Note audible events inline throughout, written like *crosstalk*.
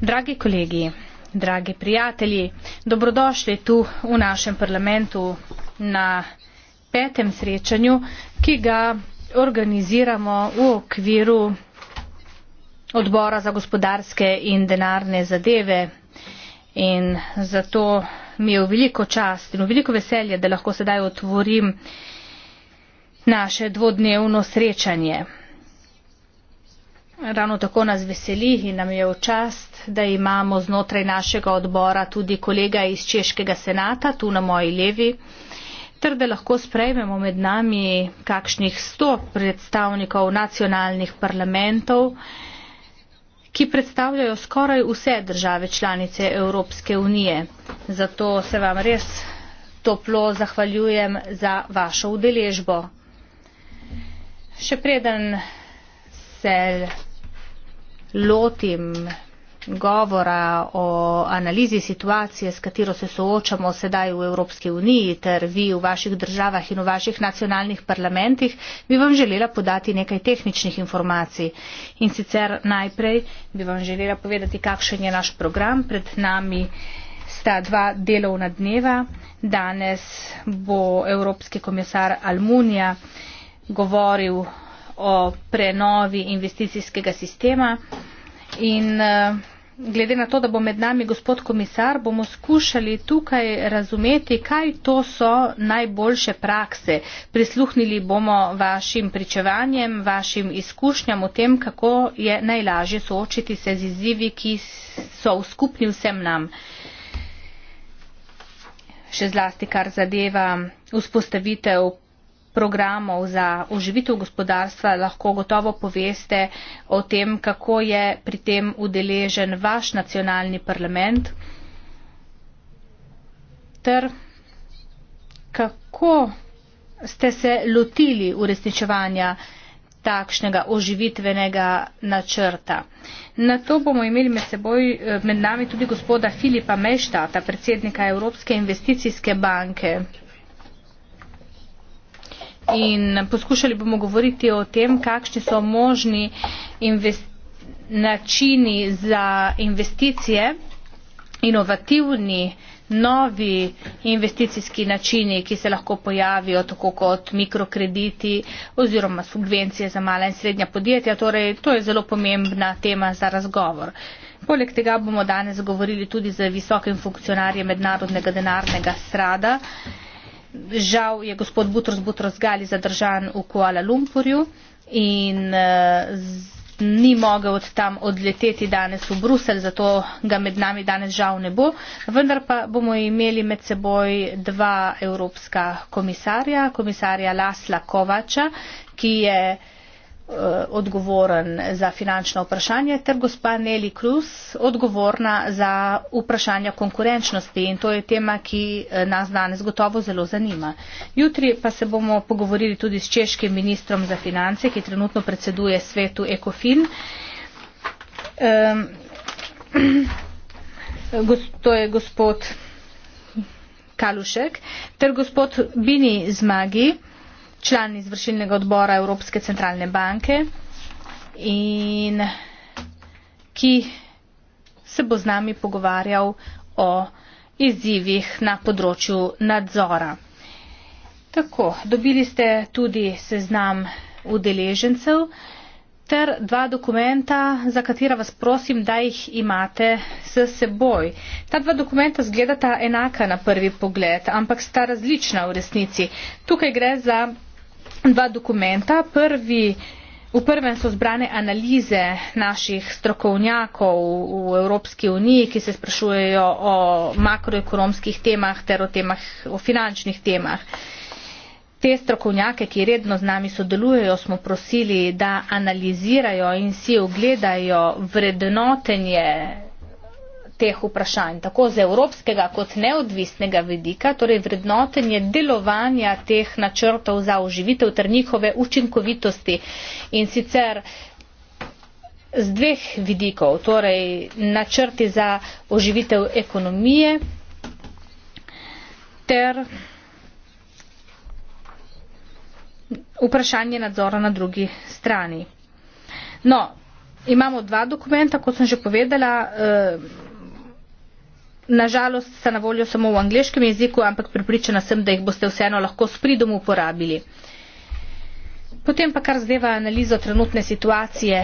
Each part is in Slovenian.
dragi kolegi dragi prijatelji dobrodošli tu v našem parlamentu na petem srečanju ki ga organiziramo v okviru odbora za gospodarske in denarne zadeve in zato mi je v veliko čast in v veliko veselje da lahko sedaj otvorim naše dvodnevno srečanje. Ravno tako nas veseli in nam je v čast, da imamo znotraj našega odbora tudi kolega iz Češkega senata, tu na moji levi, ter da lahko sprejmemo med nami kakšnih sto predstavnikov nacionalnih parlamentov, ki predstavljajo skoraj vse države članice Evropske unije. Zato se vam res toplo zahvaljujem za vašo udeležbo. Še preden se lotim govora o analizi situacije, s katero se soočamo sedaj v Evropski uniji ter vi v vaših državah in v vaših nacionalnih parlamentih, bi vam želela podati nekaj tehničnih informacij. In sicer najprej bi vam želela povedati, kakšen je naš program. Pred nami sta dva delovna dneva. Danes bo Evropski komisar Almunija govoril o prenovi investicijskega sistema in eh, glede na to, da bo med nami gospod komisar, bomo skušali tukaj razumeti, kaj to so najboljše prakse. Prisluhnili bomo vašim pričevanjem, vašim izkušnjam o tem, kako je najlažje soočiti se z izzivi, ki so skupni vsem nam. Še zlasti, kar zadeva vzpostavitev programov za oživitev gospodarstva, lahko gotovo poveste o tem, kako je pri tem udeležen vaš nacionalni parlament ter kako ste se lotili uresničevanja takšnega oživitvenega načrta. Na to bomo imeli med, seboj, eh, med nami tudi gospoda Filipa Meštata, predsednika Evropske investicijske banke in poskušali bomo govoriti o tem, kakšni so možni načini za investicije, inovativni, novi investicijski načini, ki se lahko pojavijo, tako kot mikrokrediti oziroma subvencije za mala in srednja podjetja. Torej, to je zelo pomembna tema za razgovor. Poleg tega bomo danes govorili tudi z visokim funkcionarjem mednarodnega denarnega srada, žal je gospod Butros Butros Gali zadržan v Kuala Lumpurju in eh, ni mogel od tam odleteti danes v Bruselj, zato ga med nami danes žal ne bo. Vendar pa bomo imeli med seboj dva evropska komisarja, komisarja Lasla Kovača, ki je Eh, odgovoren za finančno vprašanje ter gospa Neli Kruz odgovorna za vprašanja konkurenčnosti in to je tema, ki eh, nas danes gotovo zelo zanima. Jutri pa se bomo pogovorili tudi s češkim ministrom za finance, ki trenutno predseduje svetu ECOFIN. Um, *clears throat* to je gospod Kalušek ter gospod Bini Zmagi član izvršilnega odbora Evropske centralne banke in ki se bo z nami pogovarjal o izzivih na področju nadzora. Tako, dobili ste tudi seznam udeležencev ter dva dokumenta, za katera vas prosim, da jih imate s seboj. Ta dva dokumenta zgledata enaka na prvi pogled, ampak sta različna v resnici. Tukaj gre za dva dokumenta. Prvi, v prvem so zbrane analize naših strokovnjakov v Evropski uniji, ki se sprašujejo o makroekonomskih temah ter o, temah, o finančnih temah. Te strokovnjake, ki redno z nami sodelujejo, smo prosili, da analizirajo in si ogledajo vrednotenje teh vprašanj, tako z evropskega kot neodvisnega vidika, torej vrednotenje delovanja teh načrtov za oživitev ter njihove učinkovitosti in sicer z dveh vidikov, torej načrti za oživitev ekonomije ter vprašanje nadzora na drugi strani. No, imamo dva dokumenta, kot sem že povedala, eh, Nažalost sta na voljo samo v angliškem jeziku, ampak pripričana sem, da jih boste vseeno lahko s pridom uporabili. Potem pa kar zdeva analizo trenutne situacije,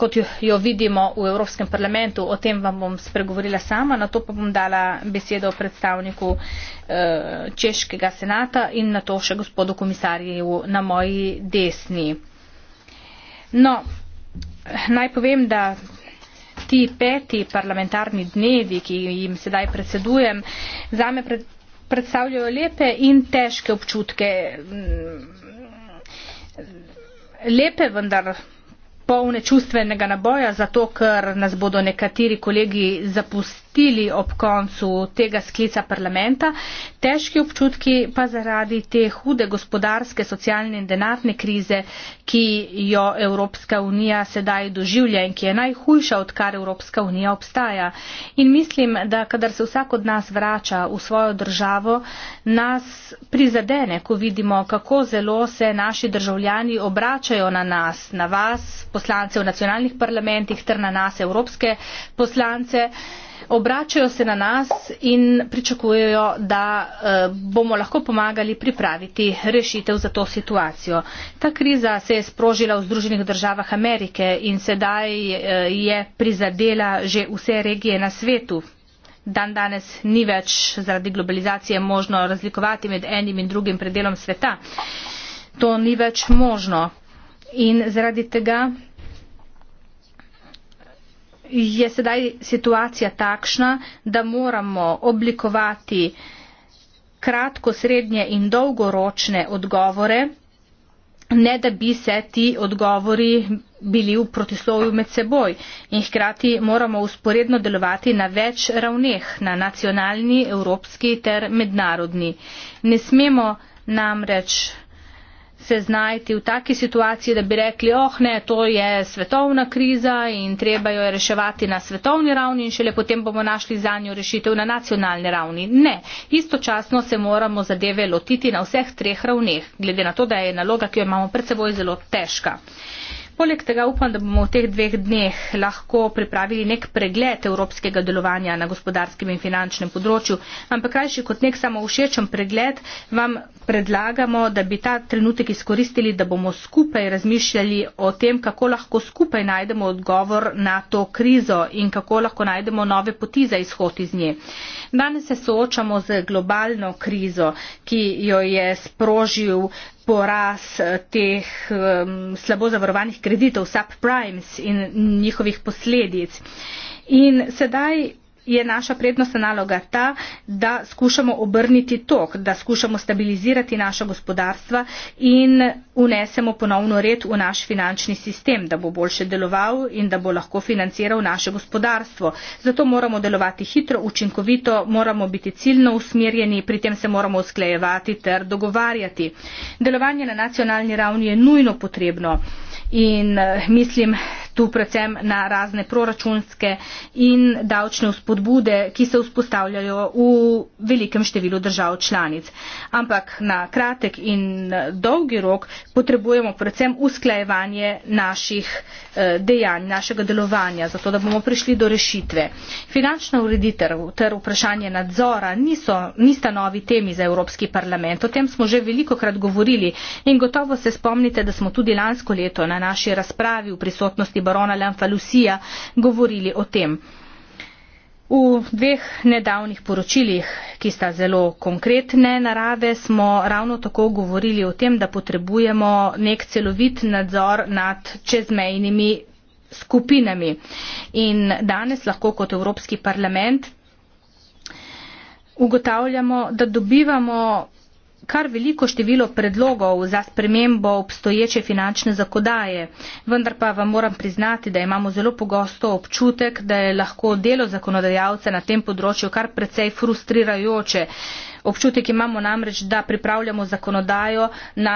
kot jo vidimo v Evropskem parlamentu, o tem vam bom spregovorila sama, na to pa bom dala besedo predstavniku eh, Češkega senata in na to še gospodu komisarju na moji desni. No, naj povem, da ti peti parlamentarni dnevi, ki jim sedaj predsedujem, zame pred, predstavljajo lepe in težke občutke. Mm, lepe, vendar polne čustvenega naboja, zato ker nas bodo nekateri kolegi zapustili sprostili ob koncu tega sklica parlamenta, težki občutki pa zaradi te hude gospodarske, socialne in denarne krize, ki jo Evropska unija sedaj doživlja in ki je najhujša, odkar Evropska unija obstaja. In mislim, da kadar se vsak od nas vrača v svojo državo, nas prizadene, ko vidimo, kako zelo se naši državljani obračajo na nas, na vas, poslance v nacionalnih parlamentih, ter na nas, evropske poslance obračajo se na nas in pričakujejo, da eh, bomo lahko pomagali pripraviti rešitev za to situacijo. Ta kriza se je sprožila v Združenih državah Amerike in sedaj eh, je prizadela že vse regije na svetu. Dan danes ni več zaradi globalizacije možno razlikovati med enim in drugim predelom sveta. To ni več možno. In zaradi tega je sedaj situacija takšna, da moramo oblikovati kratko, srednje in dolgoročne odgovore, ne da bi se ti odgovori bili v protislovju med seboj. In hkrati moramo usporedno delovati na več ravneh, na nacionalni, evropski ter mednarodni. Ne smemo namreč se znajti v taki situaciji, da bi rekli, oh ne, to je svetovna kriza in treba jo reševati na svetovni ravni in šele potem bomo našli za njo rešitev na nacionalni ravni. Ne, istočasno se moramo zadeve lotiti na vseh treh ravneh, glede na to, da je naloga, ki jo imamo pred seboj, zelo težka. Poleg tega upam, da bomo v teh dveh dneh lahko pripravili nek pregled evropskega delovanja na gospodarskem in finančnem področju, ampak krajši kot nek samo všečen pregled vam predlagamo, da bi ta trenutek izkoristili, da bomo skupaj razmišljali o tem, kako lahko skupaj najdemo odgovor na to krizo in kako lahko najdemo nove poti za izhod iz nje. Danes se soočamo z globalno krizo, ki jo je sprožil poraz eh, teh um, slabo zavarovanih kreditov, subprimes in njihovih posledic. In sedaj je naša prednostna naloga ta, da skušamo obrniti tok, da skušamo stabilizirati naša gospodarstva in unesemo ponovno red v naš finančni sistem, da bo boljše deloval in da bo lahko financiral naše gospodarstvo. Zato moramo delovati hitro, učinkovito, moramo biti ciljno usmerjeni, pri tem se moramo usklejevati ter dogovarjati. Delovanje na nacionalni ravni je nujno potrebno in eh, mislim, tu predvsem na razne proračunske in davčne vzpodbude, ki se vzpostavljajo v velikem številu držav članic. Ampak na kratek in eh, dolgi rok potrebujemo predvsem usklajevanje naših eh, dejanj, našega delovanja, zato da bomo prišli do rešitve. Finančna ureditev ter vprašanje nadzora niso, nista novi temi za Evropski parlament. O tem smo že veliko krat govorili in gotovo se spomnite, da smo tudi lansko leto na naši razpravi v prisotnosti barona Lanfalusija govorili o tem. V dveh nedavnih poročilih, ki sta zelo konkretne narave, smo ravno tako govorili o tem, da potrebujemo nek celovit nadzor nad čezmejnimi skupinami. In danes lahko kot Evropski parlament ugotavljamo, da dobivamo kar veliko število predlogov za spremembo obstoječe finančne zakodaje, vendar pa vam moram priznati, da imamo zelo pogosto občutek, da je lahko delo zakonodajalca na tem področju kar precej frustrirajoče. Občutek imamo namreč, da pripravljamo zakonodajo na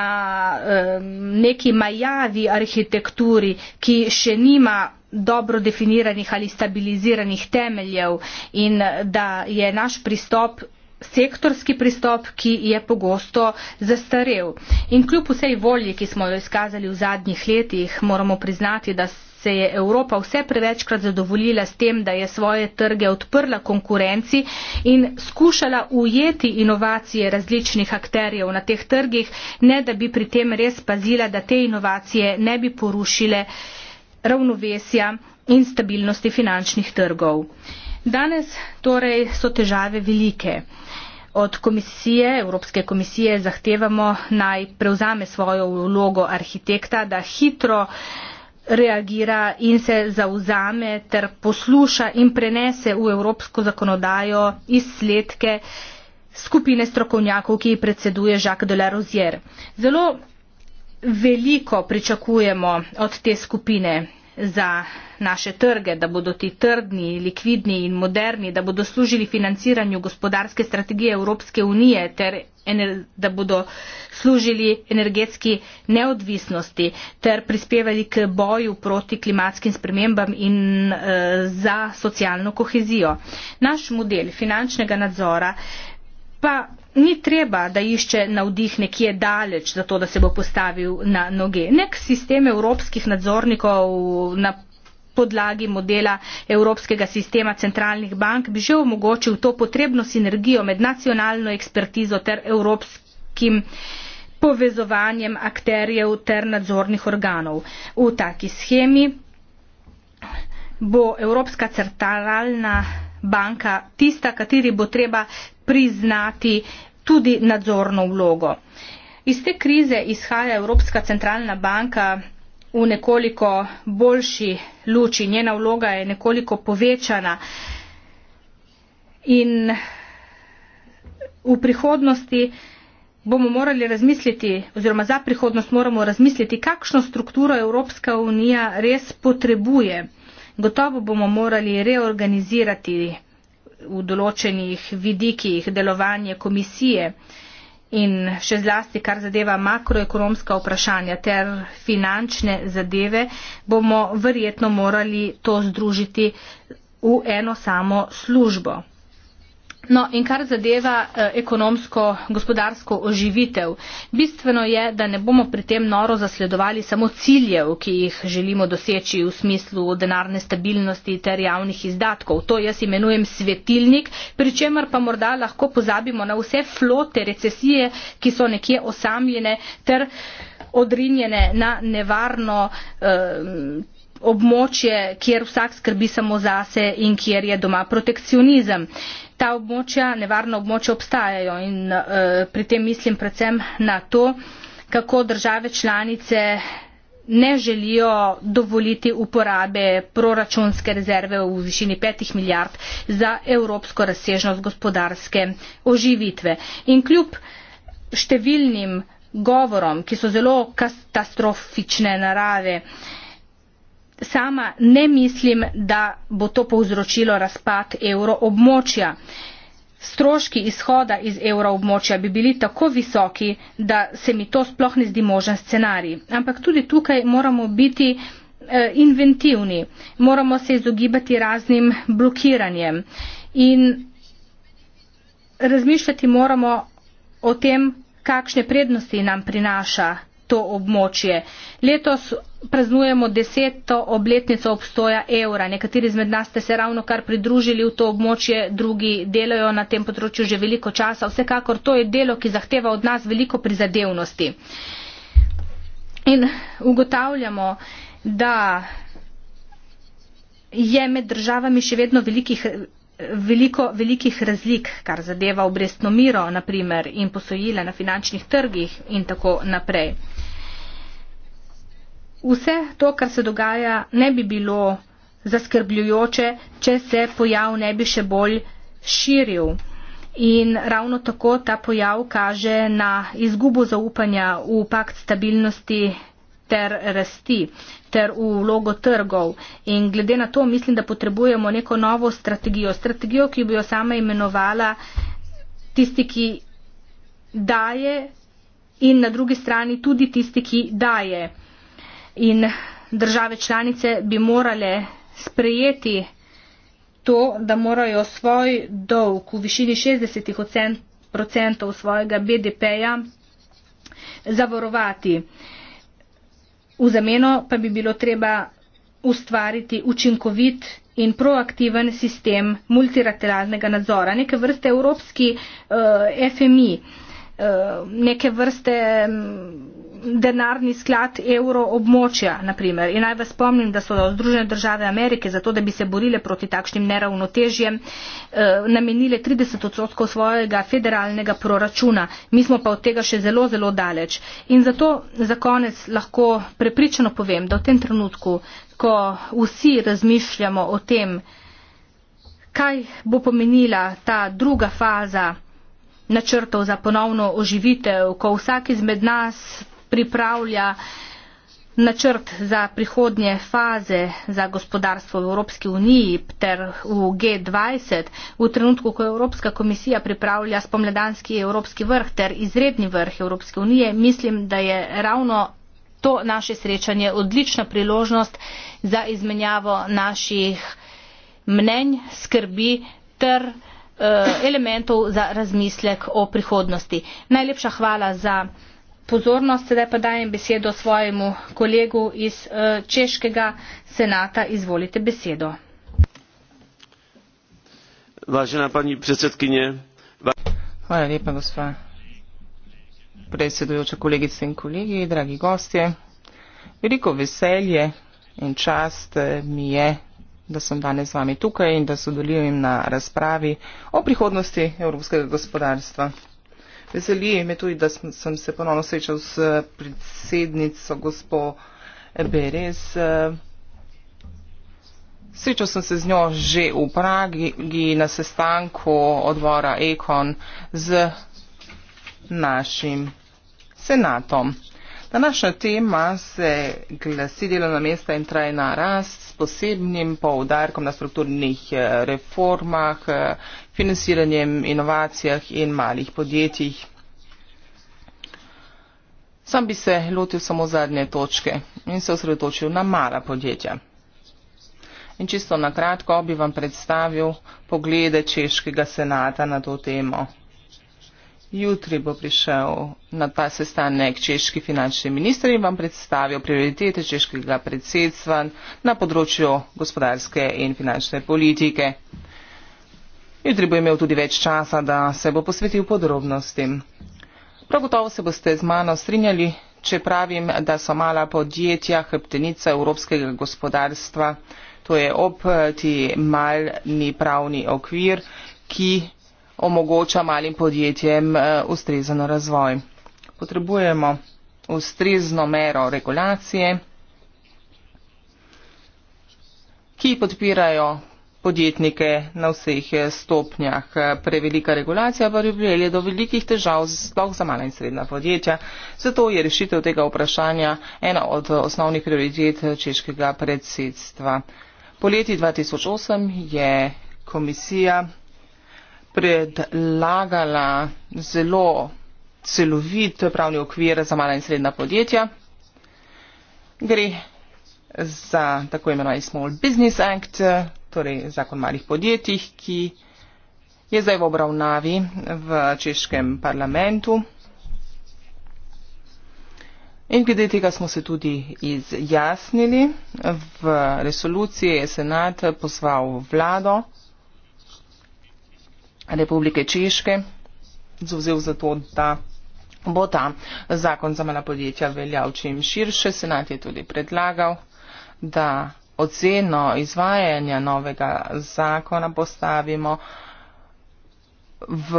eh, neki majavi arhitekturi, ki še nima dobro definiranih ali stabiliziranih temeljev in da je naš pristop sektorski pristop, ki je pogosto zastarev. In kljub vsej volji, ki smo jo izkazali v zadnjih letih, moramo priznati, da se je Evropa vse prevečkrat zadovoljila s tem, da je svoje trge odprla konkurenci in skušala ujeti inovacije različnih akterjev na teh trgih, ne da bi pri tem res pazila, da te inovacije ne bi porušile ravnovesja in stabilnosti finančnih trgov. Danes torej so težave velike od komisije, Evropske komisije zahtevamo naj prevzame svojo vlogo arhitekta, da hitro reagira in se zauzame ter posluša in prenese v evropsko zakonodajo izsledke skupine strokovnjakov, ki jih predseduje Jacques de la Rozier. Zelo veliko pričakujemo od te skupine za naše trge, da bodo ti trdni, likvidni in moderni, da bodo služili financiranju gospodarske strategije Evropske unije ter da bodo služili energetski neodvisnosti ter prispevali k boju proti klimatskim spremembam in e, za socialno kohezijo. Naš model finančnega nadzora pa ni treba, da išče navdih nekje daleč za to, da se bo postavil na noge. Nek sistem evropskih nadzornikov na podlagi modela evropskega sistema centralnih bank bi že omogočil to potrebno sinergijo med nacionalno ekspertizo ter evropskim povezovanjem akterjev ter nadzornih organov. V taki schemi bo Evropska centralna banka tista, kateri bo treba priznati tudi nadzorno vlogo. Iz te krize izhaja Evropska centralna banka v nekoliko boljši luči, njena vloga je nekoliko povečana in v prihodnosti bomo morali razmisliti oziroma za prihodnost moramo razmisliti, kakšno strukturo Evropska unija res potrebuje. Gotovo bomo morali reorganizirati v določenih vidikih delovanje komisije in še zlasti, kar zadeva makroekonomska vprašanja ter finančne zadeve, bomo verjetno morali to združiti v eno samo službo. No in kar zadeva eh, ekonomsko-gospodarsko oživitev, bistveno je, da ne bomo pri tem noro zasledovali samo ciljev, ki jih želimo doseči v smislu denarne stabilnosti ter javnih izdatkov. To jaz imenujem svetilnik, pri čemer pa morda lahko pozabimo na vse flote recesije, ki so nekje osamljene ter odrinjene na nevarno. Eh, območje, kjer vsak skrbi samo zase in kjer je doma protekcionizem ta območja, nevarna območja obstajajo in eh, pri tem mislim predvsem na to, kako države članice ne želijo dovoliti uporabe proračunske rezerve v višini 5 milijard za evropsko razsežnost gospodarske oživitve. In kljub številnim govorom, ki so zelo katastrofične narave, eh, sama ne mislim, da bo to povzročilo razpad evroobmočja. Stroški izhoda iz evroobmočja bi bili tako visoki, da se mi to sploh ne zdi možen scenarij. Ampak tudi tukaj moramo biti eh, inventivni, moramo se izogibati raznim blokiranjem in razmišljati moramo o tem, kakšne prednosti nam prinaša to območje. Letos praznujemo deseto obletnico obstoja evra. Nekateri izmed nas ste se ravno kar pridružili v to območje, drugi delajo na tem področju že veliko časa. Vsekakor to je delo, ki zahteva od nas veliko prizadevnosti. In ugotavljamo, da je med državami še vedno velikih, veliko velikih razlik, kar zadeva obrestno miro, naprimer, in posojila na finančnih trgih in tako naprej vse to, kar se dogaja, ne bi bilo zaskrbljujoče, če se pojav ne bi še bolj širil. In ravno tako ta pojav kaže na izgubo zaupanja v pakt stabilnosti ter rasti, ter v logo trgov. In glede na to mislim, da potrebujemo neko novo strategijo. Strategijo, ki bi jo sama imenovala tisti, ki daje in na drugi strani tudi tisti, ki daje in države članice bi morale sprejeti to, da morajo svoj dolg v višini 60% svojega BDP-ja zavarovati. V zameno pa bi bilo treba ustvariti učinkovit in proaktiven sistem multilateralnega nadzora, neke vrste evropski uh, eh, FMI. Uh, Eh, neke vrste mm, denarni sklad euroobmočja, naprimer. In naj vas spomnim, da so Združene države Amerike zato, da bi se borile proti takšnim neravnotežjem, eh, namenile 30 odstotkov svojega federalnega proračuna. Mi smo pa od tega še zelo, zelo daleč. In zato za konec lahko prepričano povem, da v tem trenutku, ko vsi razmišljamo o tem, kaj bo pomenila ta druga faza, načrtov za ponovno oživitev, ko vsak izmed nas pripravlja načrt za prihodnje faze za gospodarstvo v Evropski uniji ter v G20, v trenutku, ko Evropska komisija pripravlja spomladanski Evropski vrh ter izredni vrh Evropske unije, mislim, da je ravno to naše srečanje odlična priložnost za izmenjavo naših mnenj, skrbi ter Eh, elementov za razmislek o prihodnosti. Najlepša hvala za pozornost, sedaj pa dajem besedo svojemu kolegu iz eh, Češkega senata. Izvolite besedo. Vážená pani predsedkynie. Hvala lepa, gospa predsedujoča kolegice in kolegi, dragi gostje. Veliko veselje in čast eh, mi je, da sem danes z vami tukaj in da sodelujem na razpravi o prihodnosti evropskega gospodarstva. Veseli me tudi, da sem se ponovno srečal s predsednico gospo Beres. Eh, srečal sem se z njo že v Pragi na sestanku odbora Ekon z našim senatom. Današnja tema se glasi delovna mesta in trajna rast s posebnim poudarkom na strukturnih eh, reformah, eh, financiranjem, inovacijah in malih podjetjih. Sam bi se lotil samo zadnje točke in se osredotočil na mala podjetja. In čisto na kratko bi vam predstavil poglede Češkega senata na to temo. Jutri bo prišel na ta sestanek češki finančni minister in vam predstavil prioritete češkega predsedstva na področju gospodarske in finančne politike. Jutri bo imel tudi več časa, da se bo posvetil podrobnostim. Prav gotovo se boste z mano strinjali, če pravim, da so mala podjetja hrbtenica evropskega gospodarstva. To je ob ti malni pravni okvir, ki omogoča malim podjetjem eh, ustrezen razvoj. Potrebujemo ustrezno mero regulacije, ki podpirajo podjetnike na vseh eh, stopnjah. Prevelika regulacija pa je do velikih težav, sploh za mala in srednja podjetja. Zato je rešitev tega vprašanja ena od osnovnih prioritet eh, češkega predsedstva. Poleti 2008 je komisija predlagala zelo celovit pravni okvir za mala in srednja podjetja. Gre za tako imenovani Small Business Act, torej zakon malih podjetjih, ki je zdaj v obravnavi v češkem parlamentu. In glede tega smo se tudi izjasnili. V resoluciji je senat pozval vlado, Republike Češke zauzel za to, da bo ta zakon za mala podjetja veljal čim širše. Senat je tudi predlagal, da oceno izvajanja novega zakona postavimo v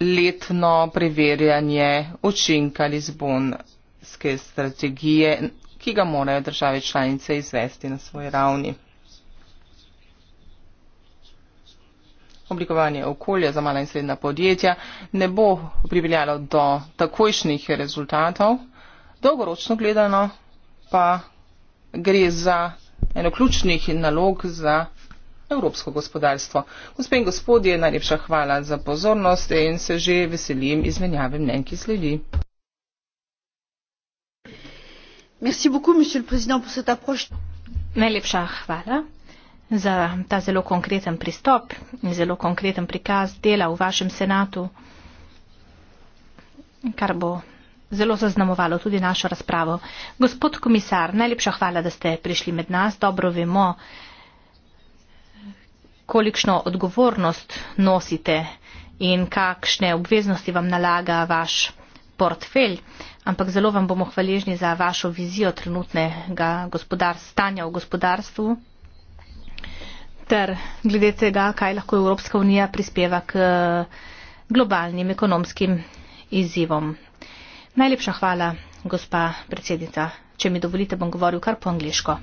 letno preverjanje učinka Lizbonske strategije, ki ga morajo države članice izvesti na svoji ravni. oblikovanje okolja za mala in srednja podjetja ne bo pripeljalo do takojšnjih rezultatov, dolgoročno gledano pa gre za eno ključnih nalog za evropsko gospodarstvo. Gospe in gospodje, najlepša hvala za pozornost in se že veselim izmenjave mnen, ki sledi. Merci beaucoup, monsieur le président, pour cette approche. Najlepša hvala za ta zelo konkreten pristop in zelo konkreten prikaz dela v vašem senatu, kar bo zelo zaznamovalo tudi našo razpravo. Gospod komisar, najlepša hvala, da ste prišli med nas. Dobro vemo, kolikšno odgovornost nosite in kakšne obveznosti vam nalaga vaš portfelj, ampak zelo vam bomo hvaležni za vašo vizijo trenutnega gospodar, stanja v gospodarstvu ter glede tega, kaj lahko Evropska unija prispeva k eh, globalnim ekonomskim izzivom. Najlepša hvala, gospa predsednica. Če mi dovolite, bom govoril kar po angliško.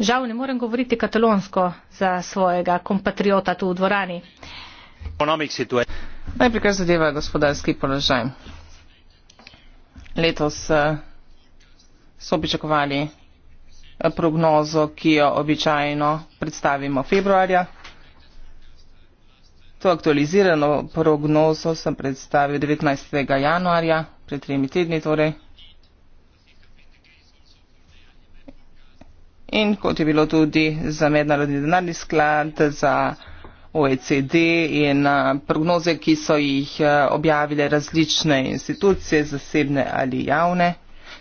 Žal ne morem govoriti katalonsko za svojega kompatriota tu v dvorani. Najprej, kar zadeva gospodarski položaj. Letos eh, smo pričakovali eh, prognozo, ki jo običajno predstavimo februarja. To aktualizirano prognozo sem predstavil 19. januarja, pred tremi tedni torej. In kot je bilo tudi za Mednarodni denarni sklad, za OECD in eh, prognoze, ki so jih eh, objavile različne institucije, zasebne ali javne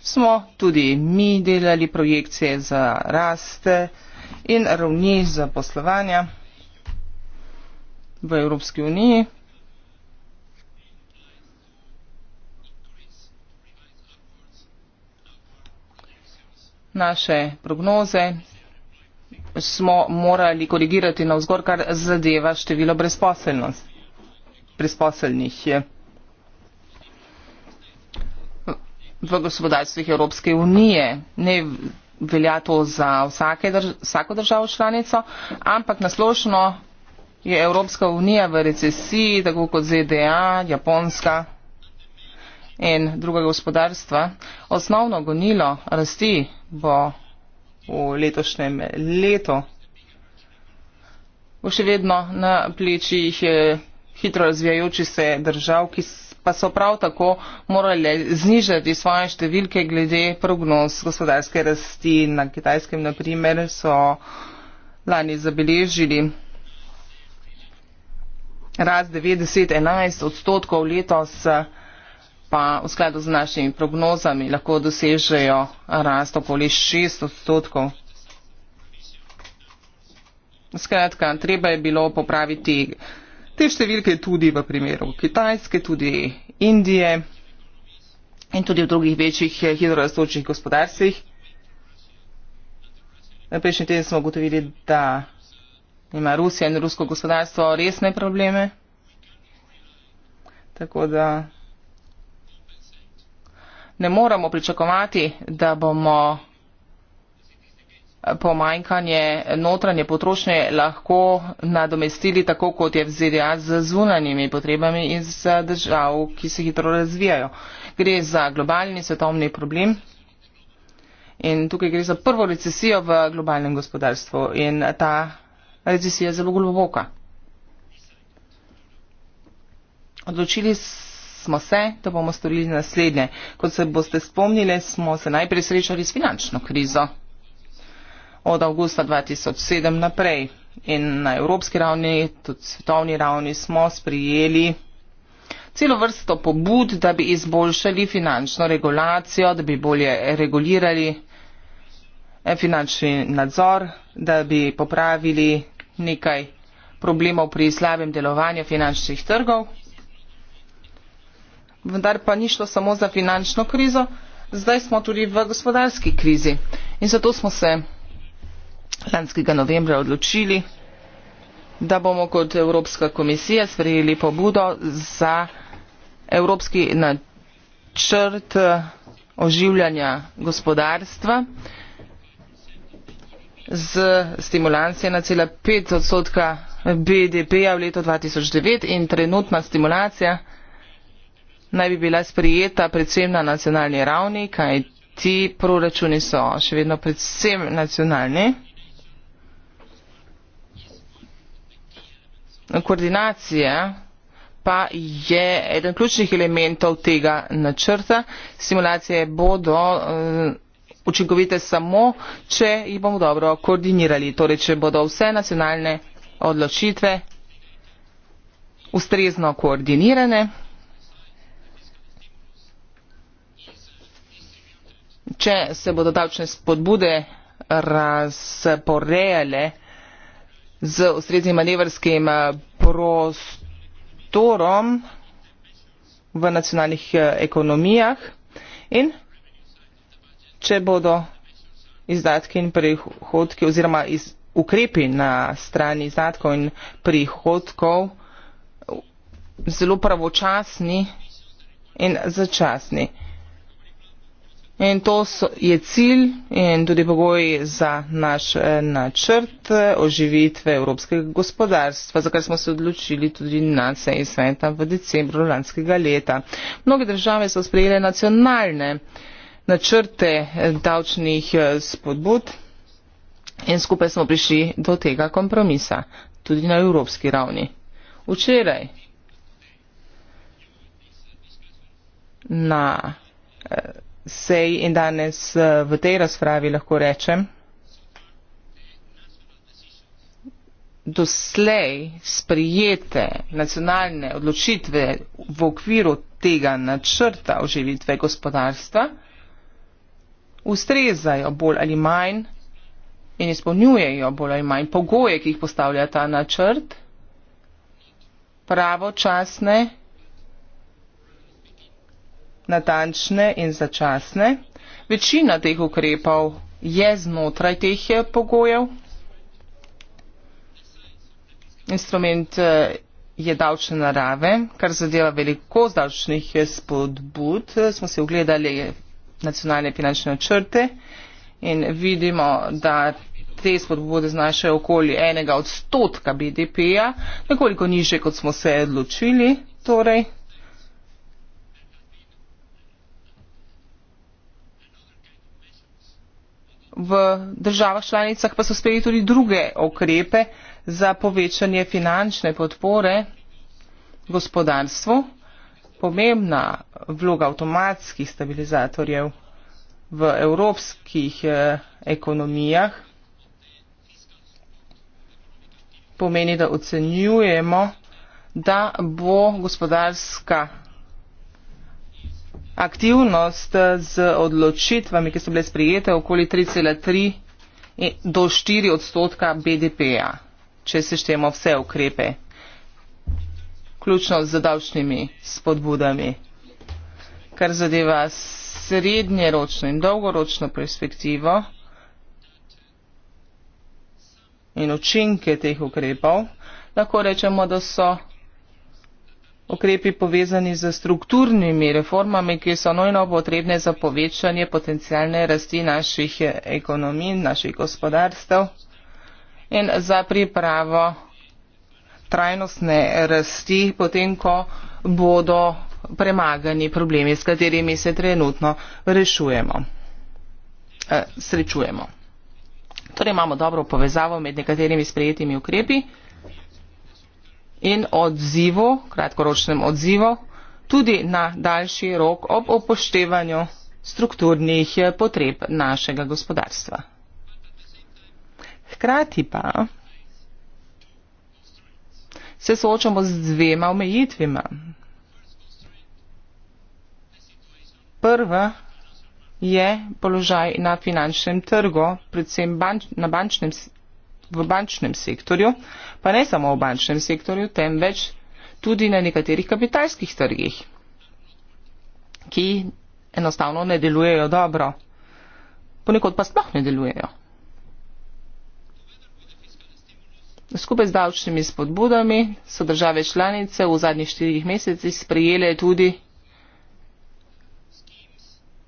smo tudi mi delali projekcije za raste in ravni za poslovanja v Evropski uniji. Naše prognoze smo morali korigirati na vzgor, kar zadeva število brezposelnih. v gospodarstvih Evropske unije. Ne velja to za vsake drž vsako državo članico, ampak nasplošno je Evropska unija v recesiji, tako kot ZDA, Japonska in druga gospodarstva. Osnovno gonilo rasti bo v letošnjem letu. Bo še vedno na plečih eh, hitro razvijajoči se držav, ki pa so prav tako morali znižati svoje številke glede prognoz gospodarske rasti. Na kitajskem, na primer, so lani zabeležili raz 90-11 odstotkov letos pa v skladu z našimi prognozami lahko dosežejo rast okoli 6 odstotkov. Skratka, treba je bilo popraviti Te številke tudi v primeru Kitajske, tudi Indije in tudi v drugih večjih eh, hidrorastočih gospodarstvih. Na eh, prejšnji teden smo ugotovili, da ima Rusija in rusko gospodarstvo resne probleme. Tako da ne moramo pričakovati, da bomo pomanjkanje notranje potrošnje lahko nadomestili tako, kot je v ZDA z zunanjimi potrebami iz eh, držav, ki se hitro razvijajo. Gre za globalni svetovni problem in tukaj gre za prvo recesijo v globalnem gospodarstvu in ta recesija je zelo globoka. Odločili smo se, da bomo storili naslednje. Kot se boste spomnili, smo se najprej srečali s finančno krizo od avgusta 2007 naprej. In na evropski ravni, tudi svetovni ravni smo sprijeli celo vrsto pobud, da bi izboljšali finančno regulacijo, da bi bolje regulirali eh, finančni nadzor, da bi popravili nekaj problemov pri slabem delovanju finančnih trgov. Vendar pa ni šlo samo za finančno krizo, zdaj smo tudi v gospodarski krizi. In zato smo se lanskega novembra odločili, da bomo kot Evropska komisija sprejeli pobudo za Evropski načrt eh, oživljanja gospodarstva z stimulacijo na cela 5 odstotka BDP-ja v letu 2009 in trenutna stimulacija naj bi bila sprijeta predvsem na nacionalni ravni, kaj ti proračuni so še vedno predvsem nacionalni. koordinacija pa je eden ključnih elementov tega načrta. Simulacije bodo eh, učinkovite samo, če jih bomo dobro koordinirali, torej če bodo vse nacionalne odločitve ustrezno koordinirane. Če se bodo davčne spodbude razporejale, z ustreznim manevrskim eh, prostorom v nacionalnih eh, ekonomijah in če bodo izdatki in prihodki oziroma iz, ukrepi na strani izdatkov in prihodkov eh, zelo pravočasni in začasni. In to so, je cilj in tudi pogoj za naš eh, načrt eh, oživitve evropskega gospodarstva, za kar smo se odločili tudi na seji sveta v decembru lanskega leta. Mnoge države so sprejele nacionalne načrte eh, davčnih spodbud in skupaj smo prišli do tega kompromisa, tudi na evropski ravni. Včeraj na. Eh, seji in danes eh, v tej razpravi lahko rečem, doslej sprijete nacionalne odločitve v okviru tega načrta oživitve gospodarstva ustrezajo bolj ali manj in izpolnjujejo bolj ali manj pogoje, ki jih postavlja ta načrt, pravočasne natančne in začasne. Večina teh ukrepov je znotraj teh eh, pogojev. Instrument eh, je davčne narave, kar zadeva velikost davčnih eh, spodbud. Smo si ogledali nacionalne finančne črte in vidimo, da te spodbude znašajo okoli enega odstotka BDP-ja, nekoliko niže, kot smo se odločili. Torej, v državah članicah pa so sprejeli tudi druge okrepe za povečanje finančne podpore gospodarstvu. Pomembna vloga avtomatskih stabilizatorjev v evropskih eh, ekonomijah pomeni, da ocenjujemo, da bo gospodarska aktivnost eh, z odločitvami, ki so bile sprijete, okoli 3,3 do 4 odstotka BDP-ja, če se štemo vse ukrepe, ključno z davčnimi spodbudami. Kar zadeva srednjeročno in dolgoročno perspektivo in učinke teh ukrepov, lahko rečemo, da so ukrepi povezani z strukturnimi reformami, ki so nojno potrebne za povečanje potencijalne rasti naših ekonomij, naših gospodarstv in za pripravo trajnostne rasti, potem ko bodo premagani problemi, s katerimi se trenutno rešujemo, eh, srečujemo. Torej imamo dobro povezavo med nekaterimi sprejetimi ukrepi in odzivu, kratkoročnem odzivu, tudi na daljši rok ob upoštevanju strukturnih potreb našega gospodarstva. Hkrati pa se soočamo z dvema omejitvima. Prva je položaj na finančnem trgu, predvsem banč, na bančnem v bančnem sektorju, pa ne samo v bančnem sektorju, temveč tudi na nekaterih kapitalskih trgih, ki enostavno ne delujejo dobro, ponekod pa sploh ne delujejo. Skupaj z davčnimi spodbudami so države članice v zadnjih štirih mesecih sprejele tudi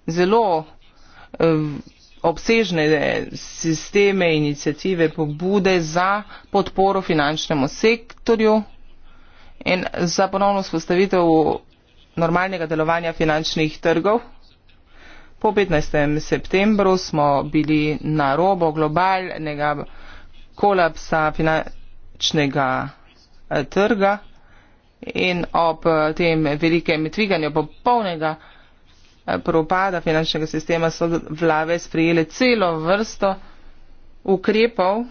zelo eh, obsežne sisteme, inicijative, pobude za podporo finančnemu sektorju in za ponovno spostavitev normalnega delovanja finančnih trgov. Po 15. septembru smo bili na robo globalnega kolapsa finančnega eh, trga in ob tem velikem tviganju popolnega propada finančnega sistema so vlade sprijele celo vrsto ukrepov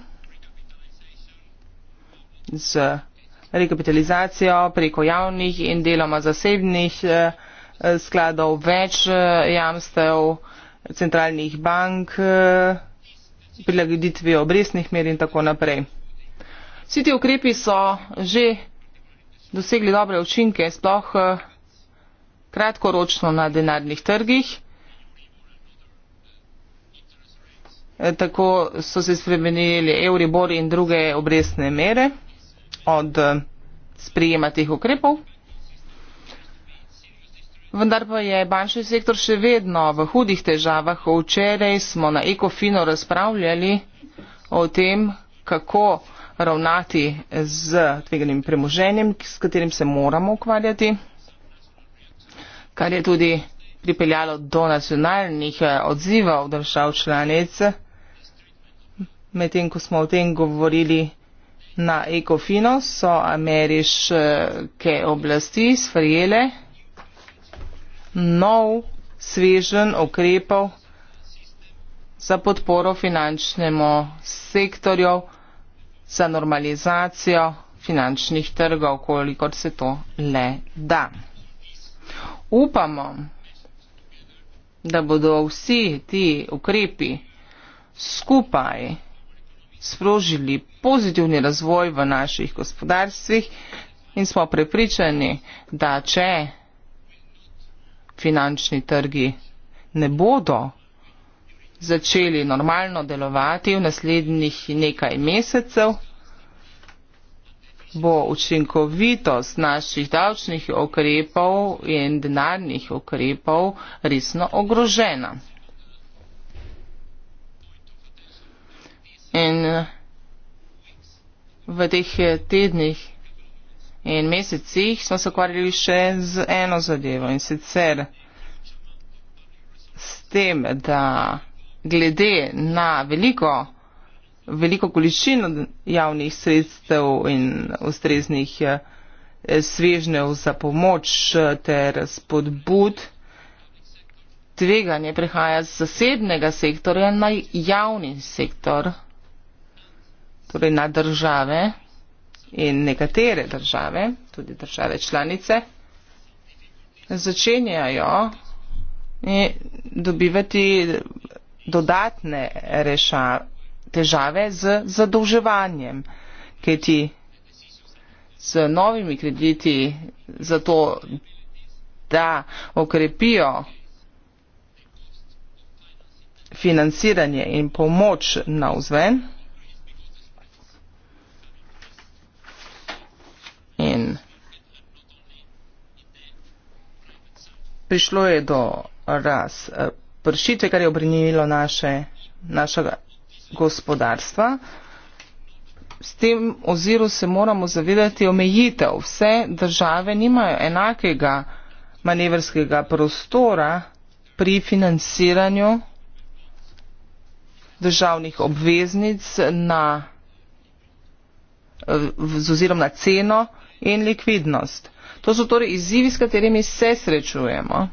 z rekapitalizacijo preko javnih in deloma zasebnih eh, skladov, več eh, jamstev centralnih bank, eh, prilagoditvi obresnih mer in tako naprej. Vsi ti ukrepi so že dosegli dobre učinke, sploh kratkoročno na denarnih trgih. E, tako so se spremenili Euribor in druge obrestne mere od e, sprijema teh ukrepov. Vendar pa je bančni sektor še vedno v hudih težavah. Včeraj smo na Ekofino razpravljali o tem, kako ravnati z tveganim premoženjem, s katerim se moramo ukvarjati kar je tudi pripeljalo do nacionalnih eh, odzivov držav članic. Medtem, ko smo o tem govorili na ECOFIN-u, so ameriške oblasti sprejele nov svežen ukrepov za podporo finančnemu sektorju, za normalizacijo finančnih trgov, kolikor se to le da upamo, da bodo vsi ti ukrepi skupaj sprožili pozitivni razvoj v naših gospodarstvih in smo prepričani, da če finančni trgi ne bodo začeli normalno delovati v naslednjih nekaj mesecev, bo učinkovitost naših davčnih okrepov in denarnih okrepov resno ogrožena. In v teh tednih in mesecih smo se ukvarjali še z eno zadevo in sicer s tem, da glede na veliko veliko količino javnih sredstev in ustreznih eh, svežnev za pomoč eh, ter spodbud. Tveganje prehaja z zasebnega sektorja na javni sektor, torej na države in nekatere države, tudi države članice, začenjajo eh, dobivati dodatne rešave težave z zadolževanjem, kajti z novimi krediti za to, da okrepijo financiranje in pomoč na vzven in prišlo je do raz pršitve, kar je obrnilo naše, našega gospodarstva. S tem oziru se moramo zavedati omejitev. Vse države nimajo enakega manevrskega prostora pri financiranju državnih obveznic na, z ozirom na ceno in likvidnost. To so torej izzivi, s katerimi se srečujemo.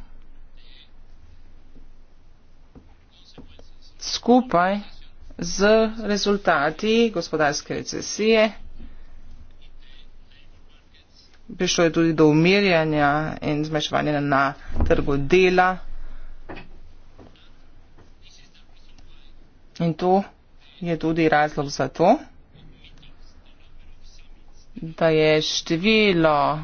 Skupaj z rezultati gospodarske recesije. Prišlo je tudi do umirjanja in zmešavanja na trgu dela. In to je tudi razlog za to, da je število,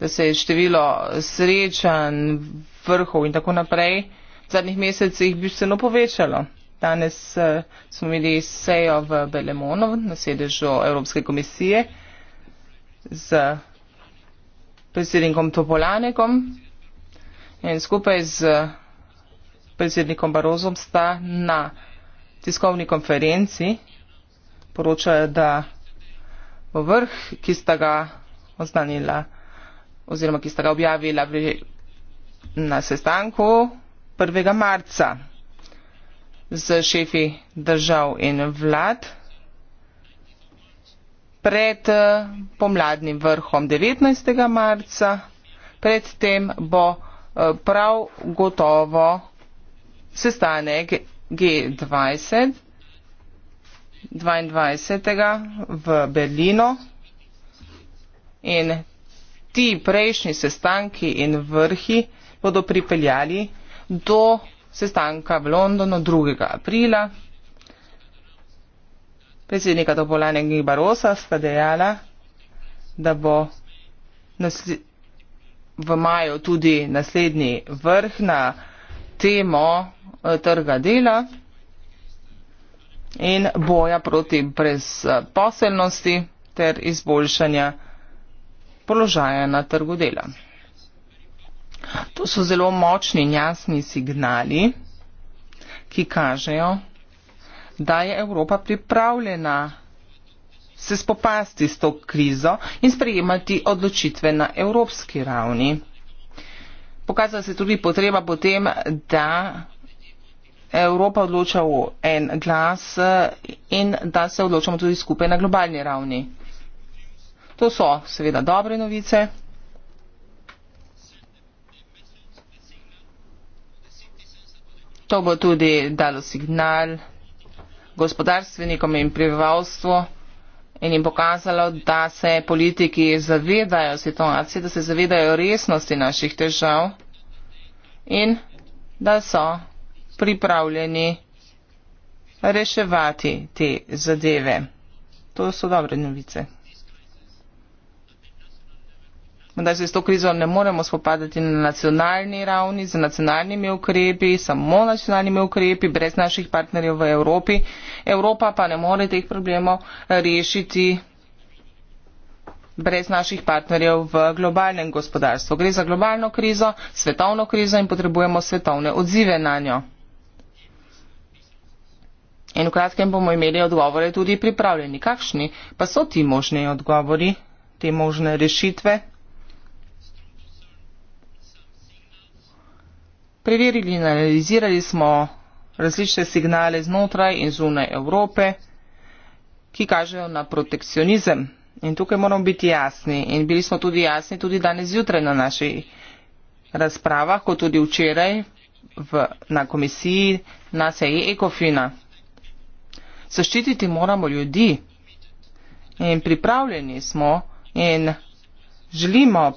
da se je število srečanj, vrhov in tako naprej v zadnjih mesecih bi se no povečalo. Danes uh, smo imeli sejo v Belemonov na sedežu Evropske komisije z predsednikom Topolanekom in skupaj z predsednikom Barozom sta na tiskovni konferenci poročajo, da v vrh, ki sta ga oznanila oziroma ki sta ga objavila pri, na sestanku 1. marca z šefi držav in vlad pred eh, pomladnim vrhom 19. marca. Predtem bo eh, prav gotovo sestanek G20 22. v Berlino in ti prejšnji sestanki in vrhi bodo pripeljali do sestanka v Londonu 2. aprila. Predsednika dopolnjenja Gibar Osa sta dejala, da bo v maju tudi naslednji vrh na temo eh, trga dela in boja proti brezposelnosti ter izboljšanja položaja na trgu dela. To so zelo močni in jasni signali, ki kažejo, da je Evropa pripravljena se spopasti s to krizo in sprejemati odločitve na evropski ravni. Pokazala se tudi potreba potem, da Evropa odloča v en glas in da se odločamo tudi skupaj na globalni ravni. To so seveda dobre novice. To bo tudi dalo signal gospodarstvenikom in prebivalstvu in jim pokazalo, da se politiki zavedajo situacije, da se zavedajo resnosti naših težav in da so pripravljeni reševati te zadeve. To so dobre novice. Vendar se s to krizo ne moremo spopadati na nacionalni ravni, z nacionalnimi ukrepi, samo nacionalnimi ukrepi, brez naših partnerjev v Evropi. Evropa pa ne more teh problemov rešiti brez naših partnerjev v globalnem gospodarstvu. Gre za globalno krizo, svetovno krizo in potrebujemo svetovne odzive na njo. In v kratkem bomo imeli odgovore tudi pripravljeni. Kakšni pa so ti možni odgovori, te možne rešitve? Preverili in analizirali smo različne signale znotraj in zunaj Evrope, ki kažejo na protekcionizem. In tukaj moramo biti jasni. In bili smo tudi jasni tudi danes zjutraj na naših razpravah, kot tudi včeraj v, na komisiji na seji e Ekofina. Zaščititi moramo ljudi. In pripravljeni smo in želimo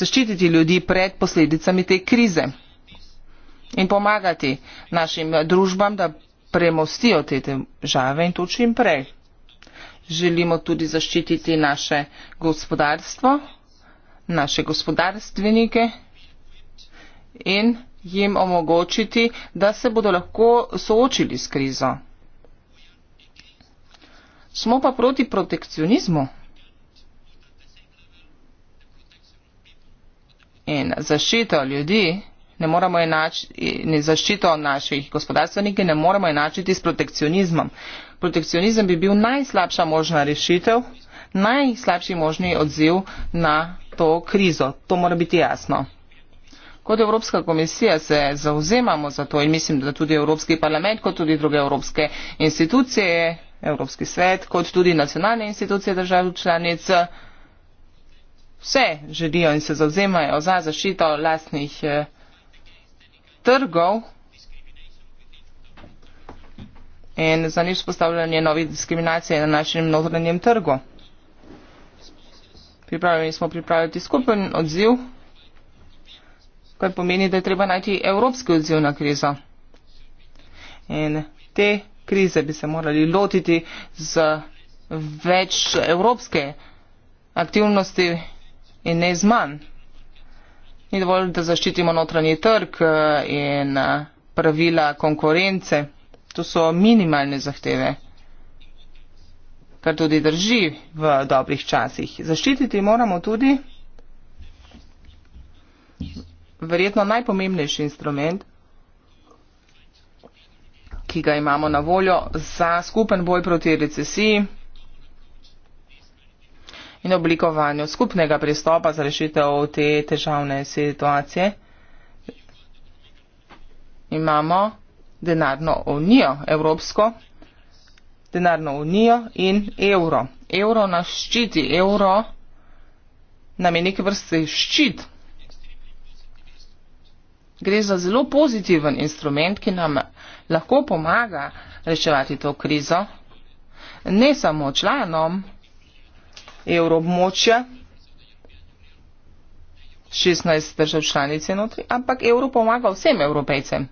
zaščititi ljudi pred posledicami te krize in pomagati našim družbam, da premostijo te težave in to čim prej. Želimo tudi zaščititi naše gospodarstvo, naše gospodarstvenike in jim omogočiti, da se bodo lahko soočili s krizo. Smo pa proti protekcionizmu. in zaščito ljudi ne moremo enačiti, in zaščito naših gospodarstvenikov ne moremo enačiti s protekcionizmom. Protekcionizem bi bil najslabša možna rešitev, najslabši možni odziv na to krizo. To mora biti jasno. Kot Evropska komisija se zauzemamo za to in mislim, da tudi Evropski parlament, kot tudi druge evropske institucije, Evropski svet, kot tudi nacionalne institucije držav članic, vse želijo in se zauzemajo za zašito lastnih eh, trgov in za nič postavljanje novih diskriminacij na našem notranjem trgu. Pripravljeni smo pripraviti skupen odziv, kar pomeni, da je treba najti evropski odziv na krizo. In te krize bi se morali lotiti z več evropske aktivnosti in ne iz manj. Ni dovolj, da zaščitimo notranji trg eh, in eh, pravila konkurence. To so minimalne zahteve, kar tudi drži v dobrih časih. Zaščititi moramo tudi verjetno najpomembnejši instrument, ki ga imamo na voljo za skupen boj proti recesiji in oblikovanju skupnega pristopa za rešitev te težavne situacije. Imamo denarno unijo, evropsko denarno unijo in evro. Evro nas ščiti, evro nam je neke vrste ščit. Gre za zelo pozitiven instrument, ki nam lahko pomaga reševati to krizo, ne samo članom evroobmočja, 16 držav članic je notri, ampak evro pomaga vsem evropejcem.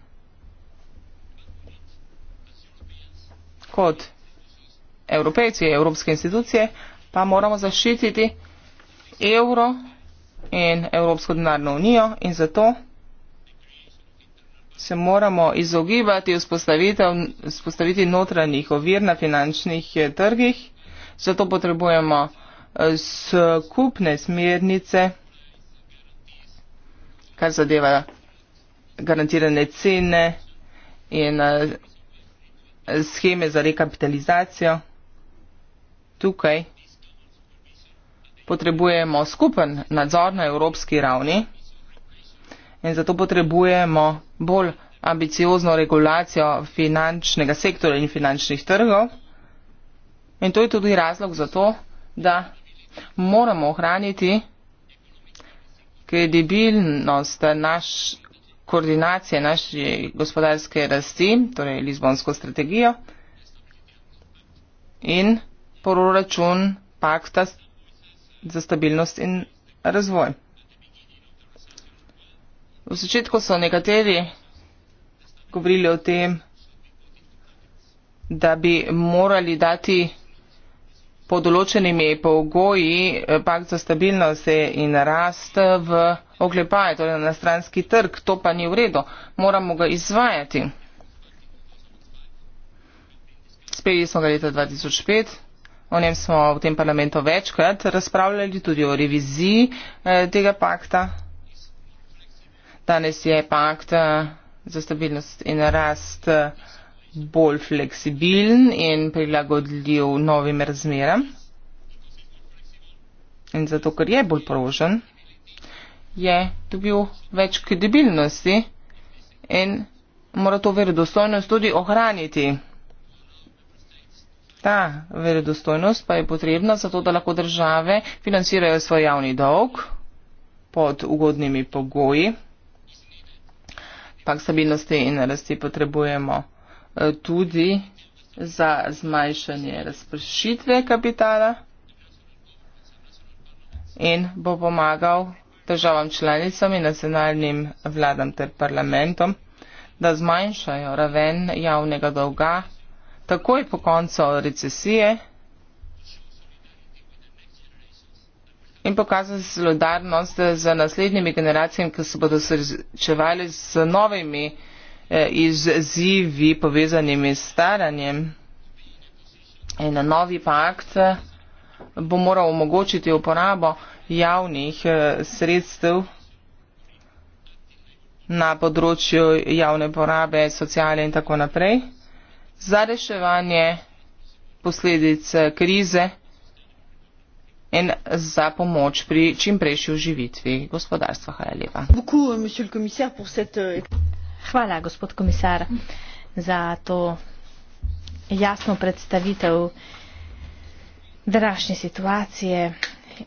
Kot evropejci, evropske institucije, pa moramo zaščititi evro in Evropsko denarno unijo in zato se moramo izogibati vzpostaviti notranjih ovir na finančnih eh, trgih. Zato potrebujemo vzpostaviti skupne smernice, kar zadeva garantirane cene in eh, scheme za rekapitalizacijo. Tukaj potrebujemo skupen nadzor na evropski ravni in zato potrebujemo bolj ambiciozno regulacijo finančnega sektora in finančnih trgov. In to je tudi razlog za to, da moramo ohraniti kredibilnost naš koordinacije naše gospodarske rasti, torej Lizbonsko strategijo in proračun pakta za stabilnost in razvoj. V začetku so nekateri govorili o tem, da bi morali dati pod določenimi pogoji eh, pak za stabilnost in rast v oklepaje, torej na stranski trg. To pa ni v redu. Moramo ga izvajati. Sprejeli smo ga leta 2005. O njem smo v tem parlamentu večkrat razpravljali tudi o reviziji eh, tega pakta. Danes je pakt eh, za stabilnost in rast bolj fleksibilen in prilagodljiv novim razmeram. In zato, ker je bolj prožen, je dobil več kredibilnosti in mora to verodostojnost tudi ohraniti. Ta verodostojnost pa je potrebna zato, da lahko države financirajo svoj javni dolg pod ugodnimi pogoji. Pak stabilnosti in rasti potrebujemo. Eh, tudi za zmanjšanje razpršitve kapitala in bo pomagal državam članicam in nacionalnim vladam ter parlamentom, da zmanjšajo raven javnega dolga takoj po koncu recesije in pokazati solidarnost z naslednjimi generacijami, ki se bodo srečevali z novimi generacijami. Eh, izzivi povezanimi s staranjem. In novi pakt eh, bo moral omogočiti uporabo javnih eh, sredstev na področju javne porabe, socijale in tako naprej za reševanje posledic krize in za pomoč pri čimprejši oživitvi gospodarstva. Hvala lepa. Beaucoup, euh, Hvala, gospod komisar, za to jasno predstavitev današnje situacije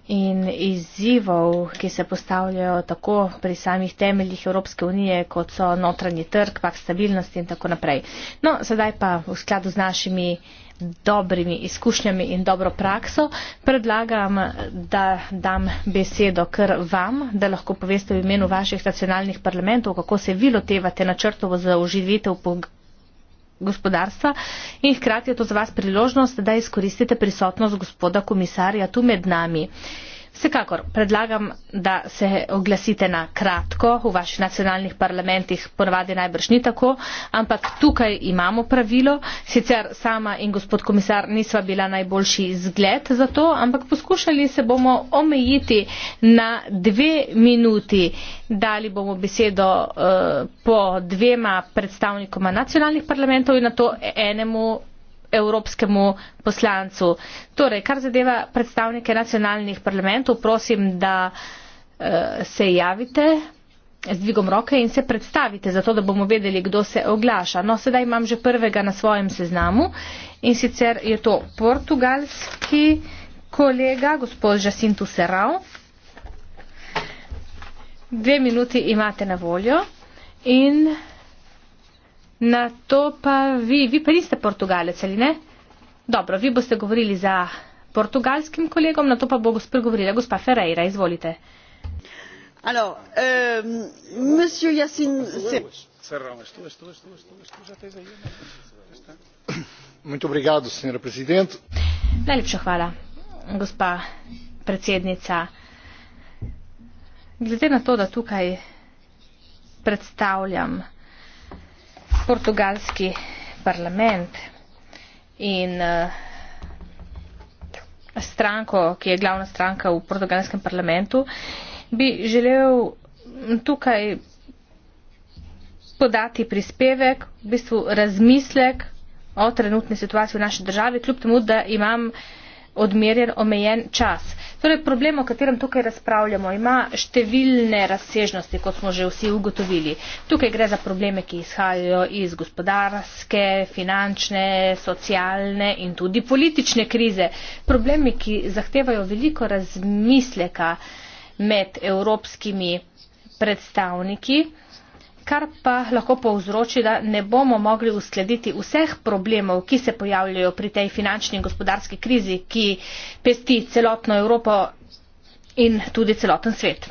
in izzivov, ki se postavljajo tako pri samih temeljih Evropske unije, kot so notranji trg, pak stabilnost in tako naprej. No, sedaj pa v skladu z našimi dobrimi izkušnjami in dobro prakso. Predlagam, da dam besedo kar vam, da lahko poveste v imenu vaših nacionalnih parlamentov, kako se vi lotevate načrtovo za oživitev gospodarstva in hkrati je to za vas priložnost, da izkoristite prisotnost gospoda komisarja tu med nami. Uh, Vsekakor predlagam, da se oglasite na kratko, v vaših nacionalnih parlamentih ponavadi najbrž ni tako, ampak tukaj imamo pravilo, sicer sama in gospod komisar nisva bila najboljši zgled za to, ampak poskušali se bomo omejiti na dve minuti. Dali bomo besedo uh, po dvema predstavnikoma nacionalnih parlamentov in na to enemu evropskemu poslancu. Torej, kar zadeva predstavnike nacionalnih parlamentov, prosim, da uh, se javite z dvigom roke in se predstavite, zato da bomo vedeli, kdo se oglaša. No, sedaj imam že prvega na svojem seznamu in sicer je to portugalski kolega, gospod Jacinto Serrao. Dve minuti imate na voljo in Na to pa vi, vi pa niste portugalec, ali ne? Dobro, vi boste govorili za portugalskim kolegom, na to pa bo spregovorila gospa Ferreira. Izvolite. Alors, euh, monsieur Yassine, c'est. Muito obrigado, senhora presidente. Najlepša hvala, gospa predsednica. Glede na to, da tukaj predstavljam portugalski parlament in eh, stranko, ki je glavna stranka v portugalskem parlamentu, bi želel mm, tukaj podati prispevek, v bistvu razmislek o trenutni situaciji v naši državi, kljub temu, da imam uh, odmerjen omejen čas. Torej, problem, o katerem tukaj razpravljamo, ima številne razsežnosti, kot smo že vsi ugotovili. Tukaj gre za probleme, ki izhajajo iz gospodarske, finančne, socialne in tudi politične krize. Problemi, ki zahtevajo veliko razmisleka med evropskimi predstavniki, kar pa lahko povzroči, da ne bomo mogli uskladiti vseh problemov, ki se pojavljajo pri tej finančni in gospodarski krizi, ki pesti celotno Evropo in tudi celoten svet.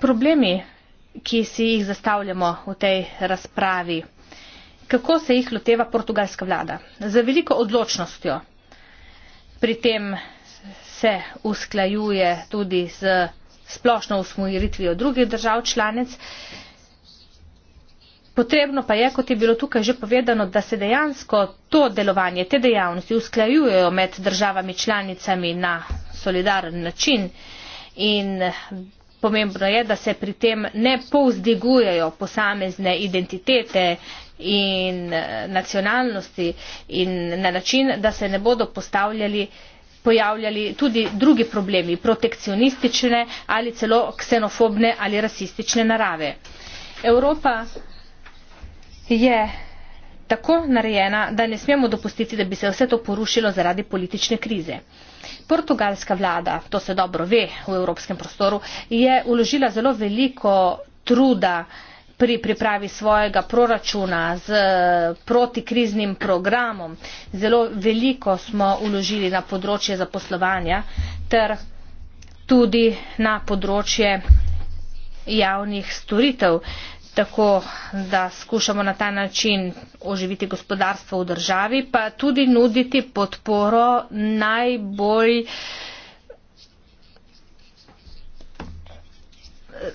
Problemi, ki si jih zastavljamo v tej razpravi, kako se jih loteva portugalska vlada? Za veliko odločnostjo pri tem se usklajuje tudi z splošno usmojitvijo drugih držav članic. Potrebno pa je, kot je bilo tukaj že povedano, da se dejansko to delovanje, te dejavnosti usklajujejo med državami članicami na solidaren način in pomembno je, da se pri tem ne povzdigujejo posamezne identitete in nacionalnosti in na način, da se ne bodo postavljali pojavljali tudi drugi problemi, protekcionistične ali celo ksenofobne ali rasistične narave. Evropa je tako narejena, da ne smemo dopustiti, da bi se vse to porušilo zaradi politične krize. Portugalska vlada, to se dobro ve v evropskem prostoru, je uložila zelo veliko truda, pri pripravi svojega proračuna, z eh, protikriznim programom. Zelo veliko smo uložili na področje zaposlovanja ter tudi na področje javnih storitev, tako da skušamo na ta način oživiti gospodarstvo v državi, pa tudi nuditi podporo najbolj eh,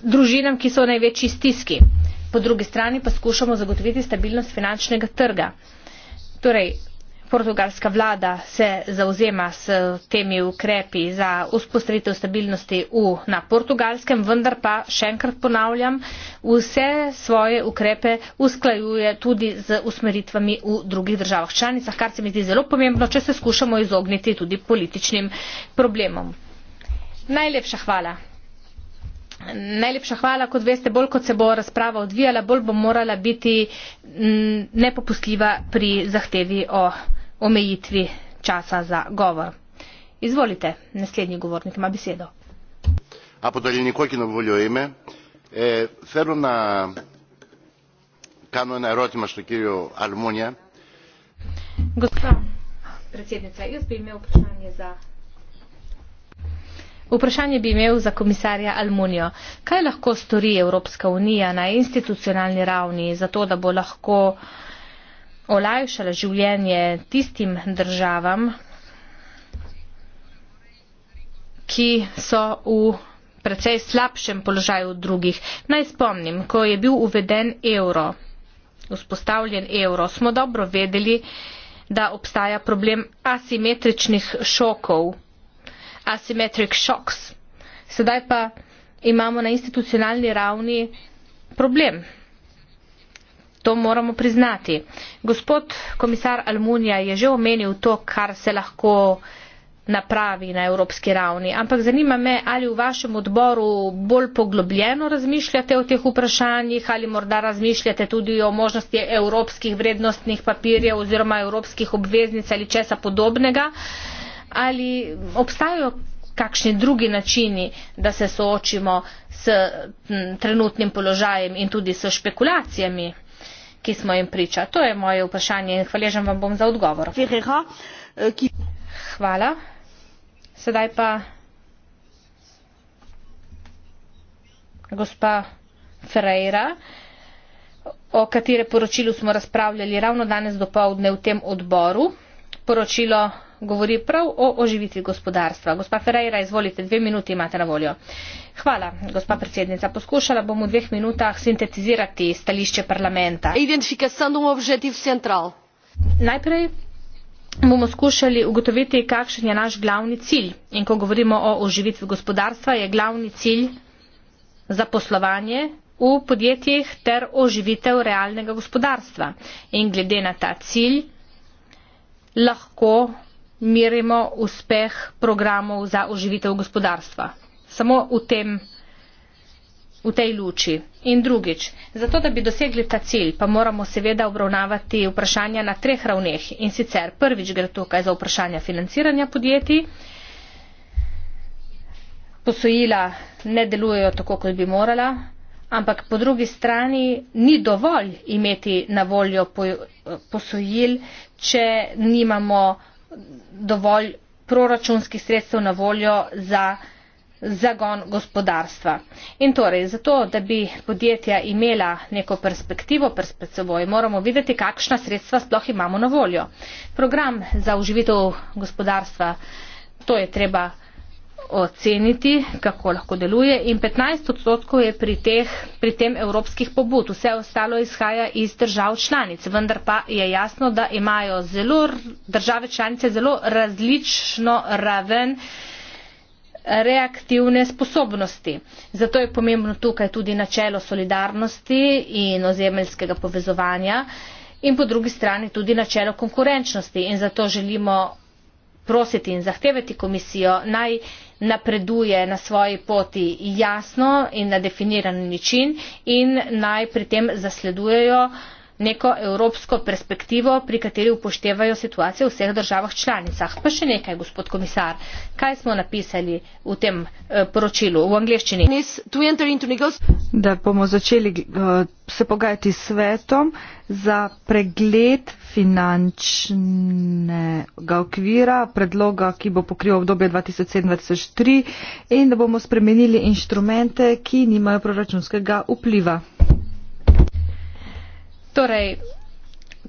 družinam, ki so v največji stiski. Po drugi strani pa skušamo zagotoviti stabilnost finančnega trga. Torej, portugalska vlada se zauzema s temi ukrepi za vzpostavitev stabilnosti v, na portugalskem, vendar pa, še enkrat ponavljam, vse svoje ukrepe usklajuje tudi z usmeritvami v drugih državah članicah, kar se mi zdi zelo pomembno, če se skušamo izogniti tudi političnim problemom. Najlepša hvala. Najlepša hvala. Kot veste, bolj kot se bo razprava odvijala, bolj bo morala biti mm, nepopustljiva pri zahtevi o omejitvi časa za govor. Izvolite, naslednji govornik ima besedo. A podaljeni kokino voljo ime. E, Ferro na kano na erotima štokirju Almunija. Gospa predsednica, jaz bi imel vprašanje za Vprašanje bi imel za komisarja Almunijo. Kaj lahko stori Evropska unija na institucionalni ravni za to, da bo lahko olajšala življenje tistim državam, ki so v precej slabšem položaju od drugih. Naj spomnim, ko je bil uveden evro, vzpostavljen evro, smo dobro vedeli, da obstaja problem asimetričnih šokov asymmetric shocks. Sedaj pa imamo na institucionalni ravni problem. To moramo priznati. Gospod komisar Almunija je že omenil to, kar se lahko napravi na evropski ravni. Ampak zanima me, ali v vašem odboru bolj poglobljeno razmišljate o teh vprašanjih, ali morda razmišljate tudi o možnosti evropskih vrednostnih papirjev oziroma evropskih obveznic ali česa podobnega. Uh, ali obstajajo kakšni drugi načini, da se soočimo s trenutnim položajem in tudi s špekulacijami, ki smo jim priča. To je moje vprašanje in hvaležen vam bom za odgovor. Eh, Hvala. Sedaj pa gospa Ferreira, o katere poročilu smo razpravljali ravno danes do povdne v tem odboru. Poročilo govori prav o oživitvi gospodarstva. Gospa Ferreira, izvolite, dve minuti imate na voljo. Hvala, gospa predsednica. Poskušala bom v dveh minutah sintetizirati stališče parlamenta. Um Najprej bomo skušali ugotoviti, kakšen je naš glavni cilj. In ko govorimo o oživitvi gospodarstva, je glavni cilj zaposlovanje v podjetjih ter oživitev realnega gospodarstva. In glede na ta cilj lahko merimo uspeh programov za oživitev gospodarstva. Samo v, tem, v tej luči. In drugič, zato da bi dosegli ta cilj, pa moramo seveda obravnavati vprašanja na treh ravneh. In sicer prvič gre tukaj za vprašanja financiranja podjetij. Posojila ne delujejo tako, kot bi morala, ampak po drugi strani ni dovolj imeti na voljo posojil, če nimamo dovolj proračunskih sredstev na voljo za zagon gospodarstva. In torej, zato, da bi podjetja imela neko perspektivo pred seboj, moramo videti, kakšna sredstva sploh imamo na voljo. Program za uživitev gospodarstva, to je treba oceniti, kako lahko deluje in 15 odstotkov je pri, teh, pri tem evropskih pobud. Vse ostalo izhaja iz držav članic, vendar pa je jasno, da imajo zelo, države članice zelo različno raven reaktivne sposobnosti. Zato je pomembno tukaj tudi načelo solidarnosti in ozemeljskega povezovanja in po drugi strani tudi načelo konkurenčnosti. In zato želimo prositi in zahtevati komisijo naj napreduje na svoji poti jasno in na definiran način in naj pri tem zasledujejo neko evropsko perspektivo, pri kateri upoštevajo situacijo v vseh državah članicah. Pa še nekaj, gospod komisar, kaj smo napisali v tem eh, poročilu v angleščini? Da bomo začeli eh, se pogajati s svetom za pregled finančnega okvira, predloga, ki bo pokrival obdobje 2007-2003 in da bomo spremenili inštrumente, ki nimajo proračunskega vpliva. Torej,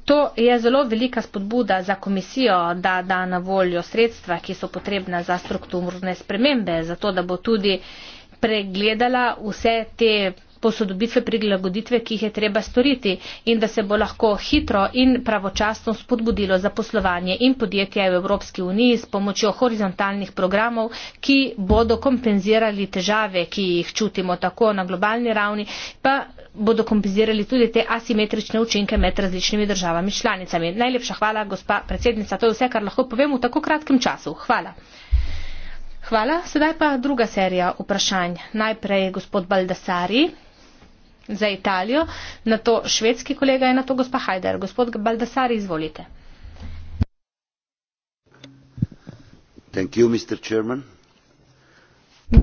to je zelo velika spodbuda za komisijo, da da na voljo sredstva, ki so potrebna za strukturne spremembe, zato da bo tudi pregledala vse te posodobitve prilagoditve, ki jih je treba storiti in da se bo lahko hitro in pravočasno spodbudilo zaposlovanje in podjetja v Evropski uniji s pomočjo horizontalnih programov, ki bodo kompenzirali težave, ki jih čutimo tako na globalni ravni, pa bodo kompenzirali tudi te asimetrične učinke med različnimi državami članicami. Najlepša hvala, gospa predsednica. To je vse, kar lahko povem v tako kratkem času. Hvala. Hvala. Sedaj pa druga serija vprašanj. Najprej gospod Baldasari za Italijo, na to švedski kolega je na to gospa Hajder. Gospod Baldasari, izvolite. Thank you, Mr. Chairman.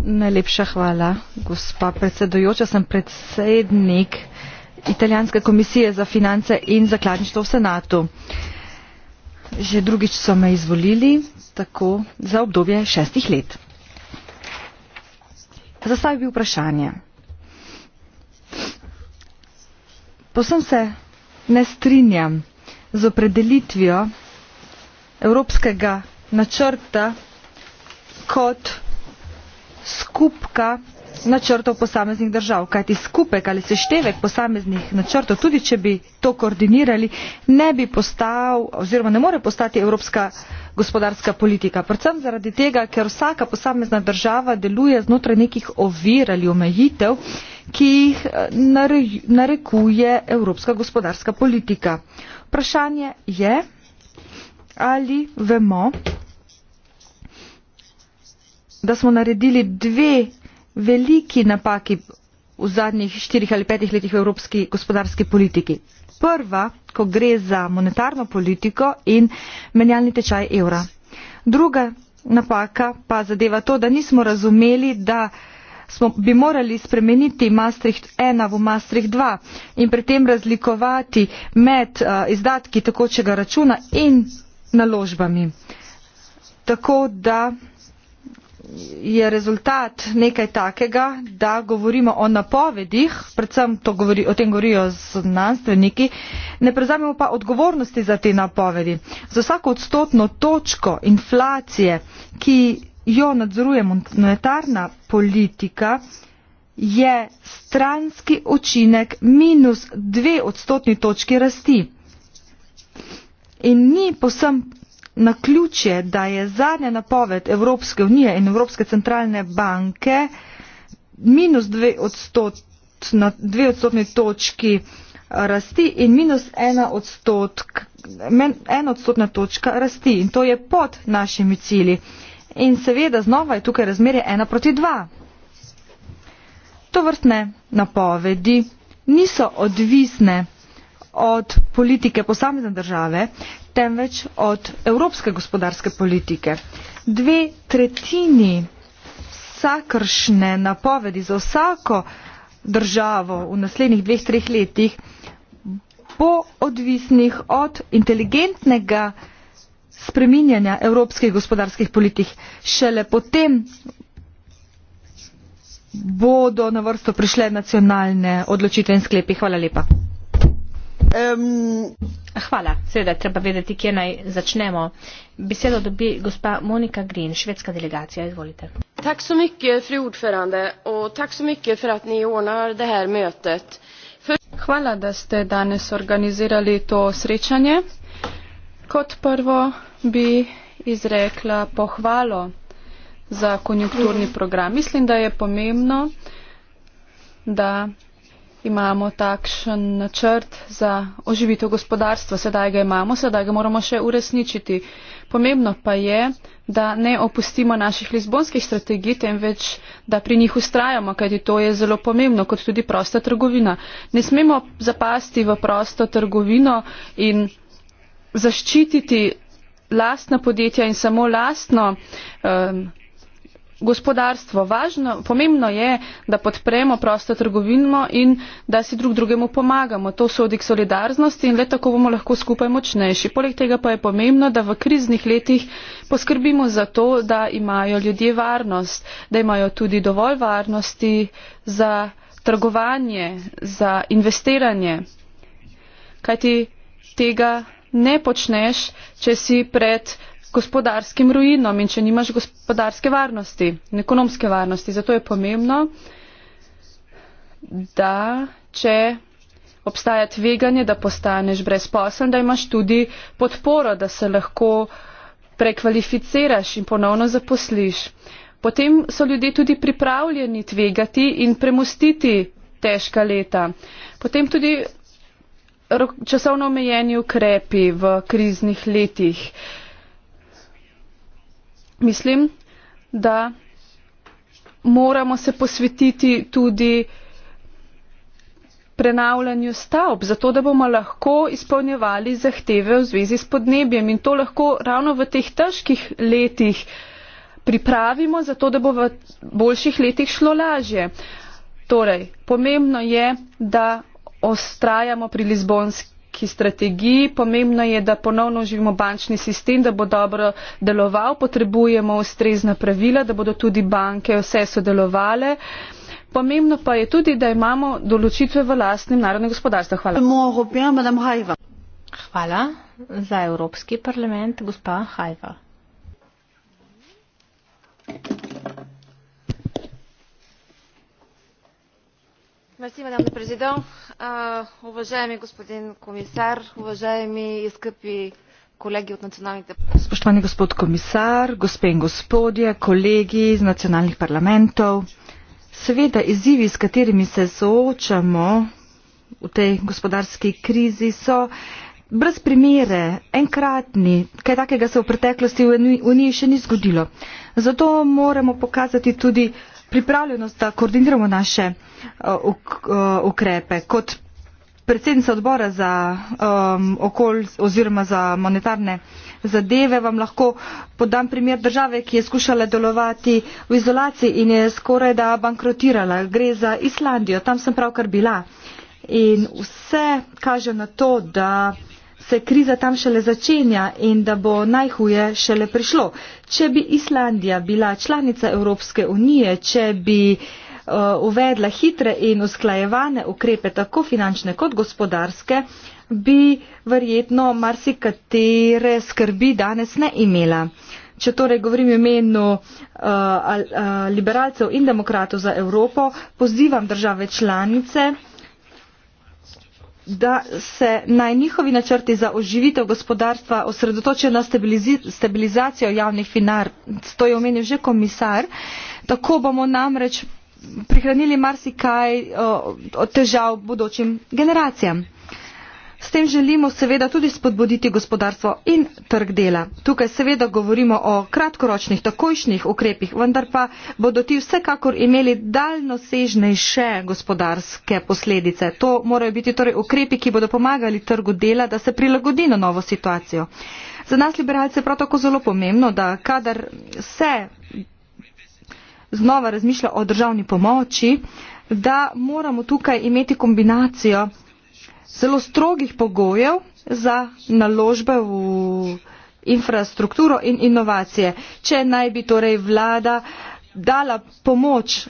Najlepša hvala, gospa predsedujoča. Sem predsednik Italijanske komisije za finance in zakladništvo v senatu. Že drugič so me izvolili, tako za obdobje šestih let. Zastavil bi vprašanje. Posem se ne strinjam z opredelitvijo evropskega načrta kot skupka načrtov posameznih držav. Kajti skupek ali seštevek posameznih načrtov, tudi če bi to koordinirali, ne bi postal oziroma ne more postati evropska gospodarska politika. Predvsem zaradi tega, ker vsaka posamezna država deluje znotraj nekih ovir ali omejitev, ki jih eh, narekuje evropska gospodarska politika. Vprašanje je, ali vemo, da smo naredili dve veliki napaki v zadnjih štirih ali petih letih v evropski gospodarski politiki. Prva, ko gre za monetarno politiko in menjalni tečaj evra. Druga napaka pa zadeva to, da nismo razumeli, da smo, bi morali spremeniti Maastricht ena v Maastricht dva in pri tem razlikovati med uh, izdatki tekočega računa in naložbami. Tako da je rezultat nekaj takega, da govorimo o napovedih, predvsem to govori, o tem govorijo znanstveniki, ne prezamemo pa odgovornosti za te napovedi. Za vsako odstotno točko inflacije, ki jo nadzoruje monetarna politika, je stranski učinek minus dve odstotni točki rasti. In ni posem na ključje, da je zadnja napoved Evropske unije in Evropske centralne banke minus dve, odstot, na dve odstotni točki eh, rasti in minus ena, odstot, men, ena odstotna točka rasti. In to je pod našimi cilji. In seveda znova je tukaj razmerje ena proti dva. To vrstne napovedi niso odvisne od politike posamezne države, temveč od evropske gospodarske politike. Dve tretjini vsakršne napovedi za vsako državo v naslednjih dveh, treh letih bo odvisnih od inteligentnega spreminjanja evropskih gospodarskih politik. Šele potem bodo na vrsto prišle nacionalne odločitve in sklepi. Hvala lepa. Um, Hvala. Seveda treba vedeti, kje naj začnemo. Besedo dobi gospa Monika Green, švedska delegacija. Izvolite. Tak so mykje, fri ordförande, in tak so mykje, for at ni ornar det her mötet. For... Hvala, da ste danes organizirali to srečanje. Kot prvo, bi izrekla pohvalo za konjunkturni program. Mislim, da je pomembno, da imamo takšen načrt za oživitev gospodarstva. Sedaj ga imamo, sedaj ga moramo še uresničiti. Pomembno pa je, da ne opustimo naših lizbonskih strategij, temveč da pri njih ustrajamo, kajti to je zelo pomembno, kot tudi prosta trgovina. Ne smemo zapasti v prosto trgovino in zaščititi lastna podjetja in samo lastno um, gospodarstvo. Važno, pomembno je, da podpremo prosto trgovino in da si drug drugemu pomagamo. To sodi k solidarnosti in le tako bomo lahko skupaj močnejši. Poleg tega pa je pomembno, da v kriznih letih poskrbimo za to, da imajo ljudje varnost, da imajo tudi dovolj varnosti za trgovanje, za investiranje. Kajti tega ne počneš, če si pred gospodarskim ruinom in če nimaš gospodarske varnosti in ekonomske varnosti. Zato je pomembno, da če obstaja tveganje, da postaneš brezposen, da imaš tudi podporo, da se lahko prekvalificiraš in ponovno zaposliš. Potem so ljudje tudi pripravljeni tvegati in premustiti težka leta. Potem tudi časovno omejeni ukrepi v kriznih letih. Mislim, da moramo se posvetiti tudi prenavljanju stavb, zato da bomo lahko izpolnjevali zahteve v zvezi s podnebjem in to lahko ravno v teh težkih letih pripravimo, zato da bo v boljših letih šlo lažje. Torej, pomembno je, da ostrajamo pri lizbonski strategiji. Pomembno je, da ponovno oživimo bančni sistem, da bo dobro deloval. Potrebujemo ustrezna pravila, da bodo tudi banke vse sodelovale. Pomembno pa je tudi, da imamo določitve v lastnem narodnem gospodarstvu. Hvala. Hvala za Evropski parlament, gospa Hajva. Merci, Madame la Présidente уважаеми господин комисар, уважаеми и скъпи колеги от националните парламенти. Спочтвани господ комисар, господин господия, колеги из националних парламентов. Сведа изиви, с которыми се соочамо в этой господарской кризе, со Brez primere, enkratni, kaj takega se v preteklosti v Uniji še ni zgodilo. Zato moramo pokazati tudi pripravljenost, da koordiniramo naše eh, eh, ukrepe. Kot predsednica odbora za um, okolje oziroma za monetarne zadeve vam lahko podam primer države, ki je skušala delovati v izolaciji in je skoraj da bankrotirala. Gre za Islandijo, tam sem pravkar bila. In vse kaže na to, da se kriza tam šele začenja in da bo najhuje šele prišlo. Če bi Islandija bila članica Evropske unije, če bi eh, uvedla hitre in usklajevane ukrepe, tako finančne kot gospodarske, bi verjetno marsikatere skrbi danes ne imela. Če torej govorim imenu uh, uh, liberalcev in demokratov za Evropo, pozivam države članice, da se naj njihovi načrti za oživitev gospodarstva osredotočijo na stabilizacijo javnih financ. To je omenil že komisar. Tako bomo namreč prihranili marsikaj od težav bodočim generacijam. S tem želimo seveda tudi spodbuditi gospodarstvo in trg dela. Tukaj seveda govorimo o kratkoročnih, takojšnjih ukrepih, vendar pa bodo ti vsekakor imeli daljnosežnejše gospodarske posledice. To morajo biti torej ukrepi, ki bodo pomagali trgu dela, da se prilagodi na novo situacijo. Za nas liberalce je prav tako zelo pomembno, da kadar se znova razmišlja o državni pomoči, da moramo tukaj imeti kombinacijo zelo strogih pogojev za naložbe v infrastrukturo in inovacije. Če naj bi torej vlada dala pomoč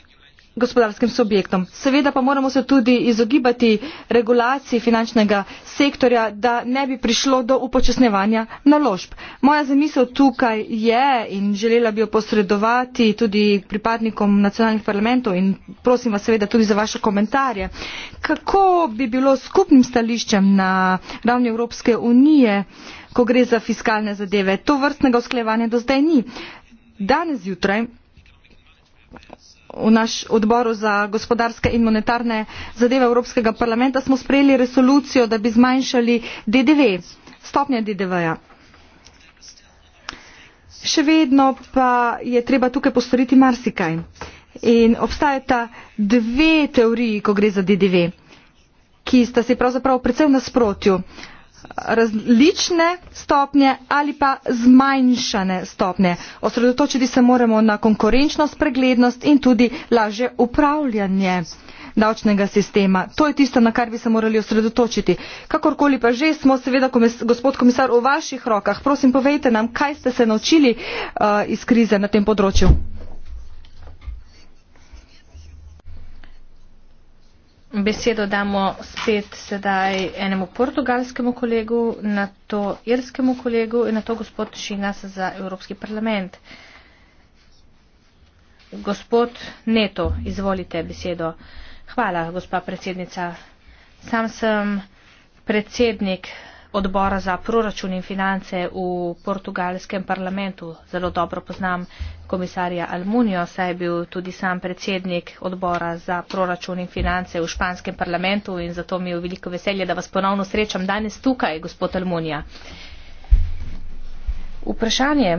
gospodarskim subjektom. Seveda pa moramo se tudi izogibati regulaciji finančnega sektorja, da ne bi prišlo do upočasnevanja naložb. Moja zamisel tukaj je in želela bi jo posredovati tudi pripadnikom nacionalnih parlamentov in prosim vas seveda tudi za vaše komentarje. Kako bi bilo skupnim stališčem na ravni Evropske unije, ko gre za fiskalne zadeve? To vrstnega usklejevanja do zdaj ni. Danes jutraj v našem odboru za gospodarske in monetarne zadeve evropskega parlamenta smo sprejeli resolucijo da bi zmanjšali ddv stopnje ddv ja še vedno pa je treba tukaj postoriti marsikaj in obstajata dve teoriji ko gre za ddv ki sta si pravzaprav precej v nasprotju različne stopnje ali pa zmanjšane stopnje. Osredotočiti se moramo na konkurenčnost, preglednost in tudi laže upravljanje davčnega sistema. To je tisto, na kar bi se morali osredotočiti. Kakorkoli pa že smo, seveda, komis gospod komisar, v vaših rokah. Prosim, povejte nam, kaj ste se naučili uh, iz krize na tem področju. Besedo damo spet sedaj enemu portugalskemu kolegu, na to irskemu kolegu in na to gospod Šinas za Evropski parlament. Gospod Neto, izvolite besedo. Hvala, gospa predsednica. Sam sem predsednik odbora za proračun in finance v portugalskem parlamentu. Zelo dobro poznam komisarja Almunijo, saj je bil tudi sam predsednik odbora za proračun in finance v španskem parlamentu in zato mi je veliko veselje, da vas ponovno srečam danes tukaj, gospod Almunija. Vprašanje,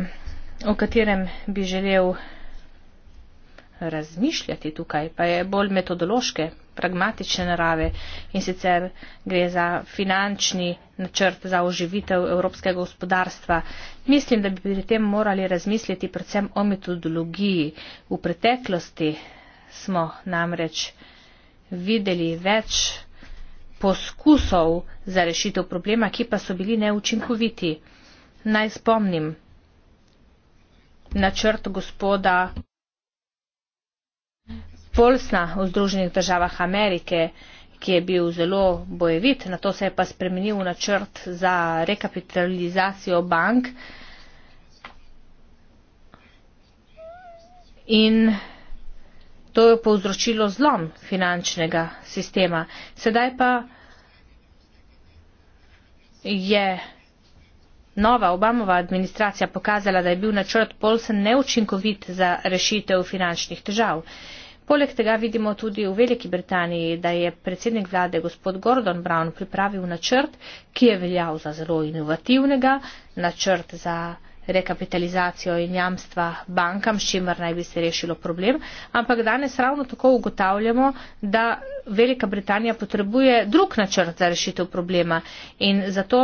o katerem bi želel razmišljati tukaj, pa je bolj metodološke, pragmatične narave in sicer gre za finančni načrt za oživitev evropskega gospodarstva. Mislim, da bi pri tem morali razmisliti predvsem o metodologiji. V preteklosti smo namreč videli več poskusov za rešitev problema, ki pa so bili neučinkoviti. Naj spomnim. Načrt gospoda. Folsna v Združenih državah Amerike, ki je bil zelo bojevit, na to se je pa spremenil načrt za rekapitalizacijo bank. In to je povzročilo zlom finančnega sistema. Sedaj pa je nova Obamova administracija pokazala, da je bil načrt Polsen neučinkovit za rešitev finančnih težav. Poleg tega vidimo tudi v Veliki Britaniji, da je predsednik vlade gospod Gordon Brown pripravil načrt, ki je veljal za zelo inovativnega, načrt za rekapitalizacijo in jamstva bankam, s čimer naj bi se rešilo problem, ampak danes ravno tako ugotavljamo, da Velika Britanija potrebuje drug načrt za rešitev problema in zato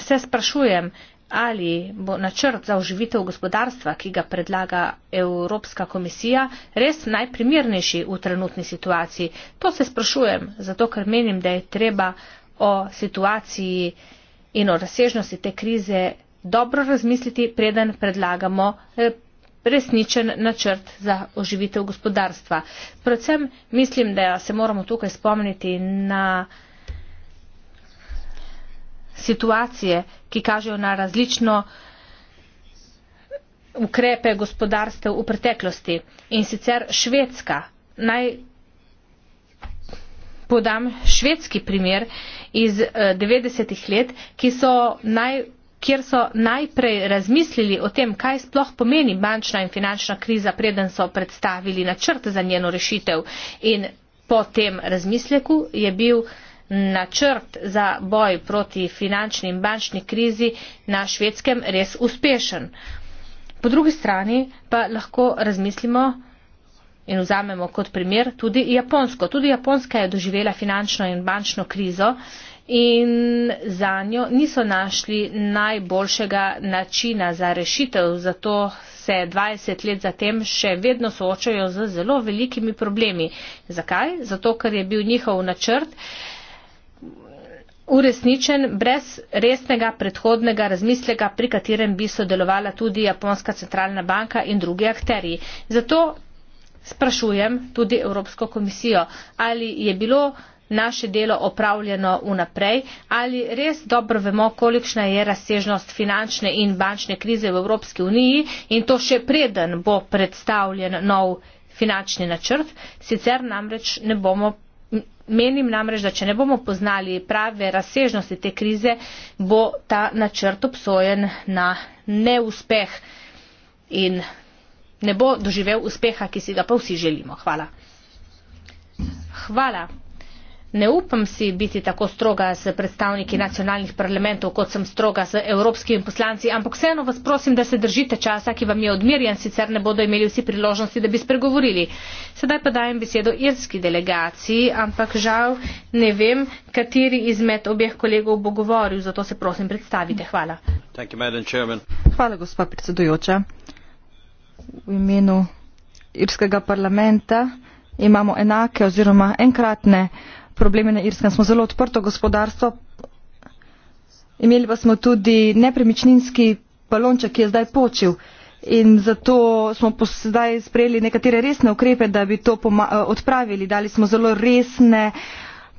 se sprašujem, ali bo načrt za oživitev gospodarstva, ki ga predlaga Evropska komisija, res najprimernejši v trenutni situaciji. To se sprašujem, zato ker menim, da je treba o situaciji in o razsežnosti te krize dobro razmisliti, preden predlagamo eh, resničen načrt za oživitev gospodarstva. Predvsem mislim, da se moramo tukaj spomniti na situacije, ki kažejo na različno ukrepe gospodarstev v preteklosti. In sicer Švedska. Naj podam švedski primer iz 90-ih eh, let, ki so naj kjer so najprej razmislili o tem, kaj sploh pomeni bančna in finančna kriza, preden so predstavili načrt za njeno rešitev. In po tem razmisleku je bil načrt za boj proti finančni in bančni krizi na švedskem res uspešen. Po drugi strani pa lahko razmislimo in vzamemo kot primer tudi Japonsko. Tudi Japonska je doživela finančno in bančno krizo in za njo niso našli najboljšega načina za rešitev, zato se 20 let zatem še vedno soočajo z zelo velikimi problemi. Zakaj? Zato, ker je bil njihov načrt uresničen brez resnega predhodnega razmisleka, pri katerem bi sodelovala tudi Japonska centralna banka in drugi akteri. Zato sprašujem tudi Evropsko komisijo, ali je bilo naše delo opravljeno vnaprej, ali res dobro vemo, kolikšna je razsežnost finančne in bančne krize v Evropski uniji in to še preden bo predstavljen nov finančni načrt, sicer namreč ne bomo Menim namreč, da če ne bomo poznali prave razsežnosti te krize, bo ta načrt obsojen na neuspeh in ne bo doživel uspeha, ki si ga pa vsi želimo. Hvala. Hvala. Ne upam si biti tako stroga z predstavniki nacionalnih parlamentov, kot sem stroga z evropskimi poslanci, ampak vseeno vas prosim, da se držite časa, ki vam je odmerjen, sicer ne bodo imeli vsi priložnosti, da bi spregovorili. Sedaj pa dajem besedo irski delegaciji, ampak žal ne vem, kateri izmed obeh kolegov bo govoril, zato se prosim predstavite. Hvala. Hvala, gospa predsedujoča. V imenu irskega parlamenta imamo enake oziroma enkratne probleme na Irskem. Smo zelo odprto gospodarstvo. Imeli pa smo tudi nepremičninski balonček, ki je zdaj počil. In zato smo zdaj sprejeli nekatere resne ukrepe, da bi to eh, odpravili. Dali smo zelo resne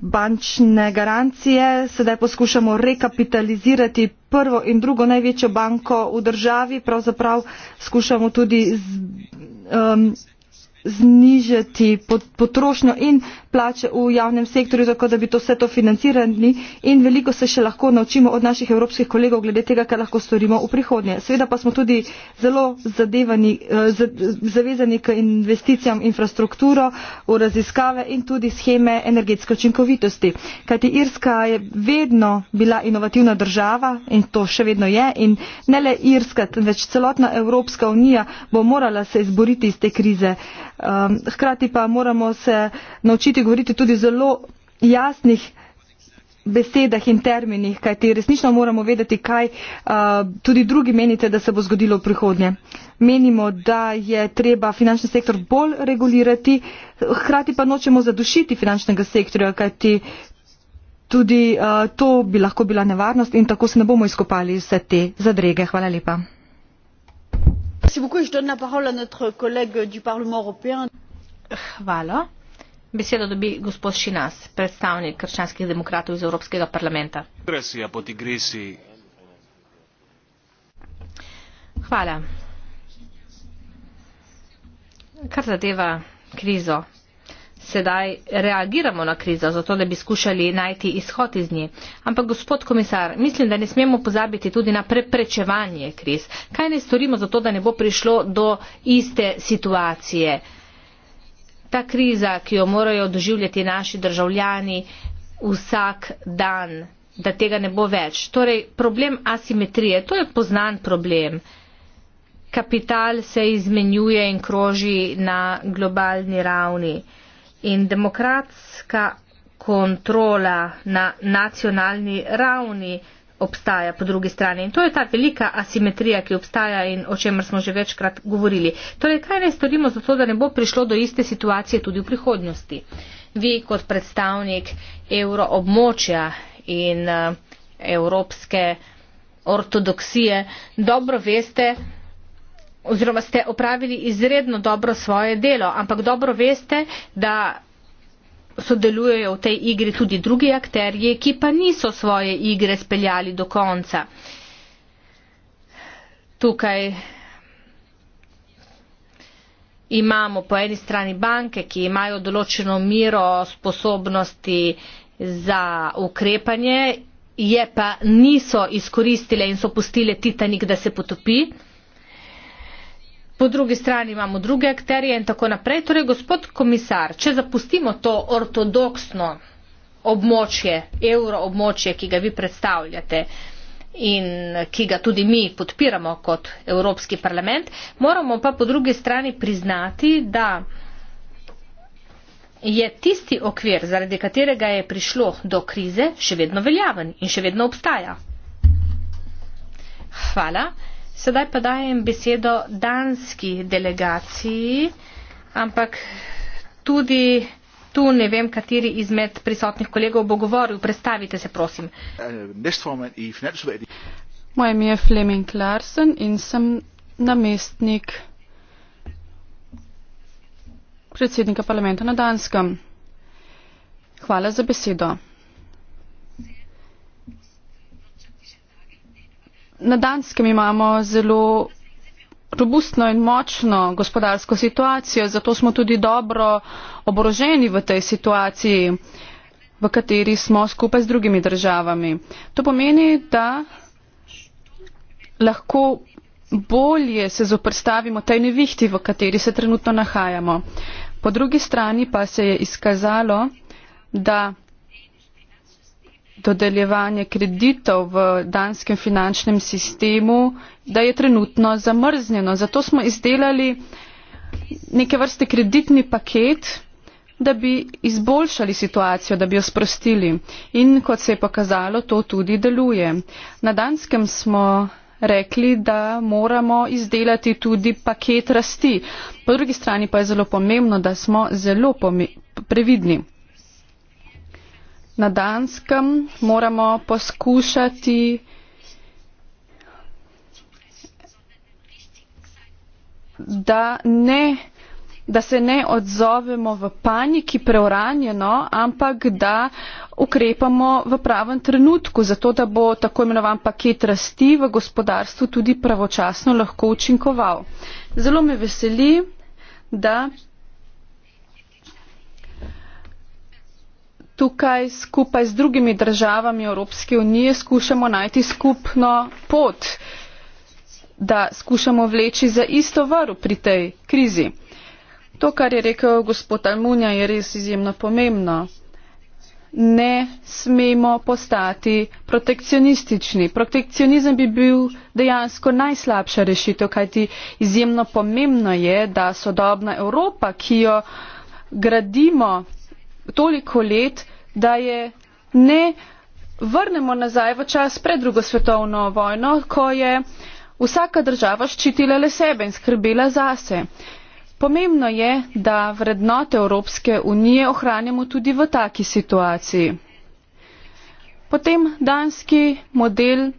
bančne garancije. Sedaj poskušamo rekapitalizirati prvo in drugo največjo banko v državi. Pravzaprav skušamo tudi z, um, znižati potrošnjo in plače v javnem sektorju, tako da bi to vse to financirali in veliko se še lahko naučimo od naših evropskih kolegov glede tega, kaj lahko storimo v prihodnje. Seveda pa smo tudi zelo zadevani, eh, zavezani k investicijam infrastrukturo, v raziskave in tudi scheme energetske učinkovitosti. Kajti Irska je vedno bila inovativna država in to še vedno je in ne le Irska, temveč celotna Evropska unija bo morala se izboriti iz te krize. Um, hkrati pa moramo se naučiti govoriti tudi zelo jasnih besedah in terminih, kajti resnično moramo vedeti, kaj uh, tudi drugi menite, da se bo zgodilo v prihodnje. Menimo, da je treba finančni sektor bolj regulirati, hkrati pa nočemo zadušiti finančnega sektorja, kajti tudi uh, to bi lahko bila nevarnost in tako se ne bomo izkopali vse te zadrege. Hvala lepa donne la parole à notre collègue du parlement européen Hvala. Besedo dobi gospod Šinas, predstavnik krščanskih demokratov iz Evropskega parlamenta. Hvala. Kar zadeva krizo sedaj reagiramo na krizo, zato da bi skušali najti izhod iz nje. Ampak, gospod komisar, mislim, da ne smemo pozabiti tudi na preprečevanje kriz. Kaj ne storimo zato, da ne bo prišlo do iste situacije? Ta kriza, ki jo morajo doživljati naši državljani vsak dan, da tega ne bo več. Torej, problem asimetrije, to je poznan problem. Kapital se izmenjuje in kroži na globalni ravni in demokratska kontrola na nacionalni ravni obstaja po drugi strani. In to je ta velika asimetrija, ki obstaja in o čemer smo že večkrat govorili. Torej, kaj naj storimo za to, da ne bo prišlo do iste situacije tudi v prihodnosti? Vi kot predstavnik evroobmočja in eh, evropske ortodoksije dobro veste, oziroma ste opravili izredno dobro svoje delo, ampak dobro veste, da sodelujejo v tej igri tudi drugi akterji, ki pa niso svoje igre speljali do konca. Tukaj imamo po eni strani banke, ki imajo določeno miro sposobnosti za ukrepanje, je pa niso izkoristile in so pustile Titanik, da se potopi po drugi strani imamo druge akterje in tako naprej. Torej, gospod komisar, če zapustimo to ortodoksno območje, euroobmočje, ki ga vi predstavljate in ki ga tudi mi podpiramo kot Evropski parlament, moramo pa po drugi strani priznati, da je tisti okvir, zaradi katerega je prišlo do krize, še vedno veljaven in še vedno obstaja. Hvala. Sedaj pa dajem besedo danski delegaciji, ampak tudi tu ne vem, kateri izmed prisotnih kolegov bo govoril. Predstavite se, prosim. Moje ime je Fleming Larsen in sem namestnik predsednika parlamenta na Danskem. Hvala za besedo. Na Danskem imamo zelo robustno in močno gospodarsko situacijo, zato smo tudi dobro oboroženi v tej situaciji, v kateri smo skupaj z drugimi državami. To pomeni, da lahko bolje se zoprstavimo tej nevihti, v kateri se trenutno nahajamo. Po drugi strani pa se je izkazalo, da dodeljevanje kreditov v danskem finančnem sistemu, da je trenutno zamrznjeno. Zato smo izdelali neke vrste kreditni paket da bi izboljšali situacijo, da bi jo sprostili. In kot se je pokazalo, to tudi deluje. Na Danskem smo rekli, da moramo izdelati tudi paket rasti. Po drugi strani pa je zelo pomembno, da smo zelo previdni na Danskem moramo poskušati Da, ne, da se ne odzovemo v paniki preuranjeno, ampak da ukrepamo v pravem trenutku, zato da bo tako imenovan paket rasti v gospodarstvu tudi pravočasno lahko učinkoval. Zelo me veseli, da tukaj skupaj z drugimi državami Evropske unije skušamo najti skupno pot, da skušamo vleči za isto vrv pri tej krizi. To, kar je rekel gospod Almunja, je res izjemno pomembno. Ne smemo postati protekcionistični. Protekcionizem bi bil dejansko najslabša rešitev, kajti izjemno pomembno je, da sodobna Evropa, ki jo gradimo toliko let, da je ne vrnemo nazaj v čas pred drugo svetovno vojno, ko je vsaka država ščitila le sebe in skrbila zase. Pomembno je, da vrednote Evropske unije ohranjamo tudi v taki situaciji. Potem danski model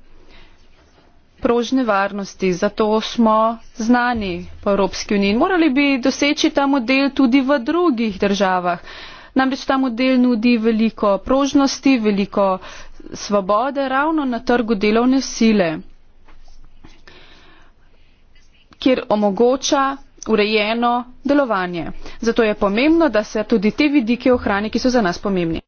prožne varnosti, zato smo znani po Evropski uniji. Morali bi doseči ta model tudi v drugih državah. Namreč ta model nudi veliko prožnosti, veliko svobode ravno na trgu delovne sile, kjer omogoča urejeno delovanje. Zato je pomembno, da se tudi te vidike ohrani, ki so za nas pomembni.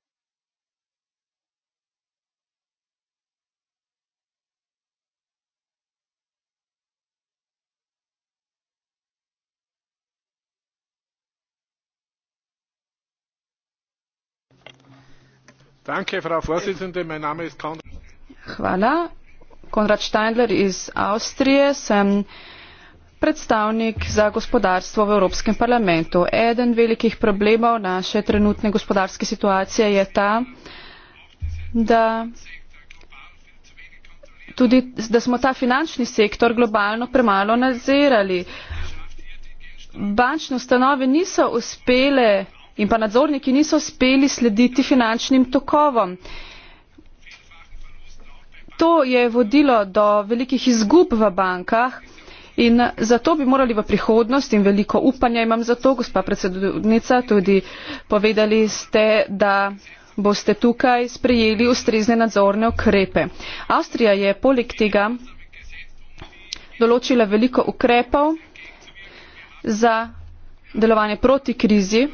Danke, Frau Vorsitzende. Mein Name ist Konrad. Hvala. Konrad Steindler iz Avstrije. Sem predstavnik za gospodarstvo v Evropskem parlamentu. Eden velikih problemov naše trenutne gospodarske situacije je ta, da, tudi, da smo ta finančni sektor globalno premalo nadzirali. Bančne ustanove niso uspele in pa nadzorniki niso uspeli slediti finančnim tokovom. To je vodilo do velikih izgub v bankah. In zato bi morali v prihodnost in veliko upanja imam za to, gospa predsednica, tudi povedali ste, da boste tukaj sprejeli ustrezne nadzorne ukrepe. Avstrija je poleg tega določila veliko ukrepov za delovanje proti krizi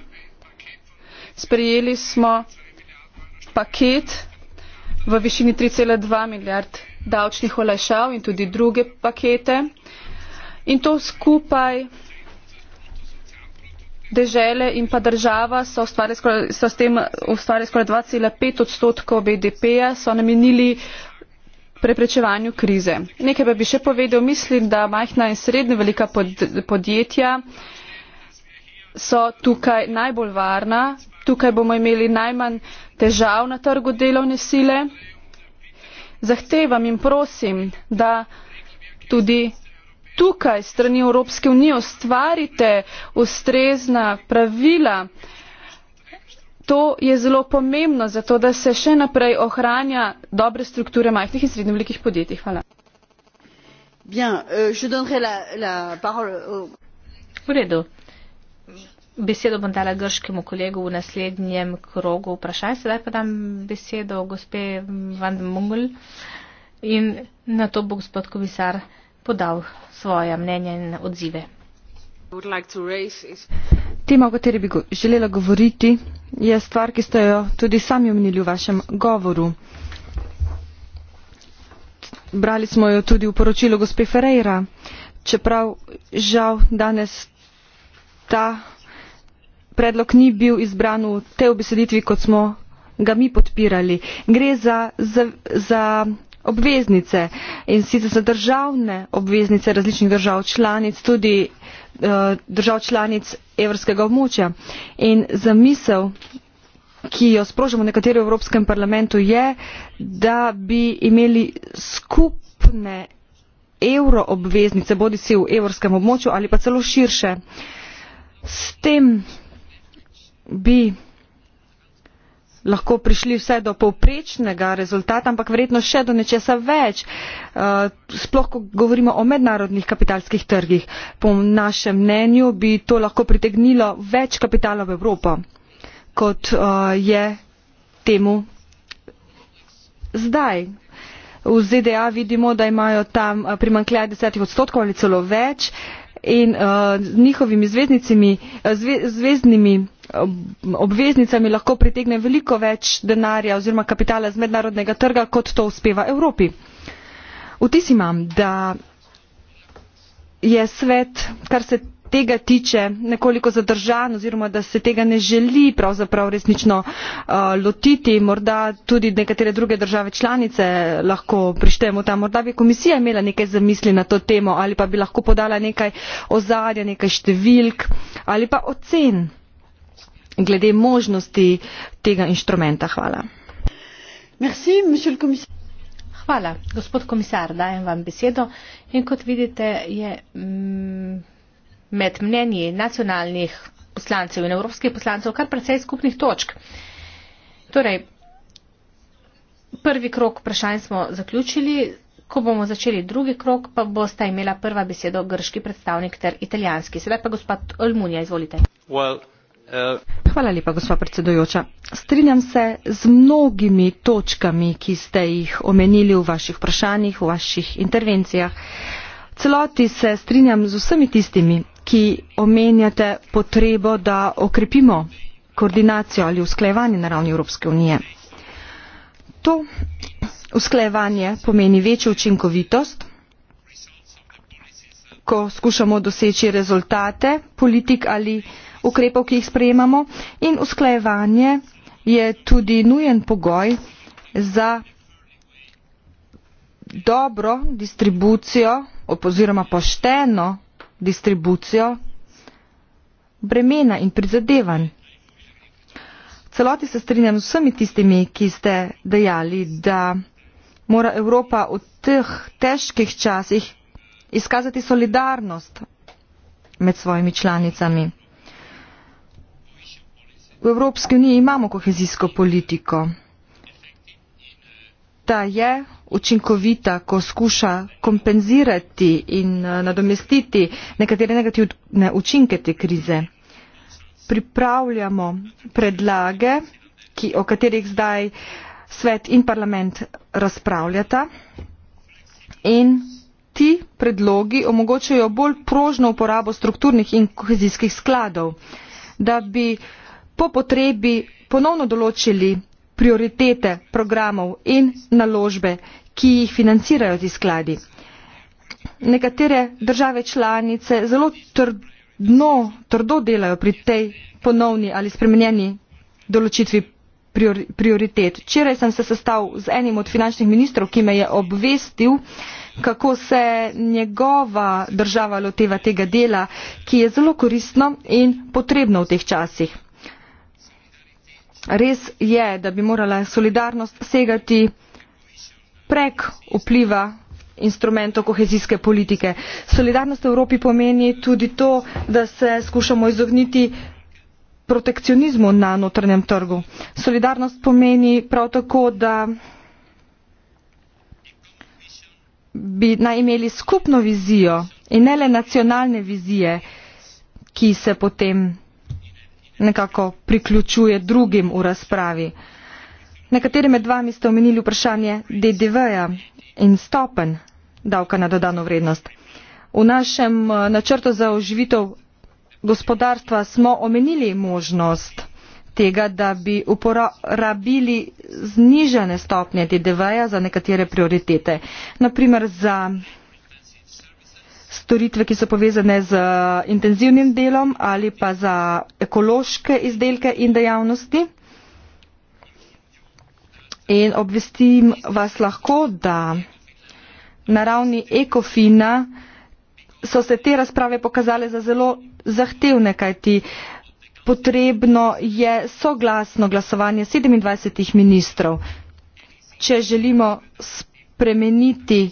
sprejeli smo paket v višini 3,2 milijard davčnih olajšav in tudi druge pakete. In to skupaj dežele in pa država so, skoraj, so s tem ustvarili skoraj 2,5 odstotkov BDP-ja, so namenili preprečevanju krize. Nekaj pa bi še povedal, mislim, da majhna in srednja velika podjetja so tukaj najbolj varna, tukaj bomo imeli najmanj težav na trgu delovne sile. Zahtevam in prosim, da tudi tukaj strani Evropske unije ustvarite ustrezna pravila. To je zelo pomembno, zato da se še naprej ohranja dobre strukture majhnih in srednjih velikih podjetij. Hvala. Bien, euh, je donnerai la, la parole au. Vous Besedo bom dala grškemu kolegu v naslednjem krogu vprašanj, sedaj pa dam besedo gospe Van Mungl in na to bo gospod komisar podal svoje mnenje in odzive. Tema, o kateri bi želela govoriti, je stvar, ki ste jo tudi sami omenili v vašem govoru. Brali smo jo tudi v poročilu gospe Ferreira, čeprav žal danes ta predlog ni bil izbran v tej ubeseditvi kot smo ga mi podpirali gre za, za, za obveznice in sicer za državne obveznice različnih držav članic tudi eh, držav članic evropskega območja in za misel ki jo sprožamo nekateri v Evropskem parlamentu je, da bi imeli skupne evro obveznice, bodi si v evropskem območju ali pa celo širše. S tem bi lahko prišli vsaj do povprečnega rezultata, ampak verjetno še do nečesa več, eh, sploh ko govorimo o mednarodnih kapitalskih trgih. Po našem mnenju bi to lahko pritegnilo več kapitala v Evropo, kot eh, je temu zdaj. V ZDA vidimo, da imajo tam eh, primankljaj desetih odstotkov ali celo več in z njihovimi zvezdnicami, zve, zvezdnimi obveznicami lahko pritegne veliko več denarja oziroma kapitala z mednarodnega trga kot to uspeva evropi. vtis imam da je svet kar se tega tiče nekoliko zadržan oziroma da se tega ne želi pravzaprav resnično uh, lotiti morda tudi nekatere druge države članice lahko prištejemo tam morda bi komisija imela nekaj zamisli na to temo ali pa bi lahko podala nekaj ozadja nekaj številk ali pa ocen glede možnosti tega inštrumenta. Hvala. Hvala. Gospod komisar, dajem vam besedo. In kot vidite, je mm, med mnenji nacionalnih poslancev in evropskih poslancev kar precej skupnih točk. Torej, prvi krok vprašanj smo zaključili. Ko bomo začeli drugi krok, pa bosta imela prva besedo grški predstavnik ter italijanski. Sedaj pa gospod Olmunja, izvolite. Well, Hvala lepa, gospa predsedujoča. Strinjam se z mnogimi točkami, ki ste jih omenili v vaših vprašanjih, v vaših intervencijah. V celoti se strinjam z vsemi tistimi, ki omenjate potrebo, da okrepimo koordinacijo ali usklajevanje na ravni Evropske unije. To usklajevanje pomeni večjo učinkovitost, ko skušamo doseči rezultate politik ali ukrepov, ki jih sprejemamo in usklajevanje je tudi nujen pogoj za dobro distribucijo oziroma pošteno distribucijo bremena in prizadevanj. V celoti se strinjam z vsemi tistimi, ki ste dejali, da mora Evropa v teh težkih časih izkazati solidarnost med svojimi članicami. V Evropski uniji imamo kohezijsko politiko. Ta je učinkovita, ko skuša kompenzirati in eh, nadomestiti nekatere negativne učinke te krize. Pripravljamo predlage, ki, o katerih zdaj svet in parlament razpravljata in ti predlogi omogočajo bolj prožno uporabo strukturnih in kohezijskih skladov, da bi uh, po potrebi ponovno določili prioritete programov in naložbe, ki jih financirajo ti skladi. Nekatere države članice zelo trdno, trdo delajo pri tej ponovni ali spremenjeni določitvi prioritet. Včeraj sem se sestal z enim od finančnih ministrov, ki me je obvestil, kako se njegova država loteva tega dela, ki je zelo koristno in potrebno v teh časih res je da bi morala solidarnost segati prek vpliva instrumentov kohezijske politike. solidarnost v evropi pomeni tudi to da se skušamo izogniti protekcionizmu na notranjem trgu. solidarnost pomeni prav tako da bi naj imeli skupno vizijo in ne le nacionalne vizije ki se potem nekako priključuje drugim v razpravi. Nekateri med vami ste omenili vprašanje DDV-ja in stopen davka na dodano vrednost. V našem eh, načrtu za oživitev gospodarstva smo omenili možnost tega, da bi uporabili znižane stopnje DDV-ja za nekatere prioritete, naprimer za storitve, ki so povezane z eh, intenzivnim delom ali pa za ekološke izdelke in dejavnosti. In obvestim vas lahko, da na ravni ekofina so se te razprave pokazale za zelo zahtevne, kajti potrebno je soglasno glasovanje 27 ministrov, če želimo spremeniti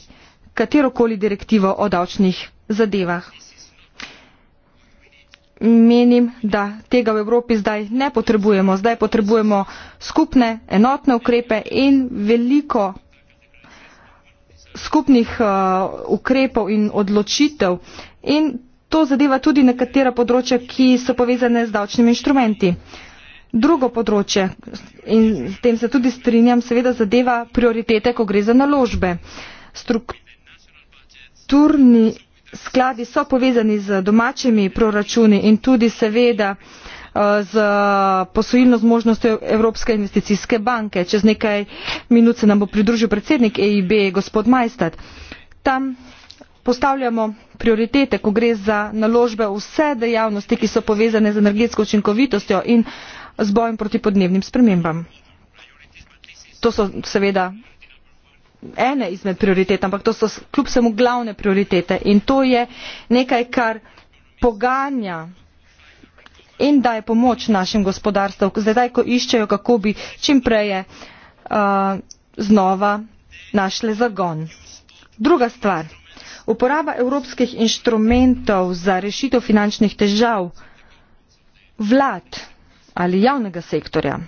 katerokoli direktivo o davčnih zadevah. Menim, da tega v Evropi zdaj ne potrebujemo. Zdaj potrebujemo skupne, enotne ukrepe in veliko skupnih uh, ukrepov in odločitev. In to zadeva tudi nekatera področja, ki so povezane z davčnimi inštrumenti. Drugo področje, in s tem se tudi strinjam, seveda zadeva prioritete, ko gre za naložbe. Struktur strukturni skladi so povezani z domačimi proračuni in tudi seveda eh, z posojilno zmožnostjo Evropske investicijske banke. Čez nekaj minut se nam bo pridružil predsednik EIB, gospod Majstad. Tam postavljamo prioritete, ko gre za naložbe vse dejavnosti, ki so povezane z energetsko učinkovitostjo in z bojem proti podnebnim spremembam. To so seveda ene izmed prioritet ampak to so kljub vsemu glavne prioritete in to je nekaj kar poganja in daje pomoč našim gospodarstvom zdaj ko iščejo kako bi čimpreje uh, znova našle zagon. Druga stvar. Uporaba evropskih inštrumentov za rešitev finančnih težav vlad ali javnega sektorja.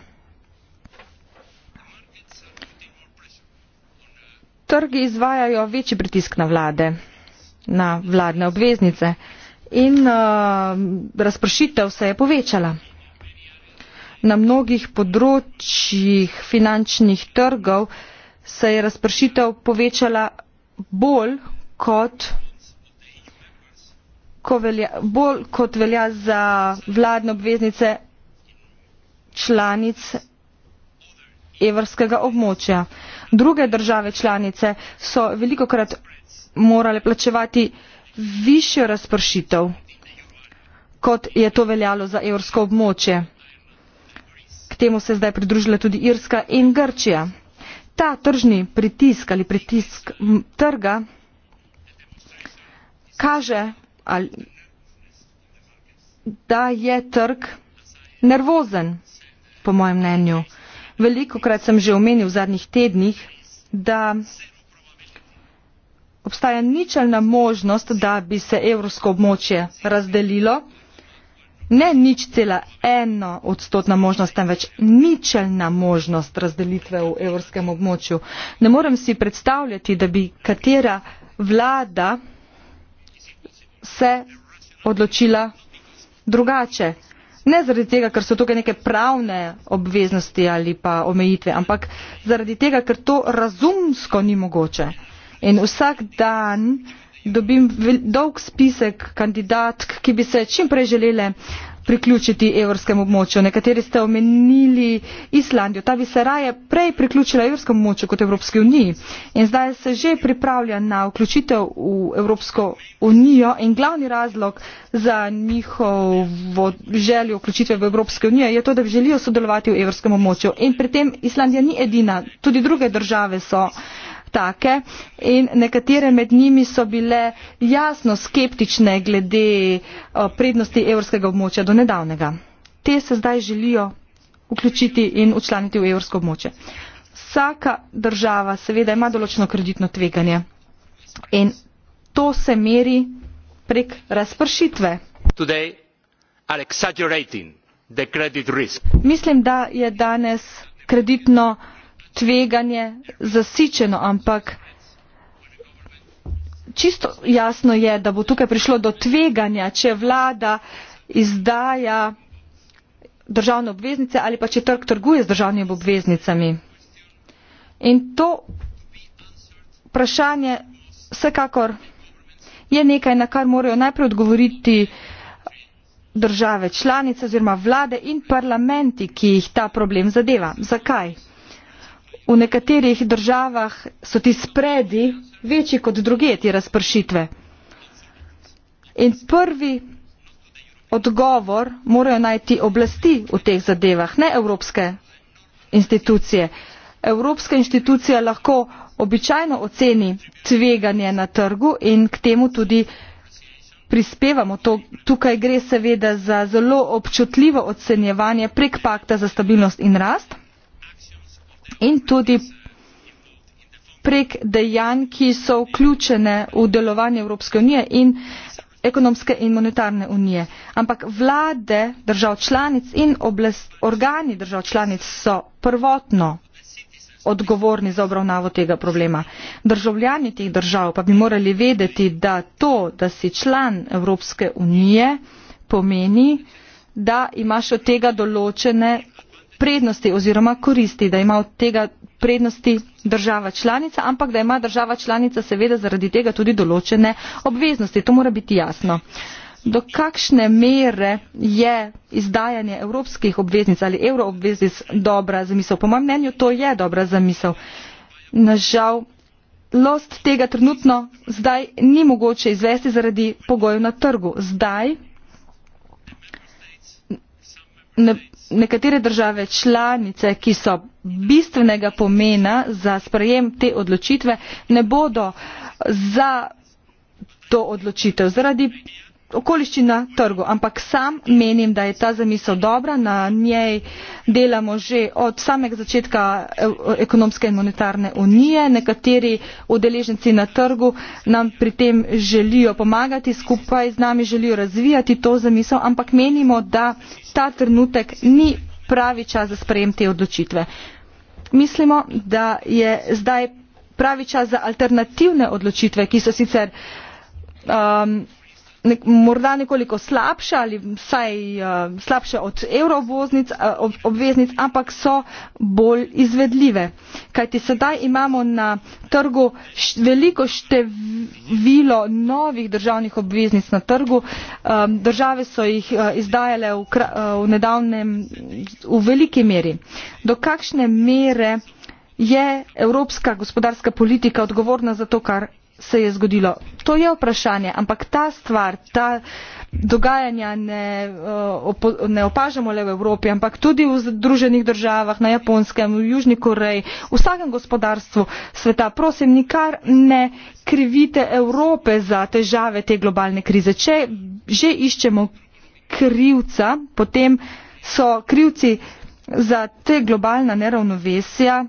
trgi izvajajo večji pritisk na vlade, na vladne obveznice in uh, razpršitev se je povečala. Na mnogih področjih finančnih trgov se je razpršitev povečala bolj kot, ko velja, bolj kot velja za vladne obveznice članic evrskega območja. Uh, druge države članice so velikokrat morale plačevati višjo razpršitev kot je to veljalo za evrsko območje. K temu se je zdaj pridružila tudi Irska in Grčija. Ta tržni pritisk ali pritisk trga kaže, ali, da je trg nervozen, po mojem mnenju. Veliko krat sem že omenil v zadnjih tednih, da obstaja ničelna možnost, da bi se evropsko območje razdelilo. Ne nič cela eno odstotna možnost, temveč ničelna možnost razdelitve v evropskem območju. Ne morem si predstavljati, da bi katera vlada se odločila drugače. Ne zaradi tega, ker so tukaj neke pravne obveznosti ali pa omejitve, ampak zaradi tega, ker to razumsko ni mogoče. In vsak dan dobim dolg spisek kandidatk, ki bi se čim prej želele uh, priključiti evropskemu območju. Nekateri ste omenili Islandijo. Ta bi se raje prej priključila evropskemu območju kot Evropski uniji. In zdaj se že pripravlja na vključitev v Evropsko unijo in glavni razlog za njihovo željo vključitve v Evropsko unijo je to, da bi želijo sodelovati v evropskem območju. In pri tem Islandija ni edina, tudi druge države so take in nekatere med njimi so bile jasno skeptične glede eh, prednosti evrskega območja do nedavnega. Te se zdaj želijo vključiti in učlaniti v evrsko območje. Vsaka država seveda ima določeno kreditno tveganje in to se meri prek razpršitve. Today, Mislim, da je danes kreditno uh, tveganje, zasičeno, ampak čisto jasno je, da bo tukaj prišlo do tveganja, če vlada izdaja državne obveznice ali pa če trg trguje z državnimi obveznicami. In to vprašanje vsekakor je nekaj, na kar morajo najprej odgovoriti države članice oziroma vlade in parlamenti, ki jih ta problem zadeva. Zakaj? v nekaterih državah so ti spredi večji kot druge te razpršitve. In prvi odgovor morajo najti oblasti v teh zadevah, ne evropske institucije. Evropska institucija lahko običajno oceni tveganje na trgu in k temu tudi prispevamo. To, tukaj gre seveda za zelo občutljivo ocenjevanje prek pakta za stabilnost in rast in tudi prek dejanj, ki so vključene v delovanje Evropske unije in ekonomske in monetarne unije. Ampak vlade držav članic in oblast, organi držav članic so prvotno odgovorni za obravnavo tega problema. Državljani teh držav pa bi morali vedeti, da to, da si član Evropske unije, pomeni, da imaš od tega določene prednosti oziroma koristi, da ima od tega prednosti država članica, ampak da ima država članica seveda zaradi tega tudi določene obveznosti. To mora biti jasno. Do kakšne mere je izdajanje evropskih obveznic ali euroobveznic dobra zamisel? Po mojem mnenju to je dobra zamisel. Nažal, lost tega trenutno zdaj ni mogoče izvesti zaradi pogojev na trgu. Zdaj ne, nekatere države članice ki so bistvenega pomena za sprejem te odločitve ne bodo za to odločitev zaradi okoliščin na trgu ampak sam menim da je ta zamisel dobra na njej delamo že od samega začetka e, ekonomske in monetarne unije nekateri udeleženci na trgu nam pri tem želijo pomagati skupaj z nami želijo razvijati to zamisel ampak menimo da ta trenutek ni pravi čas za sprejem te odločitve mislimo da je zdaj pravi čas za alternativne odločitve ki so sicer um, ne, morda nekoliko slabše ali vsaj uh, slabše od evrovoznic, uh, ob, obveznic, ampak so bolj izvedljive. Kajti sedaj imamo na trgu š, veliko število novih državnih obveznic na trgu. Um, države so jih uh, izdajale v, kra, uh, v nedavnem v veliki meri. Do kakšne mere je evropska gospodarska politika odgovorna za to, kar se je zgodilo. To je vprašanje, ampak ta stvar, ta dogajanja ne, eh, ne opažamo le v Evropi, ampak tudi v Združenih državah, na Japonskem, v Južni Koreji, v vsakem gospodarstvu sveta. Prosim, nikar ne krivite Evrope za težave te globalne krize. Če že iščemo krivca, potem so krivci za te globalna neravnovesja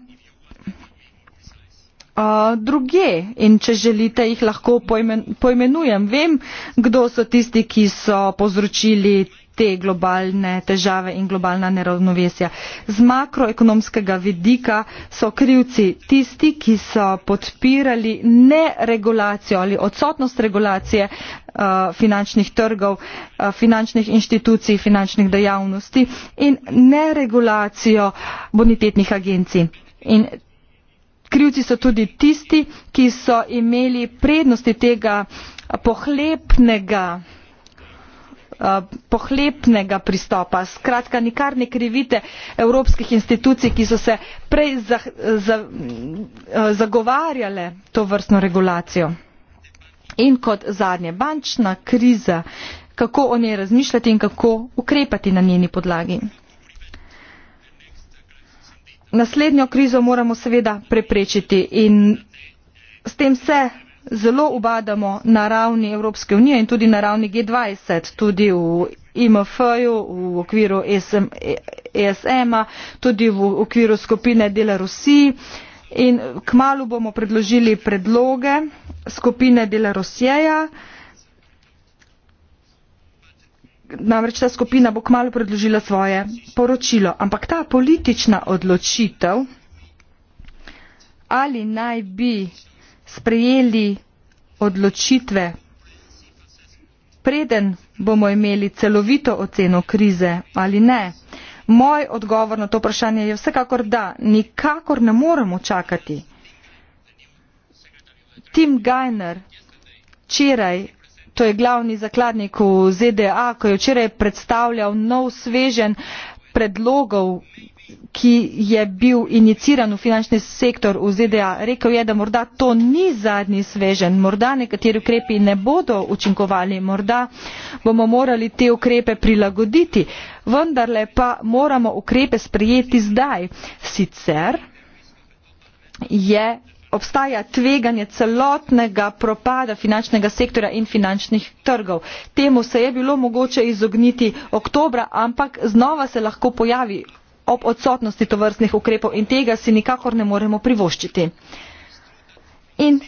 druge in če želite jih lahko poimen, poimenujem. Vem, kdo so tisti, ki so povzročili te globalne težave in globalna neravnovesja. Z makroekonomskega vidika so krivci tisti, ki so podpirali neregulacijo ali odsotnost regulacije finančnih trgov, finančnih inštitucij, finančnih dejavnosti in neregulacijo bonitetnih agencij. In krivci so tudi tisti, ki so imeli prednosti tega eh, pohlepnega eh, pohlepnega pristopa. Skratka, nikar ne krivite evropskih institucij, ki so se prej za, za, eh, zagovarjale to vrstno regulacijo. In kot zadnje, bančna kriza, kako o njej razmišljati in kako ukrepati na njeni podlagi naslednjo krizo moramo seveda preprečiti in s tem se zelo ubadamo na ravni Evropske unije in tudi na ravni G20, tudi v IMF-ju, v okviru ESM-a, tudi v okviru skupine Dela Rusiji in kmalo bomo predložili predloge skupine Dela Rusijeja namreč ta skupina bo kmalo predložila svoje poročilo. Ampak ta politična odločitev, ali naj bi sprejeli odločitve, preden bomo imeli celovito oceno krize ali ne. Moj odgovor na to vprašanje je vsekakor da, nikakor ne moremo čakati. Tim Geiner včeraj to je glavni zakladnik v zda ko je včeraj predstavljal nov sveženj predlogov ki je bil iniciran v finančni sektor v zda rekel je da morda to ni zadnji sveženj morda nekateri ukrepi ne bodo učinkovali morda bomo morali te ukrepe prilagoditi vendarle pa moramo ukrepe sprejeti zdaj sicer je obstaja tveganje celotnega propada finančnega sektorja in finančnih trgov. temu se je bilo mogoče izogniti oktobra ampak znova se lahko pojavi ob odsotnosti tovrstnih ukrepov in tega si nikakor ne moremo privoščiti. in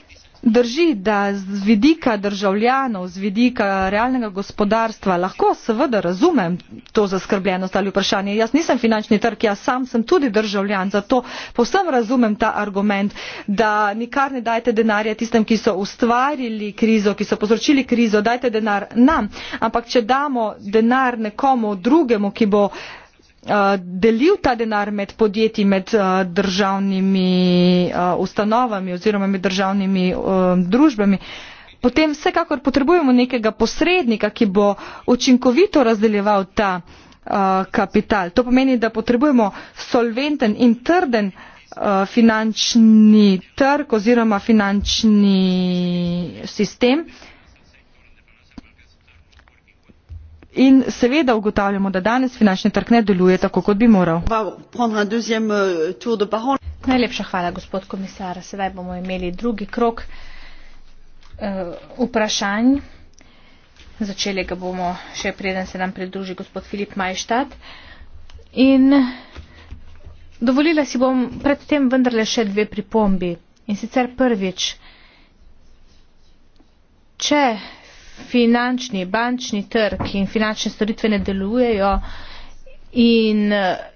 Drži, da z vidika državljanov, z vidika realnega gospodarstva lahko seveda razumem to zaskrbljenost ali vprašanje. Jaz nisem finančni trg, jaz sam sem tudi državljan, zato povsem razumem ta argument, da nikar ne dajte denarja tistem, ki so ustvarili krizo, ki so povzročili krizo, dajte denar nam, ampak če damo denar nekomu drugemu, ki bo Eh, delil ta denar med podjetji, med eh, državnimi eh, ustanovami oziroma med državnimi družbami, potem vsekakor potrebujemo nekega posrednika, ki bo učinkovito razdeljeval ta kapital. To pomeni, da potrebujemo solventen in trden finančni trg oziroma finančni sistem, in seveda ugotavljamo da danes finančni trg ne deluje tako kot bi moral. Euh, najlepša hvala gospod komisar sedaj bomo imeli drugi krok eh, vprašanj začeli ga bomo še preden se nam pridruži gospod filip majštad in dovolila si bom predtem vendarle še dve pripombi in sicer prvič če finančni bančni trg in finančne storitve ne delujejo in eh,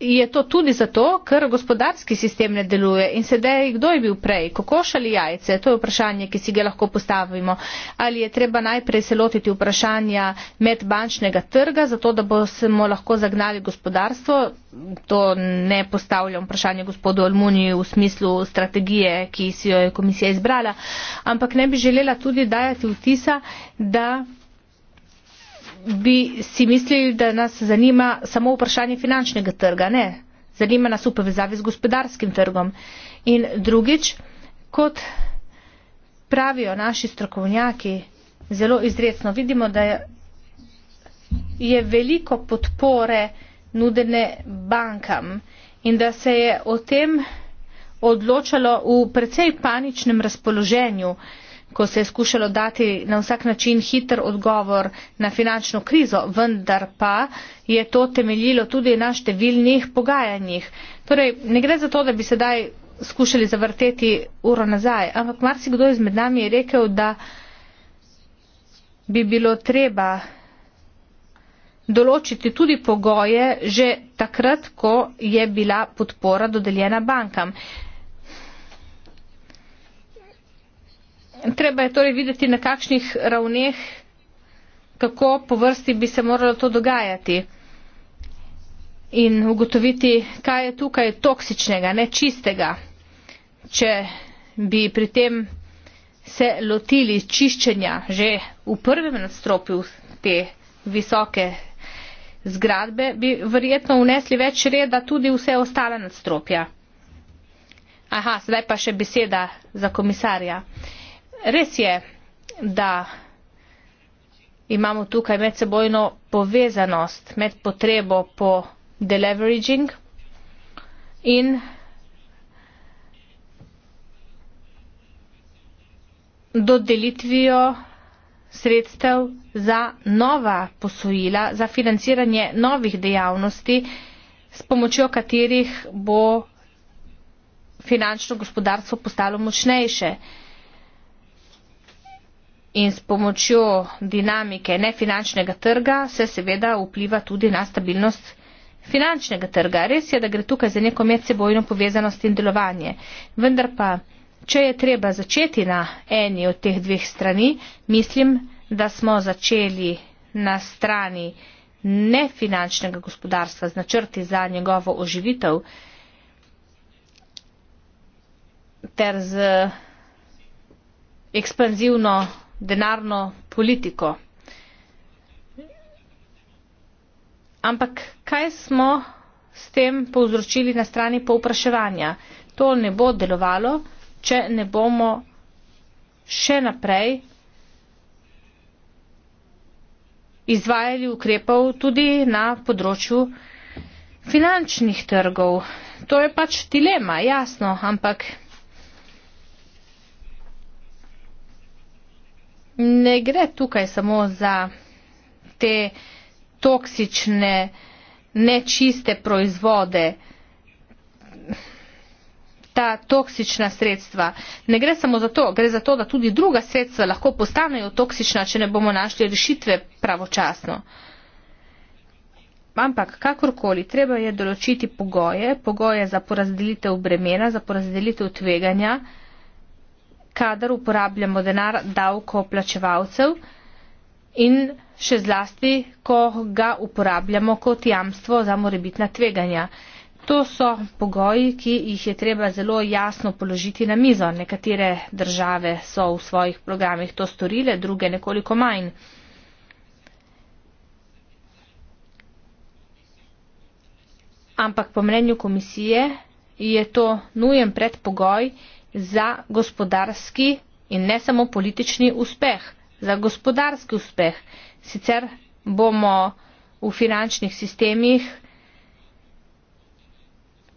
je to tudi zato, ker gospodarski sistem ne deluje in sedaj, kdo je bil prej, kokoš ali jajce, to je vprašanje, ki si ga lahko postavimo. Ali je treba najprej se lotiti vprašanja medbančnega trga, zato da bomo lahko zagnali gospodarstvo, to ne postavljam vprašanje gospodu Almuniju v smislu strategije, ki si jo je komisija izbrala, ampak ne bi želela tudi dajati vtisa, da bi si mislili, da nas zanima samo vprašanje finančnega trga. Ne, zanima nas v povezavi z gospodarskim trgom. In drugič, kot pravijo naši strokovnjaki, zelo izredno vidimo, da je veliko podpore nudene bankam in da se je o tem odločalo v precej paničnem razpoloženju. Uh, ko se je skušalo dati na vsak način hiter odgovor na finančno krizo, vendar pa je to temeljilo tudi na številnih pogajanjih. Torej, ne gre za to, da bi sedaj skušali zavrteti uro nazaj, ampak marsikdo izmed nami je rekel, da bi bilo treba določiti tudi pogoje že takrat, ko je bila podpora dodeljena bankam. treba je torej videti na kakšnih ravneh, kako po vrsti bi se moralo to dogajati in ugotoviti, kaj je tukaj toksičnega, nečistega, če bi pri tem se lotili čiščenja že v prvem nadstropju te visoke zgradbe, bi verjetno unesli več reda tudi vse ostale nadstropja. Aha, zdaj pa še beseda za komisarja. Uh, Res je, da imamo tukaj medsebojno povezanost med potrebo po deleveraging in dodelitvijo sredstev za nova posojila, za financiranje novih dejavnosti, s pomočjo katerih bo finančno gospodarstvo postalo močnejše in s pomočjo dinamike nefinančnega trga se seveda vpliva tudi na stabilnost finančnega trga. Res je, da gre tukaj za neko medsebojno povezanost in delovanje. Vendar pa, če je treba začeti na eni od teh dveh strani, mislim, da smo začeli na strani nefinančnega gospodarstva z načrti za njegovo oživitev ter z ekspanzivno denarno politiko. Ampak kaj smo s tem povzročili na strani povpraševanja? To ne bo delovalo, če ne bomo še naprej izvajali ukrepov tudi na področju finančnih trgov. To je pač dilema, jasno, ampak ne gre tukaj samo za te toksične, nečiste proizvode, ta toksična sredstva. Ne gre samo za to, gre za to, da tudi druga sredstva lahko postanejo toksična, če ne bomo našli rešitve pravočasno. Ampak kakorkoli, treba je določiti pogoje, pogoje za porazdelitev bremena, za porazdelitev tveganja, kadar uporabljamo denar davkoplačevalcev in še zlasti, ko ga uporabljamo kot jamstvo za morebitna tveganja. To so pogoji, ki jih je treba zelo jasno položiti na mizo. Nekatere države so v svojih programih to storile, druge nekoliko manj. Ampak po mnenju komisije je to nujen predpogoj, za gospodarski in ne samo politični uspeh, za gospodarski uspeh. Sicer bomo v finančnih sistemih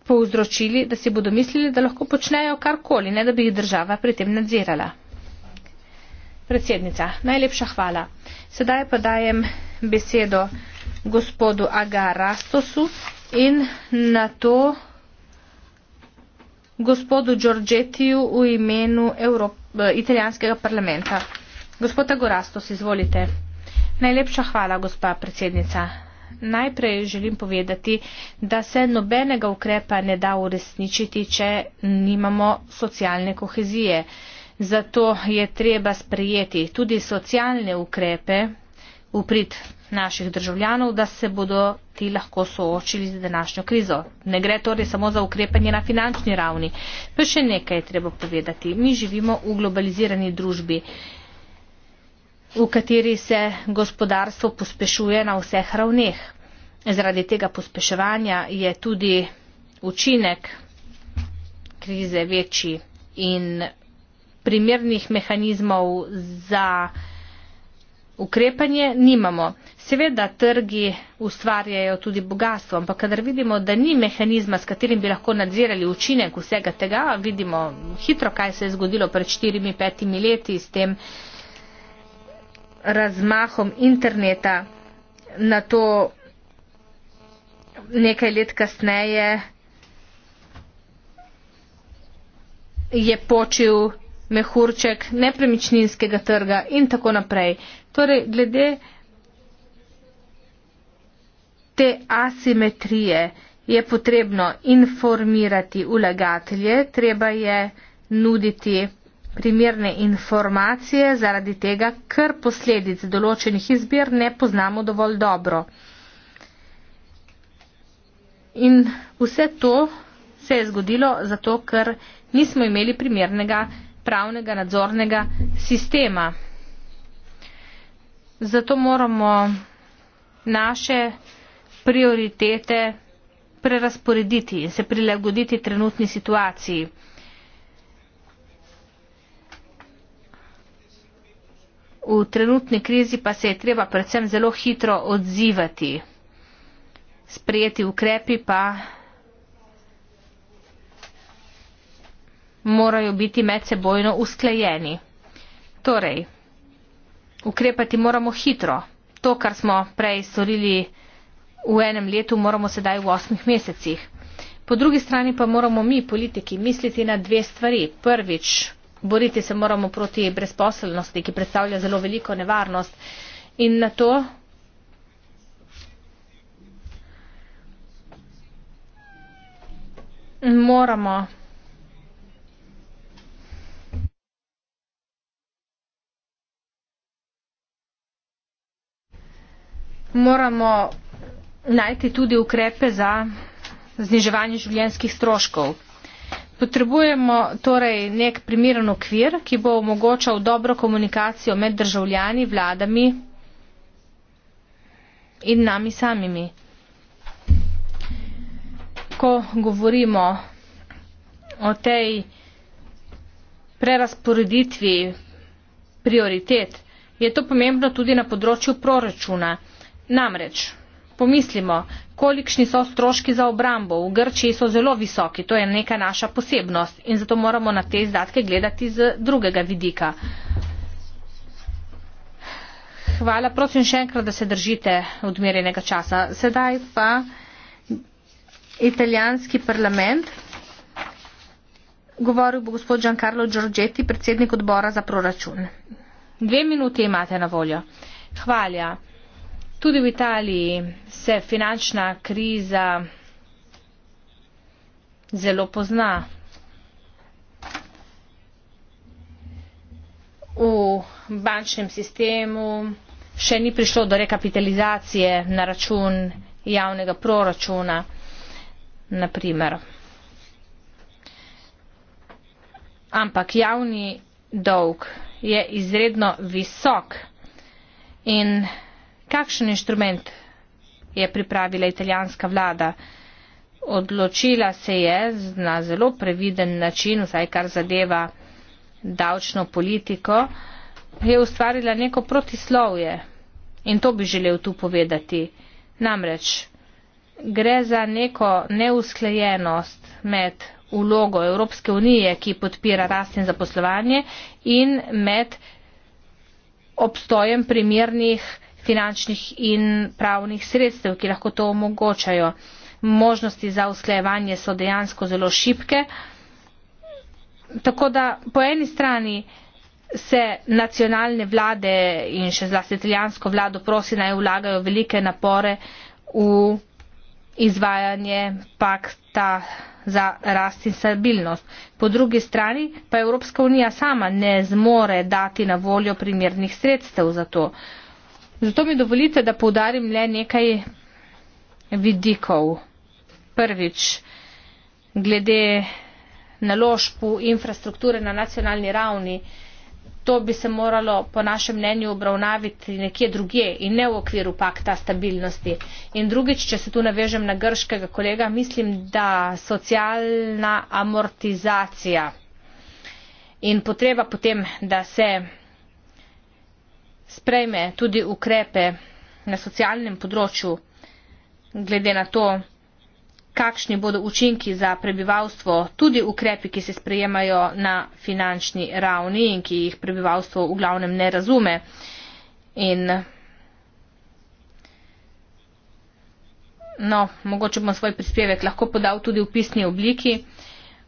povzročili, da si bodo mislili, da lahko počnejo karkoli, ne da bi jih država pri tem nadzirala. Predsednica, najlepša hvala. Sedaj pa dajem besedo gospodu Agarastosu in na to gospodu Giorgetiju v imenu Evrop eh, italijanskega parlamenta. Gospod Agorastos, izvolite. Najlepša hvala, gospa predsednica. Najprej želim povedati, da se nobenega ukrepa ne da uresničiti, če nimamo socialne kohezije. Zato je treba sprejeti tudi socialne ukrepe, uprit naših državljanov, da se bodo ti lahko soočili z današnjo krizo. Ne gre torej samo za ukrepanje na finančni ravni. Pa še nekaj je treba povedati. Mi živimo v globalizirani družbi, v kateri se gospodarstvo pospešuje na vseh ravneh. Zaradi tega pospeševanja je tudi učinek krize večji in primernih mehanizmov za ukrepanje nimamo. Seveda trgi ustvarjajo tudi bogatstvo, ampak kadar vidimo, da ni mehanizma, s katerim bi lahko nadzirali učinek vsega tega, vidimo hitro, kaj se je zgodilo pred 4-5 leti s tem razmahom interneta na to nekaj let kasneje je počil mehurček, nepremičninskega trga in tako naprej. Torej, glede te asimetrije je potrebno informirati ulagatelje, treba je nuditi primerne informacije zaradi tega, ker posledic določenih izbir ne poznamo dovolj dobro. In vse to se je zgodilo zato, ker nismo imeli primernega pravnega nadzornega sistema. Zato moramo naše prioritete prerasporediti in se prilagoditi trenutni situaciji. V trenutni krizi pa se je treba predvsem zelo hitro odzivati, sprejeti ukrepi pa morajo biti medsebojno usklajeni. Torej, ukrepati moramo hitro. To, kar smo prej storili v enem letu, moramo sedaj v osmih mesecih. Po drugi strani pa moramo mi, politiki, misliti na dve stvari. Prvič, boriti se moramo proti brezposelnosti, ki predstavlja zelo veliko nevarnost. In na to moramo. moramo najti tudi ukrepe za zniževanje življenskih stroškov. Potrebujemo torej nek primeren okvir, ki bo omogočal dobro komunikacijo med državljani, vladami in nami samimi. Ko govorimo o tej prerasporeditvi prioritet, je to pomembno tudi na področju proračuna. Namreč, pomislimo, kolikšni so stroški za obrambo. V Grčiji so zelo visoki, to je neka naša posebnost in zato moramo na te izdatke gledati z drugega vidika. Hvala, prosim še enkrat, da se držite odmerjenega časa. Sedaj pa italijanski parlament. Govoril bo gospod Giancarlo Giorgetti, predsednik odbora za proračun. Dve minuti imate na voljo. Hvala. Tudi v Italiji se finančna kriza zelo pozna. V bančnem sistemu še ni prišlo do rekapitalizacije na račun javnega proračuna, naprimer. Ampak javni dolg je izredno visok in Kakšen inštrument je pripravila italijanska vlada? Odločila se je na zelo previden način, vsaj kar zadeva davčno politiko, je ustvarila neko protislovje in to bi želel tu povedati. Namreč gre za neko neusklejenost med vlogo Evropske unije, ki podpira rast in zaposlovanje in med obstojem primernih finančnih in pravnih sredstev, ki lahko to omogočajo. Možnosti za usklejevanje so dejansko zelo šipke. Tako da po eni strani se nacionalne vlade in še zlasti italijansko vlado prosi naj vlagajo velike napore v izvajanje pakta za rast in stabilnost. Po drugi strani pa Evropska unija sama ne zmore dati na voljo primernih sredstev za to. Uh, Zato mi dovolite, da poudarim le nekaj vidikov. Prvič, glede naložb v infrastrukture na nacionalni ravni, to bi se moralo po našem mnenju obravnaviti nekje druge in ne v okviru pakta stabilnosti. In drugič, če se tu navežem na grškega kolega, mislim, da socialna amortizacija in potreba potem, da se sprejme tudi ukrepe na socialnem področju, glede na to, kakšni bodo učinki za prebivalstvo, tudi ukrepi, ki se sprejemajo na finančni ravni in ki jih prebivalstvo v glavnem ne razume. In no, mogoče bom svoj prispevek lahko podal tudi v pisni obliki.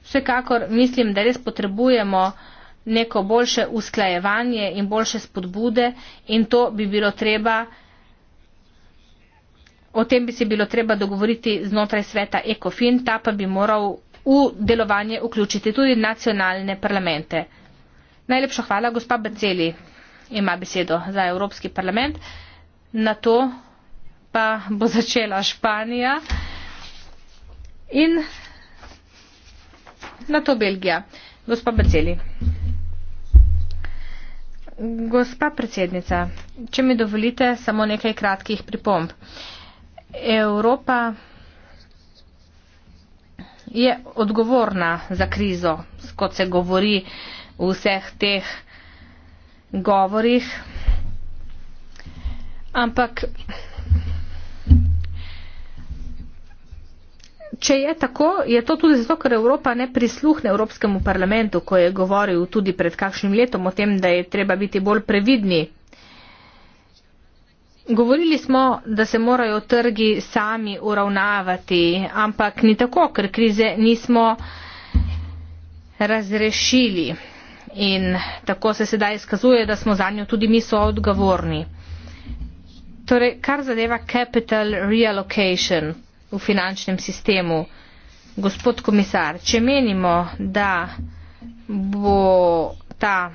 Vsekakor mislim, da res potrebujemo uh, neko boljše usklajevanje in boljše spodbude in to bi bilo treba, o tem bi se bilo treba dogovoriti znotraj sveta ECOFIN, ta pa bi moral v delovanje vključiti tudi nacionalne parlamente. Najlepša hvala, gospa Beceli ima besedo za Evropski parlament. Na to pa bo začela Španija in na to Belgija. Gospa Beceli. Gospa predsednica, če mi dovolite samo nekaj kratkih pripomb. Evropa je odgovorna za krizo, kot se govori v vseh teh govorih. Ampak Če je tako, je to tudi zato, ker Evropa ne prisluhne Evropskemu parlamentu, ko je govoril tudi pred kakšnim letom o tem, da je treba biti bolj previdni. Govorili smo, da se morajo trgi sami uravnavati, ampak ni tako, ker krize nismo razrešili. In tako se sedaj izkazuje, da smo za njo tudi mi soodgovorni. Torej, kar zadeva capital reallocation, v finančnem sistemu. Gospod komisar, če menimo, da bo ta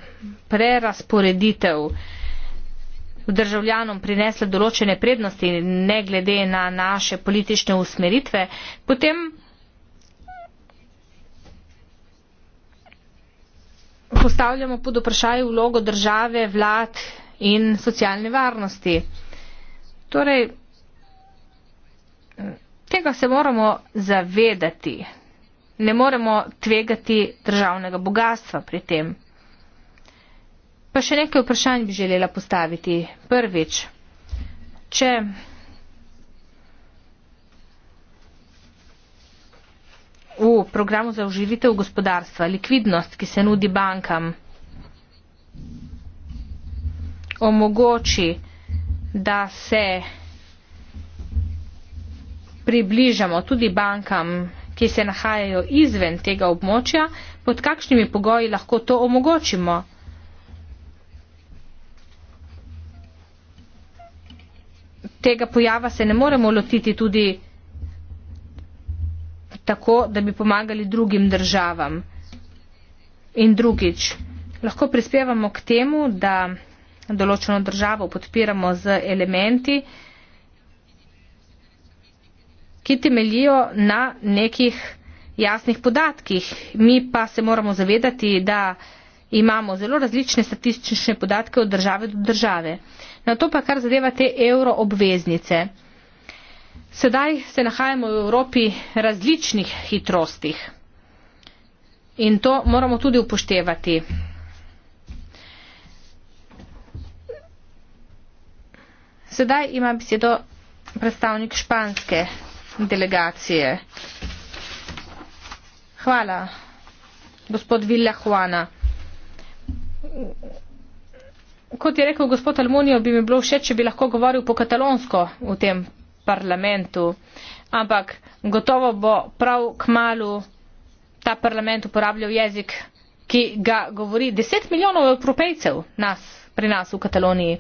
prerasporeditev državljanom prinesla določene prednosti, ne glede na naše politične usmeritve, potem postavljamo pod vprašaj vlogo države, vlad in socialne varnosti. Torej, Tega se moramo zavedati. Ne moremo tvegati državnega bogatstva pri tem. Pa še nekaj vprašanj bi želela postaviti. Prvič, če. V programu za oživitev gospodarstva, likvidnost, ki se nudi bankam, omogoči, da se približamo tudi bankam, ki se nahajajo izven tega območja, pod kakšnimi pogoji lahko to omogočimo? Tega pojava se ne moremo lotiti tudi tako, da bi pomagali drugim državam. In drugič, lahko prispevamo k temu, da določeno državo podpiramo z elementi, ki temeljijo na nekih jasnih podatkih. Mi pa se moramo zavedati, da imamo zelo različne statistične podatke od države do države. Na to pa kar zadeva te evro obveznice. Sedaj se nahajamo v Evropi različnih hitrostih in to moramo tudi upoštevati. Sedaj ima besedo predstavnik španske delegacije. Hvala, gospod Villa Juana. Kot je rekel gospod Almonijo, bi mi bilo všeč, če bi lahko govoril po katalonsko v tem parlamentu, ampak gotovo bo prav k malu ta parlament uporabljal jezik, ki ga govori 10 milijonov evropejcev nas, pri nas v Kataloniji.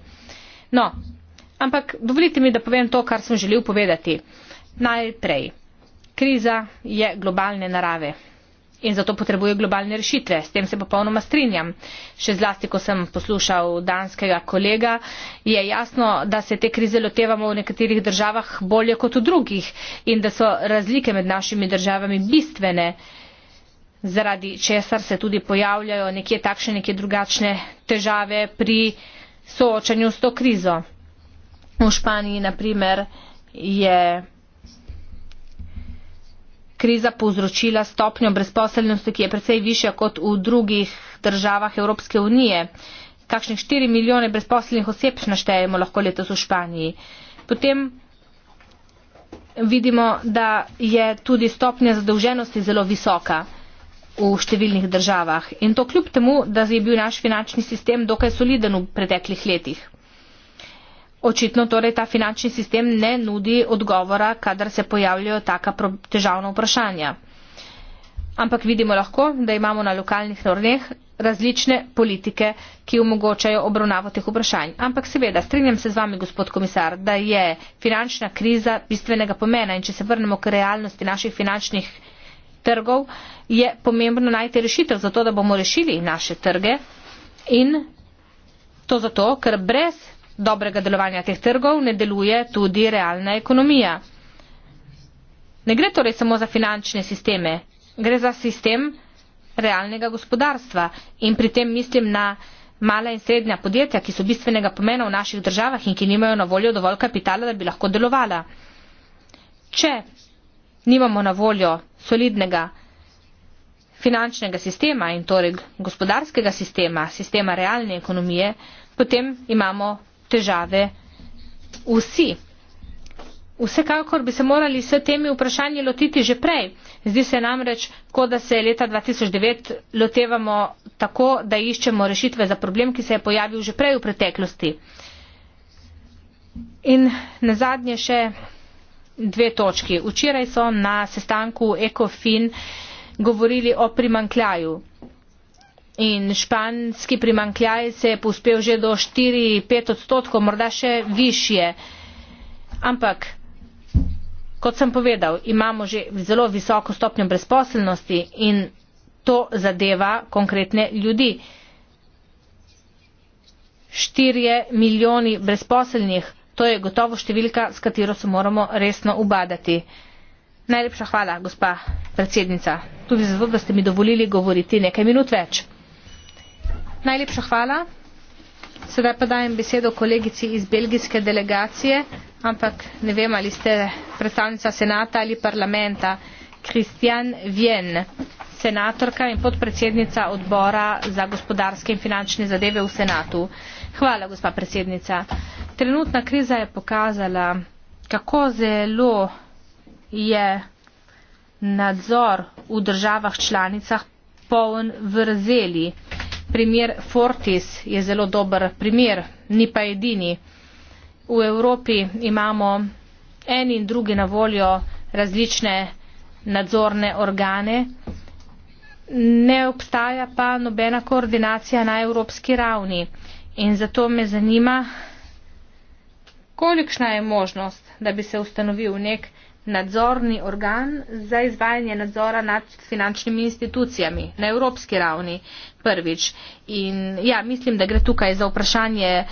No, ampak dovolite mi, da povem to, kar sem želel povedati. Najprej, kriza je globalne narave in zato potrebuje globalne rešitve. S tem se popolnoma strinjam. Še zlasti, ko sem poslušal danskega kolega, je jasno, da se te krize lotevamo v nekaterih državah bolje kot v drugih in da so razlike med našimi državami bistvene, zaradi česar se tudi pojavljajo nekje takšne, nekje drugačne težave pri soočanju s to krizo. V Španiji, na primer, je kriza povzročila stopnjo brezposelnosti, ki je precej višja kot v drugih državah Evropske unije. Kakšnih 4 milijone brezposelnih oseb naštejemo lahko letos v Španiji. Potem vidimo, da je tudi stopnja zadolženosti zelo visoka v številnih državah. In to kljub temu, da je bil naš finančni sistem dokaj soliden v preteklih letih. Očitno torej ta finančni sistem ne nudi odgovora, kadar se pojavljajo taka težavna vprašanja. Ampak vidimo lahko, da imamo na lokalnih norneh različne politike, ki omogočajo obravnavo teh vprašanj. Ampak seveda, strinjam se z vami, gospod komisar, da je finančna kriza bistvenega pomena in če se vrnemo k realnosti naših finančnih trgov, je pomembno najti rešitev za to, da bomo rešili naše trge in to zato, ker brez dobrega delovanja teh trgov ne deluje tudi realna ekonomija. Ne gre torej samo za finančne sisteme, gre za sistem realnega gospodarstva in pri tem mislim na mala in srednja podjetja, ki so bistvenega pomena v naših državah in ki nimajo na voljo dovolj kapitala, da bi lahko delovala. Če nimamo na voljo solidnega finančnega sistema in torej gospodarskega sistema, sistema realne ekonomije, potem imamo težave vsi. Vsekakor bi se morali s temi vprašanji lotiti že prej. Zdi se namreč, ko da se leta 2009 lotevamo tako, da iščemo rešitve za problem, ki se je pojavil že prej v preteklosti. In na zadnje še dve točki. Včeraj so na sestanku ECOFIN govorili o primankljaju in španski primankljaj se je pospel že do 4-5 odstotkov, morda še više. Ampak, kot sem povedal, imamo že zelo visoko stopnjo brezposelnosti in to zadeva konkretne ljudi. 4 milijoni brezposelnih, to je gotovo številka, s katero se moramo resno ubadati. Najlepša hvala, gospa predsednica, tudi zato, da ste mi dovolili govoriti nekaj minut več. Najlepša hvala. Sedaj pa dajem besedo kolegici iz belgijske delegacije, ampak ne vem, ali ste predstavnica senata ali parlamenta. Kristjan Vjen, senatorka in podpredsednica odbora za gospodarske in finančne zadeve v senatu. Hvala, gospa predsednica. Trenutna kriza je pokazala, kako zelo je nadzor v državah članicah poln vrzeli primer Fortis je zelo dober primer, ni pa edini. V Evropi imamo en in drugi na voljo različne nadzorne organe, ne obstaja pa nobena koordinacija na evropski ravni. In zato me zanima, kolikšna je možnost, da bi se ustanovil nek nadzorni organ za izvajanje nadzora nad finančnimi institucijami na evropski ravni prvič. In ja, mislim, da gre tukaj za vprašanje eh,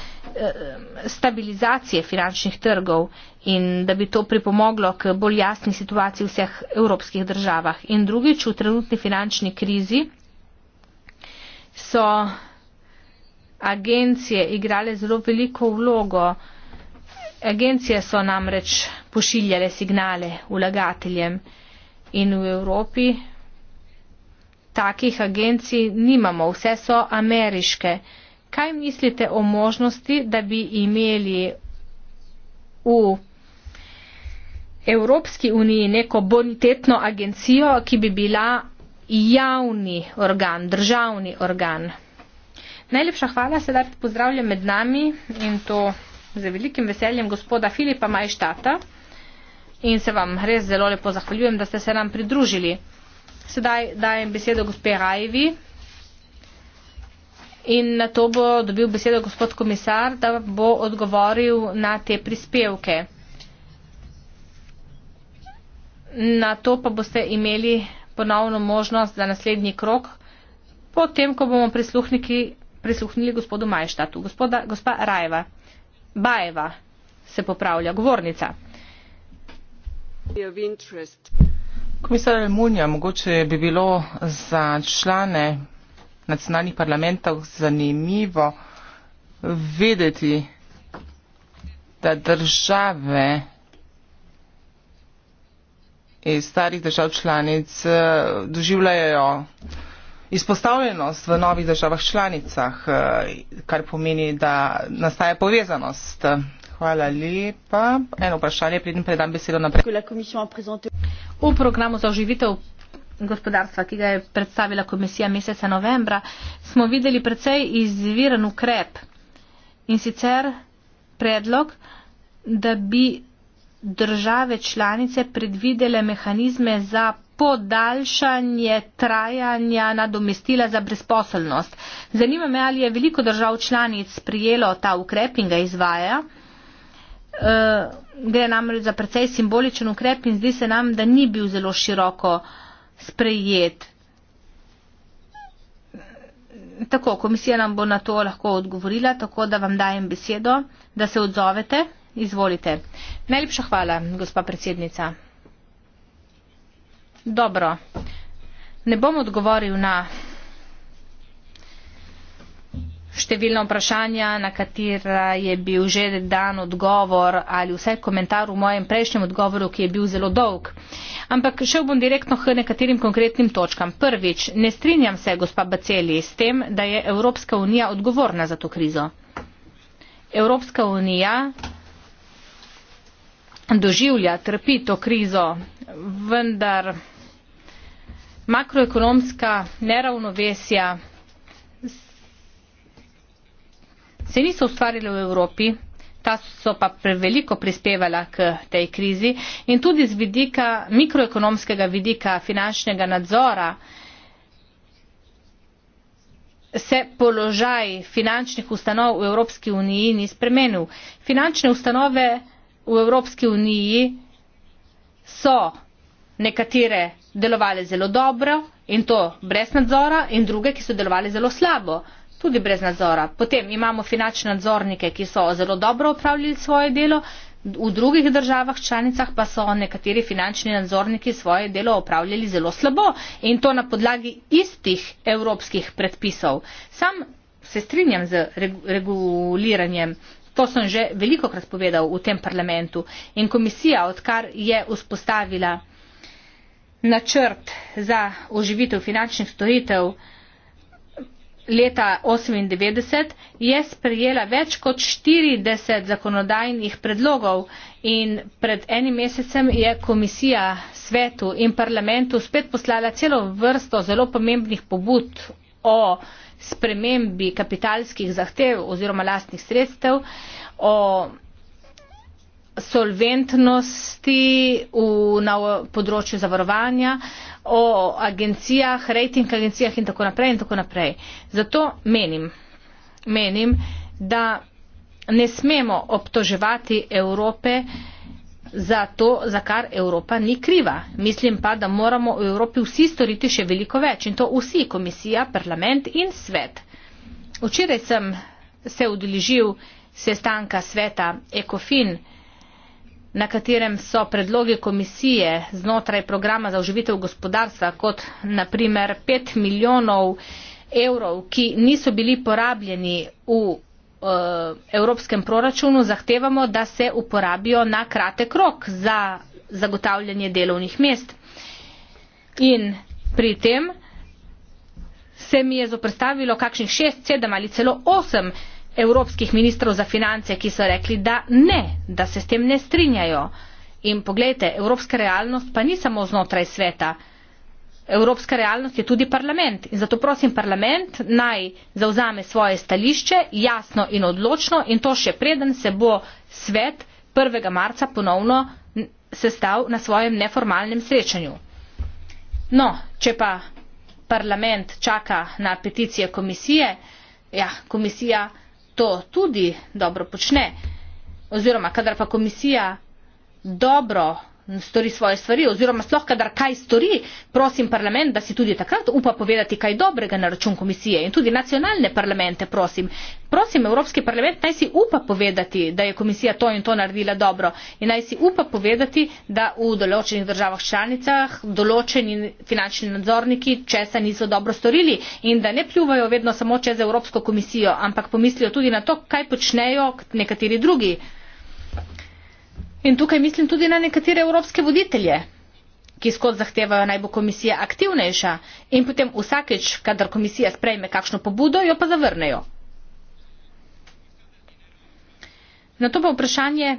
stabilizacije finančnih trgov in da bi to pripomoglo k bolj jasni situaciji v vseh evropskih državah. In drugič, v trenutni finančni krizi so agencije igrale zelo veliko vlogo Agencije so namreč pošiljale signale vlagateljem in v Evropi takih agencij nimamo, vse so ameriške. Kaj mislite o možnosti, da bi imeli v Evropski uniji neko bonitetno agencijo, ki bi bila javni organ, državni organ? Najlepša hvala, sedaj pozdravljam med nami in to z velikim veseljem gospoda Filipa Majštata in se vam res zelo lepo zahvaljujem, da ste se nam pridružili. Sedaj dajem besedo gospe Rajevi in na to bo dobil besedo gospod komisar, da bo odgovoril na te prispevke. Na to pa boste imeli ponovno možnost za naslednji krok, potem, ko bomo prisluhniki prisluhnili gospodu Majštatu. Gospoda, gospa Rajeva. Bajeva se popravlja govornica. Komisar Almunija, mogoče bi bilo za člane nacionalnih parlamentov zanimivo vedeti, da države iz starih držav članic eh, doživljajo izpostavljenost v novih državah članicah, eh, kar pomeni, da nastaja povezanost. Hvala lepa. Eno vprašanje, predtem predam besedo naprej. V programu za oživitev gospodarstva, ki ga je predstavila komisija meseca novembra, smo videli precej izviran ukrep in sicer predlog, da bi države članice predvidele mehanizme za podaljšanje trajanja nadomestila za brezposelnost. Zanima me, ali je veliko držav članic prijelo ta ukrep in ga izvaja. E, gre namreč za precej simboličen ukrep in zdi se nam, da ni bil zelo široko sprejet. Tako, komisija nam bo na to lahko odgovorila, tako da vam dajem besedo, da se odzovete. Izvolite. Najlepša hvala, gospa predsednica. Dobro. Ne bom odgovoril na številna vprašanja, na katera je bil že dan odgovor ali vsaj komentar v mojem prejšnjem odgovoru, ki je bil zelo dolg. Ampak šel bom direktno k nekaterim konkretnim točkam. Prvič, ne strinjam se, gospa Baceli, s tem, da je Evropska unija odgovorna za to krizo. Evropska unija doživlja, trpi to krizo, vendar makroekonomska neravnovesja se niso ustvarila v Evropi, ta so pa preveliko prispevala k tej krizi in tudi z vidika mikroekonomskega vidika finančnega nadzora se položaj finančnih ustanov v Evropski uniji ni spremenil. Finančne ustanove v Evropski uniji so nekatere delovale zelo dobro in to brez nadzora in druge, ki so delovale zelo slabo, tudi brez nadzora. Potem imamo finančne nadzornike, ki so zelo dobro upravljali svoje delo, v drugih državah članicah pa so nekateri finančni nadzorniki svoje delo upravljali zelo slabo in to na podlagi istih evropskih predpisov. Sam se strinjam z reguliranjem. To sem že veliko krat povedal v tem parlamentu in komisija, odkar je vzpostavila načrt za oživitev finančnih storitev leta 1998 je sprejela več kot 40 zakonodajnih predlogov in pred enim mesecem je komisija svetu in parlamentu spet poslala celo vrsto zelo pomembnih pobud o spremembi kapitalskih zahtev oziroma lastnih sredstev, o solventnosti v, na področju zavarovanja, o agencijah, rejting agencijah in tako naprej in tako naprej. Zato menim, menim, da ne smemo obtoževati Evrope za to, za kar Evropa ni kriva. Mislim pa, da moramo v Evropi vsi storiti še veliko več in to vsi, komisija, parlament in svet. Včeraj sem se udeležil sestanka sveta ECOFIN, na katerem so predloge komisije znotraj programa za oživitev gospodarstva, kot naprimer 5 milijonov evrov, ki niso bili porabljeni v uh, evropskem proračunu, zahtevamo, da se uporabijo na kratek rok za zagotavljanje delovnih mest. In pri tem se mi je zoprstavilo kakšnih 6, 7 ali celo 8 milijonov evropskih ministrov za finance, ki so rekli, da ne, da se s tem ne strinjajo. In pogledajte, evropska realnost pa ni samo znotraj sveta. Evropska realnost je tudi parlament. In zato prosim parlament naj zauzame svoje stališče jasno in odločno in to še preden se bo svet 1. marca ponovno sestav na svojem neformalnem srečanju. No, če pa parlament čaka na peticije komisije, ja, komisija to tudi dobro počne oziroma kadar pa komisija dobro stori svoje stvari oziroma sploh kadar kaj stori, prosim parlament, da si tudi takrat upa povedati kaj dobrega na račun komisije in tudi nacionalne parlamente, prosim. Prosim, Evropski parlament naj si upa povedati, da je komisija to in to naredila dobro in naj si upa povedati, da v določenih državah članicah določeni finančni nadzorniki česa niso dobro storili in da ne pljuvajo vedno samo čez Evropsko komisijo, ampak pomislijo tudi na to, kaj počnejo nekateri drugi. In tukaj mislim tudi na nekatere evropske voditelje, ki skozi zahtevajo naj bo komisija aktivnejša in potem vsakeč, kadar komisija sprejme kakšno pobudo, jo pa zavrnejo. Na to pa vprašanje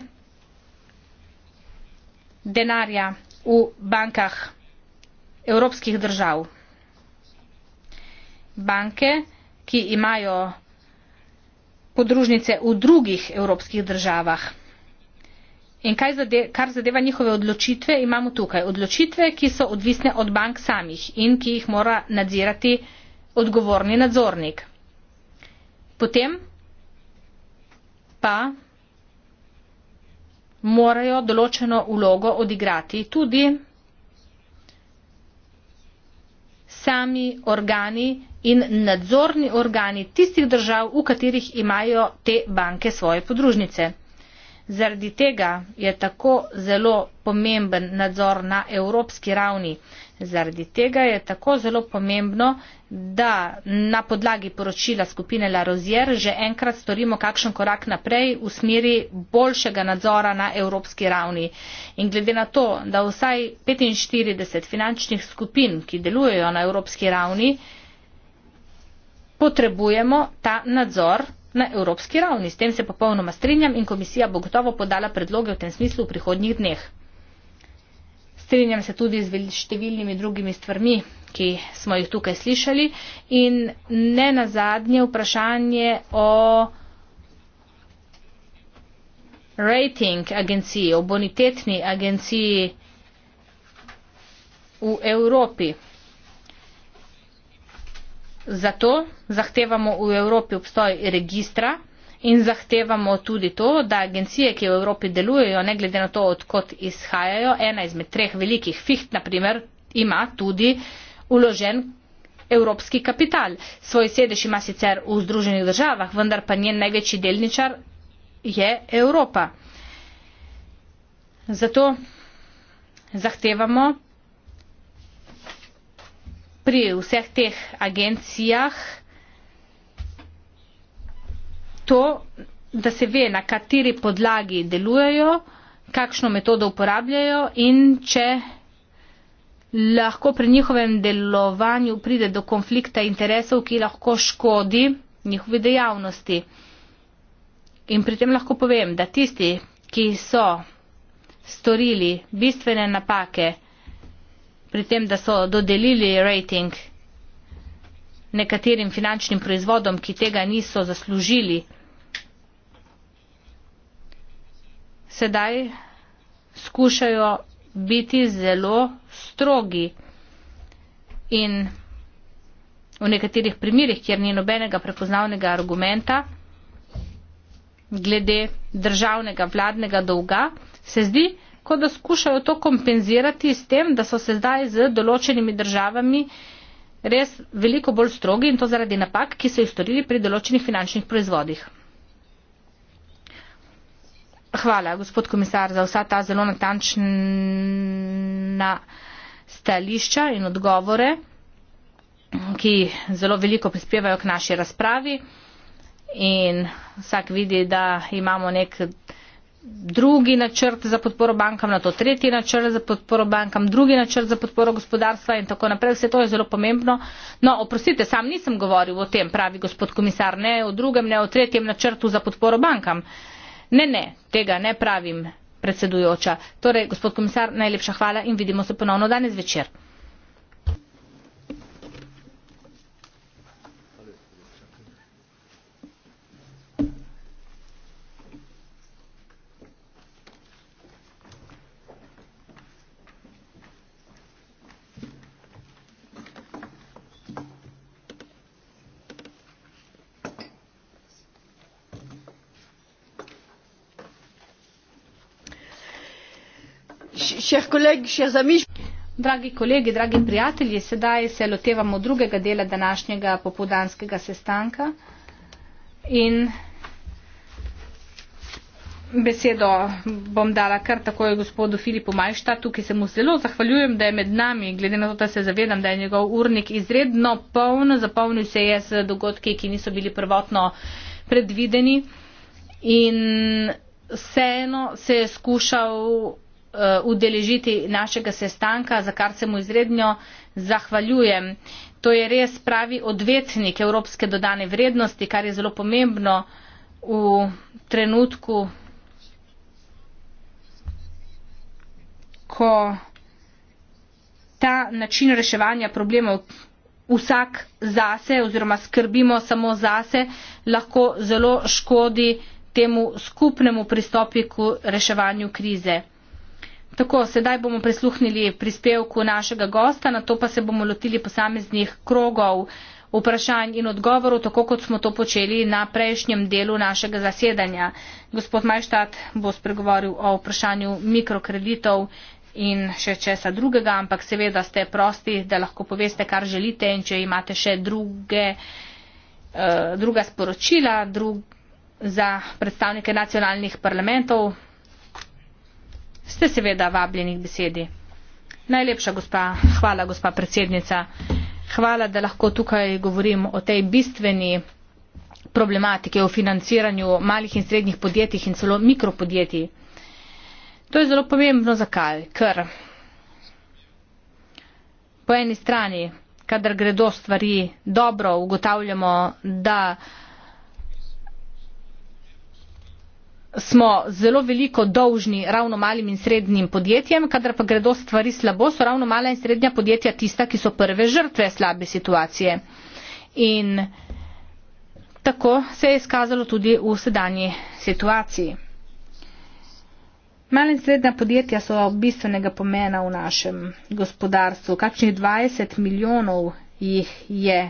denarja v bankah evropskih držav. Banke, ki imajo podružnice v drugih evropskih državah. In zade, kar zadeva njihove odločitve, imamo tukaj odločitve, ki so odvisne od bank samih in ki jih mora nadzirati odgovorni nadzornik. Potem pa morajo določeno vlogo odigrati tudi sami organi in nadzorni organi tistih držav, v katerih imajo te banke svoje podružnice. Zaradi tega je tako zelo pomemben nadzor na evropski ravni. Zaradi tega je tako zelo pomembno, da na podlagi poročila skupine La Rozier že enkrat storimo kakšen korak naprej v smeri boljšega nadzora na evropski ravni. In glede na to, da vsaj 45 finančnih skupin, ki delujejo na evropski ravni, potrebujemo ta nadzor na evropski ravni. S tem se popolnoma strinjam in komisija bo gotovo podala predloge v tem smislu v prihodnjih dneh. Strinjam se tudi z številnimi drugimi stvarmi, ki smo jih tukaj slišali in ne na zadnje vprašanje o rating agenciji, o bonitetni agenciji v Evropi. Zato zahtevamo v Evropi obstoj registra in zahtevamo tudi to, da agencije, ki v Evropi delujejo, ne glede na to, odkot izhajajo, ena izmed treh velikih ficht, naprimer, ima tudi uložen evropski kapital. Svoj sedež ima sicer v Združenih državah, vendar pa njen največji delničar je Evropa. Zato zahtevamo pri vseh teh agencijah to, da se ve, na kateri podlagi delujejo, kakšno metodo uporabljajo in če lahko pri njihovem delovanju pride do konflikta interesov, ki lahko škodi njihovi dejavnosti. In pri tem lahko povem, da tisti, ki so storili bistvene napake, pri tem, da so dodelili rating nekaterim finančnim proizvodom, ki tega niso zaslužili. Sedaj skušajo biti zelo strogi in v nekaterih primerjih, kjer ni nobenega prepoznavnega argumenta glede državnega vladnega dolga, se zdi, kot da skušajo to kompenzirati s tem, da so se zdaj z določenimi državami res veliko bolj strogi in to zaradi napak, ki so jih storili pri določenih finančnih proizvodih. Hvala, gospod komisar, za vsa ta zelo natančna stališča in odgovore, ki zelo veliko prispevajo k naši razpravi. In vsak vidi, da imamo nek drugi načrt za podporo bankam, na to tretji načrt za podporo bankam, drugi načrt za podporo gospodarstva in tako naprej. Vse to je zelo pomembno. No, oprostite, sam nisem govoril o tem, pravi gospod komisar, ne o drugem, ne o tretjem načrtu za podporo bankam. Ne, ne, tega ne pravim, predsedujoča. Torej, gospod komisar, najlepša hvala in vidimo se ponovno danes večer. chers collègues, chers amis. Dragi kolegi, dragi prijatelji, sedaj se lotevamo drugega dela današnjega popodanskega sestanka in besedo bom dala kar takoj gospodu Filipu Majštatu, ki se mu zelo zahvaljujem, da je med nami, glede na to, da se zavedam, da je njegov urnik izredno poln, zapolnil se je z dogodki, ki niso bili prvotno predvideni in vseeno se je skušal Eh, udeležiti našega sestanka, za kar se mu izredno zahvaljujem. To je res pravi odvetnik evropske dodane vrednosti, kar je zelo pomembno v trenutku, ko ta način reševanja problemov vsak zase oziroma skrbimo samo zase, lahko zelo škodi temu skupnemu pristopi k reševanju krize. Tako, sedaj bomo prisluhnili prispevku našega gosta, na to pa se bomo lotili posameznih krogov vprašanj in odgovorov, tako kot smo to počeli na prejšnjem delu našega zasedanja. Gospod Majštat bo spregovoril o vprašanju mikrokreditov in še česa drugega, ampak seveda ste prosti, da lahko poveste, kar želite in če imate še druge, eh, druga sporočila drug, za predstavnike nacionalnih parlamentov ste seveda vabljeni k besedi. Najlepša gospa, hvala gospa predsednica. Hvala, da lahko tukaj govorim o tej bistveni problematike o financiranju malih in srednjih podjetij in celo mikropodjetij. To je zelo pomembno, zakaj? Ker po eni strani, kadar gredo stvari dobro, ugotavljamo, da smo zelo veliko dolžni ravno malim in srednjim podjetjem, kadar pa gredo stvari slabo, so ravno mala in srednja podjetja tista, ki so prve žrtve slabe situacije. In tako se je izkazalo tudi v sedanji situaciji. Mala in srednja podjetja so bistvenega pomena v našem gospodarstvu. Kakšnih 20 milijonov jih je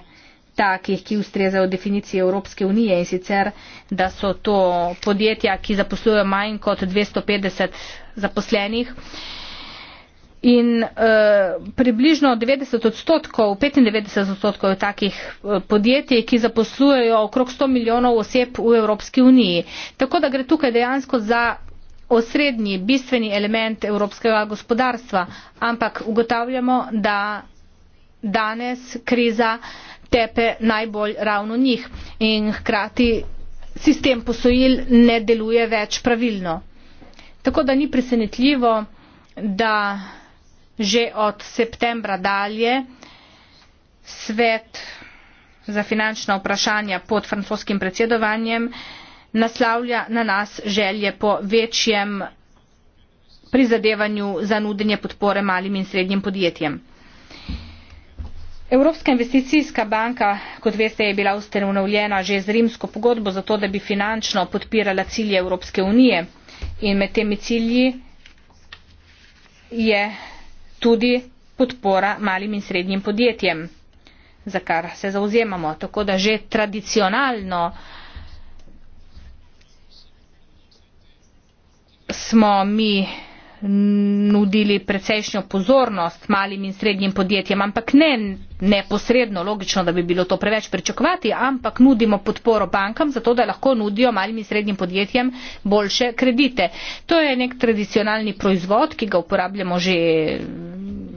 takih, ki ustrezajo definiciji Evropske unije in sicer, da so to podjetja, ki zaposlujejo manj kot 250 zaposlenih. In e, približno 90 odstotkov, 95 odstotkov je takih eh, podjetij, ki zaposlujejo okrog 100 milijonov oseb v Evropski uniji. Tako da gre tukaj dejansko za osrednji, bistveni element evropskega gospodarstva, ampak ugotavljamo, da danes kriza tepe najbolj ravno njih in hkrati sistem posojil ne deluje več pravilno. Tako da ni presenetljivo, da že od septembra dalje svet za finančna vprašanja pod francoskim predsedovanjem naslavlja na nas želje po večjem prizadevanju za nudenje podpore malim in srednjim podjetjem. Evropska investicijska banka, kot veste, je bila ustanovljena že z rimsko pogodbo za to, da bi finančno podpirala cilje Evropske unije. In med temi cilji je tudi podpora malim in srednjim podjetjem, za kar se zauzemamo. Tako da že tradicionalno smo mi nudili precejšnjo pozornost malim in srednjim podjetjem, ampak ne neposredno, logično, da bi bilo to preveč pričakovati, ampak nudimo podporo bankam, zato da lahko nudijo malim in srednjim podjetjem boljše kredite. To je nek tradicionalni proizvod, ki ga uporabljamo že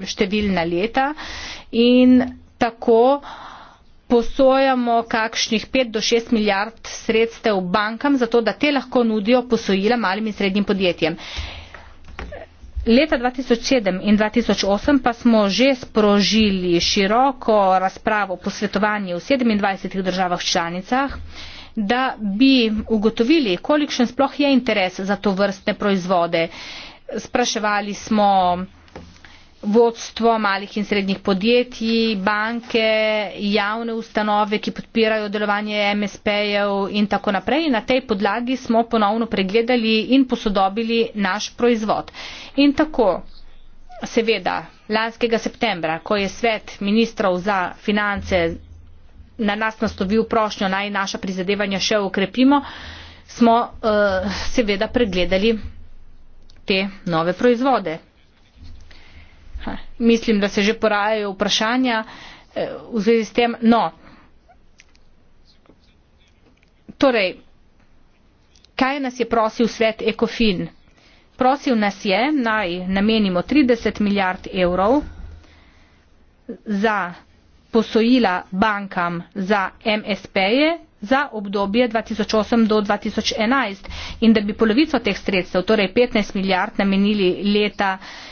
številna leta in tako posojamo kakšnih 5 do 6 milijard sredstev bankam, zato da te lahko nudijo posojila malim in srednjim podjetjem. Leta 2007 in 2008 pa smo že sprožili široko razpravo, posvetovanje v 27 državah članicah, da bi ugotovili, kolikšen sploh je interes za to vrstne proizvode. Spraševali smo vodstvo malih in srednjih podjetij, banke, javne ustanove, ki podpirajo delovanje MSP-jev in tako naprej. Na tej podlagi smo ponovno pregledali in posodobili naš proizvod. In tako, seveda, lanskega septembra, ko je svet ministrov za finance na nas nastovil prošnjo naj naša prizadevanja še ukrepimo, smo uh, seveda pregledali te nove proizvode mislim, da se že porajajo vprašanja eh, v zvezi s tem. No, torej, kaj nas je prosil svet ECOFIN? Prosil nas je, naj namenimo 30 milijard evrov za posojila bankam za MSP-je za obdobje 2008 do 2011 in da bi polovico teh sredstev, torej 15 milijard, namenili leta 2011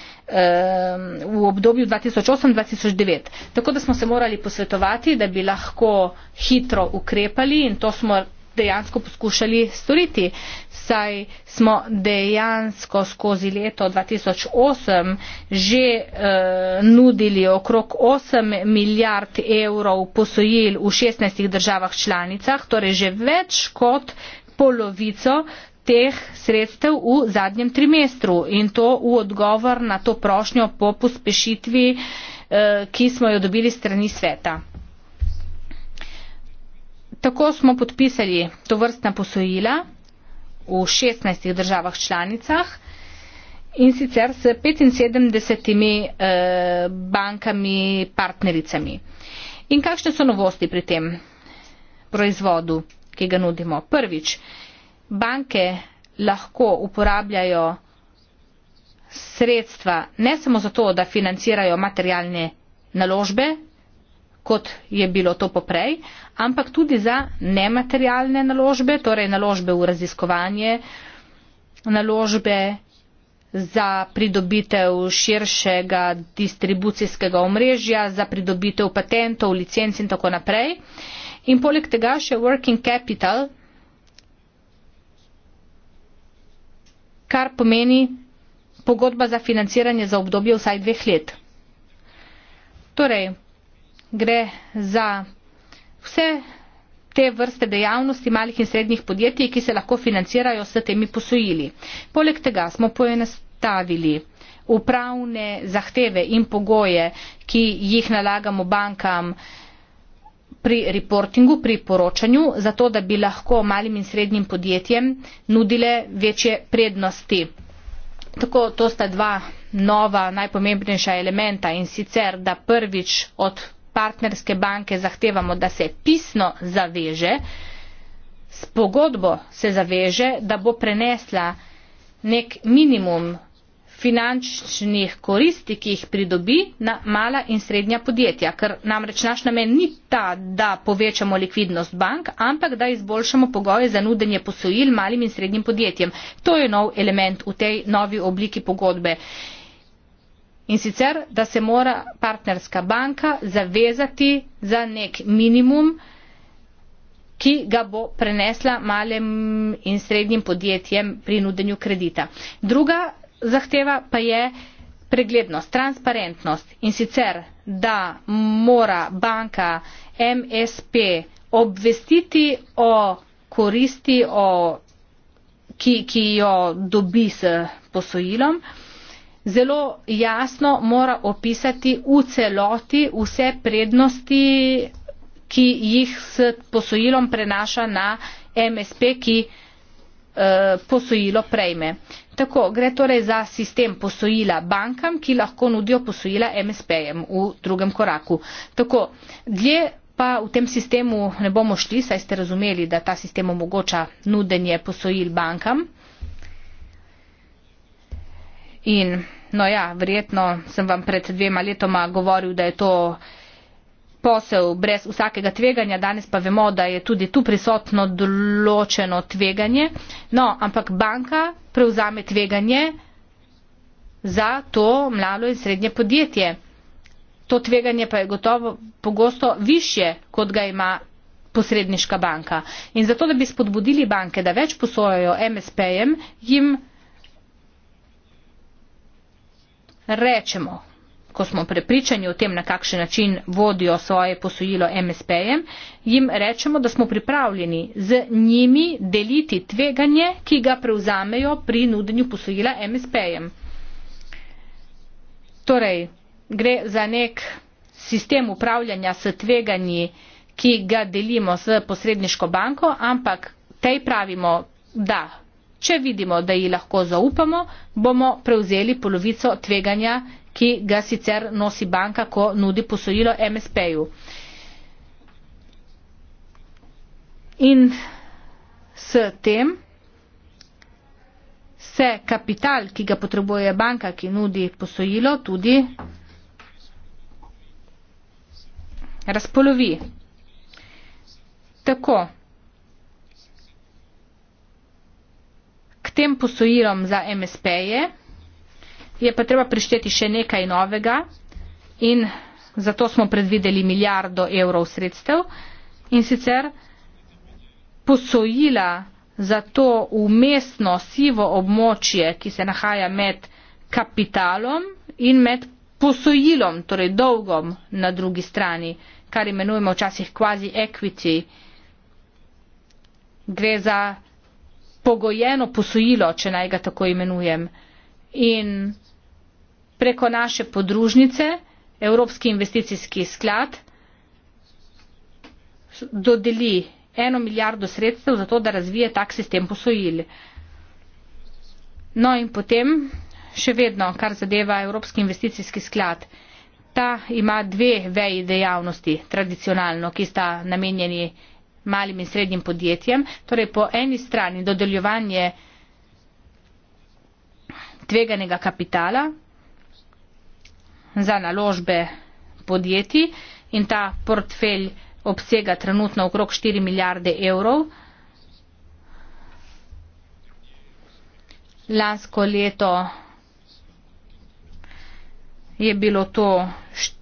v obdobju 2008-2009. Tako da smo se morali posvetovati, da bi lahko hitro ukrepali in to smo dejansko poskušali storiti. Saj smo dejansko skozi leto 2008 že eh, nudili okrog 8 milijard evrov posojil v 16 državah članicah, torej že več kot polovico teh sredstev v zadnjem trimestru in to v odgovor na to prošnjo po pospešitvi, eh, ki smo jo dobili strani sveta. Tako smo podpisali to vrstna posojila v 16 državah članicah in sicer s 75 eh, bankami partnericami. In kakšne so novosti pri tem proizvodu, ki ga nudimo? Prvič, banke lahko uporabljajo sredstva ne samo zato, da financirajo materialne naložbe, kot je bilo to poprej, ampak tudi za nematerialne naložbe, torej naložbe v raziskovanje, naložbe za pridobitev širšega distribucijskega omrežja, za pridobitev patentov, licenc in tako naprej. In poleg tega še working capital, kar pomeni pogodba za financiranje za obdobje vsaj dveh let. Torej, gre za vse te vrste dejavnosti malih in srednjih podjetij, ki se lahko financirajo s temi posojili. Poleg tega smo poenostavili upravne zahteve in pogoje, ki jih nalagamo bankam, eh, pri reportingu, pri poročanju, zato da bi lahko malim in srednjim podjetjem nudile večje prednosti. Tako, to sta dva nova najpomembnejša elementa in sicer, da prvič od partnerske banke zahtevamo, da se pisno zaveže, s pogodbo se zaveže, da bo prenesla nek minimum finančnih koristi, ki jih pridobi na mala in srednja podjetja. Ker namreč naš namen ni ta, da povečamo likvidnost bank, ampak da izboljšamo pogoje za nudenje posojil malim in srednjim podjetjem. To je nov element v tej novi obliki pogodbe. In sicer, da se mora partnerska banka zavezati za nek minimum, ki ga bo prenesla malim in srednjim podjetjem pri nudenju kredita. Druga zahteva pa je preglednost, transparentnost in sicer, da mora banka MSP obvestiti o koristi, o, ki, ki jo dobi s posojilom, zelo jasno mora opisati v celoti vse prednosti, ki jih s posojilom prenaša na MSP, ki Eh, posojilo prejme. Tako gre torej za sistem posojila bankam, ki lahko nudijo posojila MSP-jem v drugem koraku. Tako dlje pa v tem sistemu ne bomo šli, saj ste razumeli, da ta sistem omogoča nudenje posojil bankam. In, no ja, verjetno sem vam pred dvema letoma govoril, da je to posel brez vsakega tveganja, danes pa vemo, da je tudi tu prisotno določeno tveganje. No, ampak banka prevzame tveganje za to mlado in srednje podjetje. To tveganje pa je gotovo pogosto više, kot ga ima posredniška banka. In zato, da bi spodbudili banke, da več posojajo MSP-jem, jim rečemo, ko smo prepričani o tem, na kakšen način vodijo svoje posojilo MSP-jem, jim rečemo, da smo pripravljeni z njimi deliti tveganje, ki ga prevzamejo pri nudenju posojila MSP-jem. Torej, gre za nek sistem upravljanja s tveganji, ki ga delimo s posredniško banko, ampak tej pravimo, da če vidimo, da ji lahko zaupamo, bomo prevzeli polovico tveganja ki ga sicer nosi banka, ko nudi posojilo MSP-ju. In s tem se kapital, ki ga potrebuje banka, ki nudi posojilo, tudi razpolovi. Tako, k tem posojilom za MSP-je je pa treba prišteti še nekaj novega in zato smo predvideli milijardo evrov sredstev in sicer posojila za to umestno sivo območje, ki se nahaja med kapitalom in med posojilom, torej dolgom na drugi strani, kar imenujemo včasih quasi equity. Gre za pogojeno posojilo, če naj ga tako imenujem. In preko naše podružnice, Evropski investicijski sklad, dodeli eno milijardo sredstev za to, da razvije tak sistem posojil. No in potem, še vedno, kar zadeva Evropski investicijski sklad, ta ima dve veji dejavnosti tradicionalno, ki sta namenjeni malim in srednjim podjetjem. Torej, po eni strani dodeljovanje tveganega kapitala, za naložbe podjetij in ta portfelj obsega trenutno okrog 4 milijarde evrov. Lansko leto je bilo to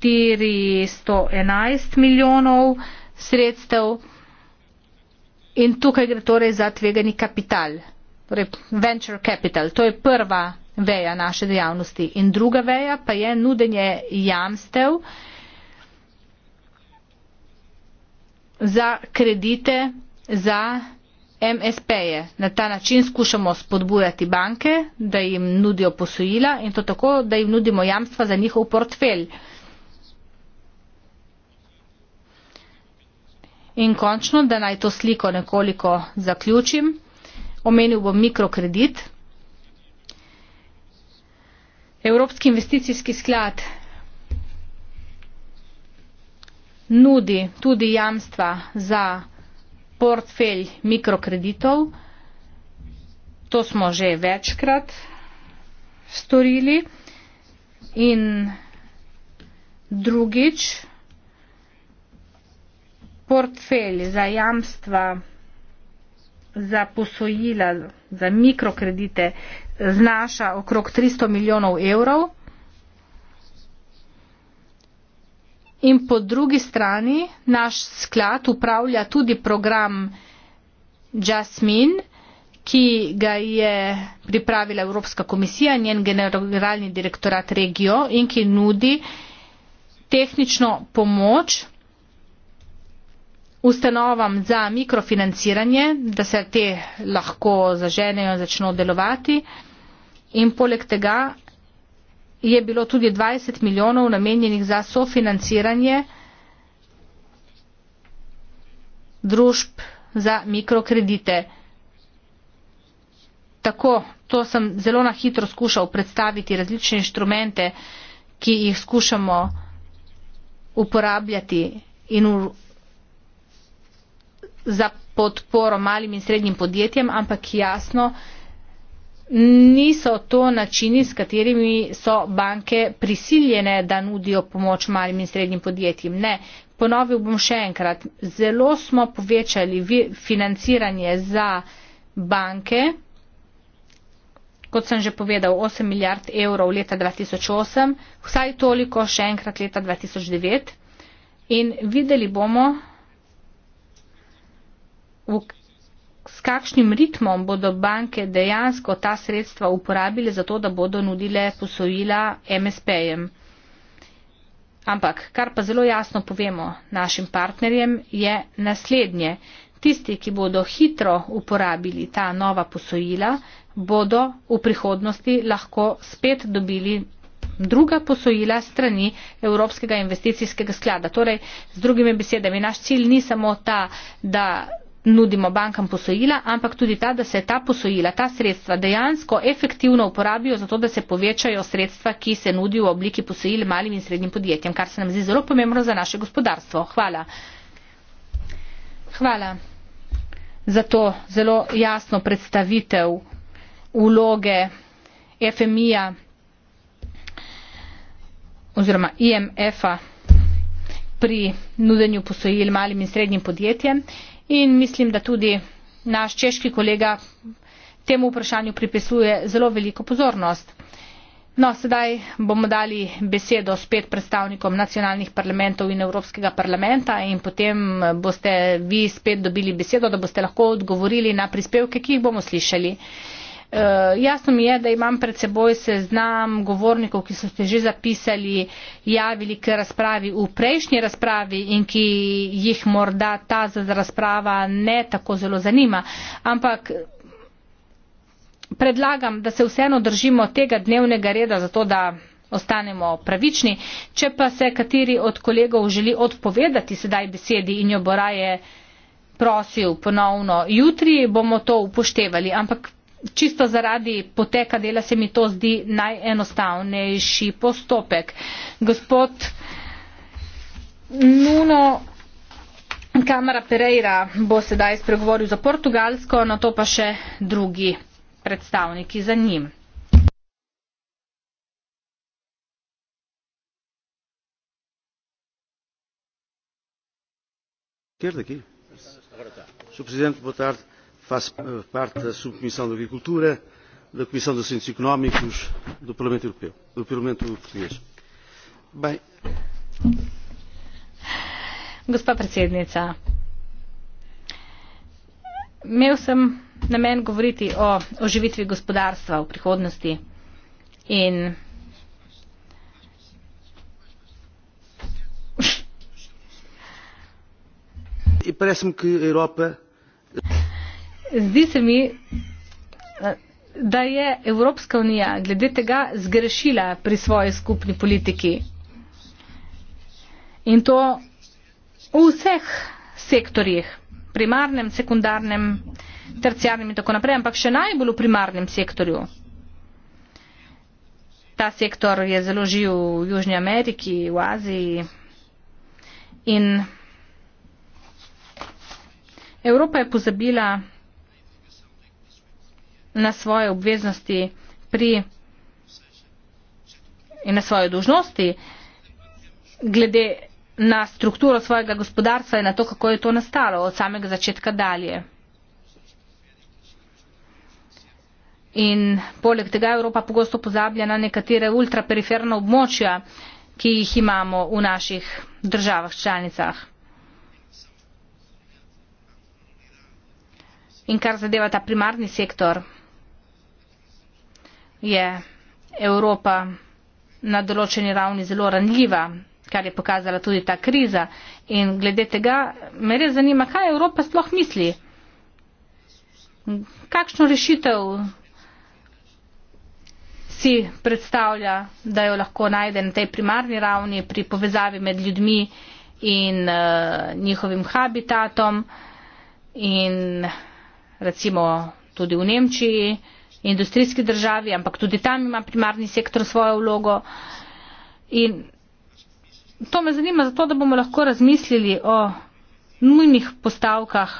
411 milijonov sredstev in tukaj gre torej za tvegani kapital, torej venture capital. To je prva veja naše dejavnosti. In druga veja pa je nudenje jamstev za kredite za MSP-je. Na ta način skušamo spodbujati banke, da jim nudijo posojila in to tako, da jim nudimo jamstva za njihov portfelj. In končno, da naj to sliko nekoliko zaključim, omenil bom mikrokredit evropski investicijski sklad nudi tudi jamstva za portfelj mikrokreditov. To smo že večkrat storili in drugič portfelj za jamstva za posojila, za mikrokredite znaša okrog 300 milijonov evrov in po drugi strani naš sklad upravlja tudi program Jasmine, ki ga je pripravila Evropska komisija, njen generalni direktorat regijo in ki nudi tehnično pomoč ustanovam za mikrofinanciranje, da se te lahko zaženejo in začno delovati. In poleg tega je bilo tudi 20 milijonov namenjenih za sofinanciranje družb za mikrokredite. Tako, to sem zelo na hitro skušal predstaviti različne inštrumente, ki jih skušamo uporabljati in za podporo malim in srednjim podjetjem, ampak jasno, niso to načini, s katerimi so banke prisiljene, da nudijo pomoč malim in srednjim podjetjem. Ne, ponovil bom še enkrat, zelo smo povečali financiranje za banke, kot sem že povedal, 8 milijard evrov leta 2008, vsaj toliko še enkrat leta 2009. In videli bomo, v, s kakšnim ritmom bodo banke dejansko ta sredstva uporabile za to, da bodo nudile posojila MSP-jem. Ampak, kar pa zelo jasno povemo našim partnerjem, je naslednje. Tisti, ki bodo hitro uporabili ta nova posojila, bodo v prihodnosti lahko spet dobili druga posojila strani Evropskega investicijskega sklada. Torej, z drugimi besedami, naš cilj ni samo ta, da nudimo bankam posojila, ampak tudi ta, da se ta posojila, ta sredstva dejansko efektivno uporabijo za to, da se povečajo sredstva, ki se nudijo v obliki posojil malim in srednjim podjetjem, kar se nam zdi zelo pomembno za naše gospodarstvo. Hvala. Hvala za to zelo jasno predstavitev uloge FMI-ja oziroma IMF-a pri nudenju posojil malim in srednjim podjetjem. In mislim, da tudi naš češki kolega temu vprašanju pripisuje zelo veliko pozornost. No, sedaj bomo dali besedo spet predstavnikom nacionalnih parlamentov in Evropskega parlamenta in potem boste vi spet dobili besedo, da boste lahko odgovorili na prispevke, ki jih bomo slišali. Uh, Eh, jasno mi je, da imam pred seboj seznam govornikov, ki so se že zapisali, javili k razpravi v prejšnji razpravi in ki jih morda ta razprava ne tako zelo zanima. Ampak predlagam, da se vseeno držimo tega dnevnega reda, zato da ostanemo pravični. Če pa se kateri od kolegov želi odpovedati sedaj besedi in jo boraje prosil ponovno jutri, bomo to upoštevali. Ampak čisto zaradi poteka dela se mi to zdi najenostavnejši postopek. Gospod Nuno Kamara Pereira bo sedaj spregovoril za Portugalsko, na to pa še drugi predstavniki za njim. Kjer da ki? Su presidente, boa tarde faço eh, parte da subcomissão de agricultura da comissão de assuntos económicos do parlamento europeu do parlamento português bem gospa predsednica imel sem namen govoriti o oživitvi gospodarstva v prihodnosti in e parece-me que a Europa zdi se mi, eh, da je Evropska unija glede tega zgrešila pri svoji skupni politiki. In to v vseh sektorjih, primarnem, sekundarnem, terciarnem in tako naprej, ampak še najbolj v primarnem sektorju. Ta sektor je zelo živ v Južnji Ameriki, v Aziji. In Evropa je pozabila na svoje obveznosti pri in na svoje dužnosti glede na strukturo svojega gospodarstva in na to, kako je to nastalo od samega začetka dalje. In poleg tega Evropa pogosto pozablja na nekatere ultraperiferna območja, ki jih imamo v naših državah članicah. In kar zadeva ta primarni sektor, je Evropa na določeni ravni zelo ranljiva, kar je pokazala tudi ta kriza. In glede tega me res zanima, kaj Evropa sploh misli. Kakšno rešitev si predstavlja, da jo lahko najde na tej primarni ravni pri povezavi med ljudmi in uh, njihovim habitatom in recimo tudi v Nemčiji. Uh, industrijski državi, ampak tudi tam ima primarni sektor svojo vlogo. In to me zanima zato, da bomo lahko razmislili o nujnih postavkah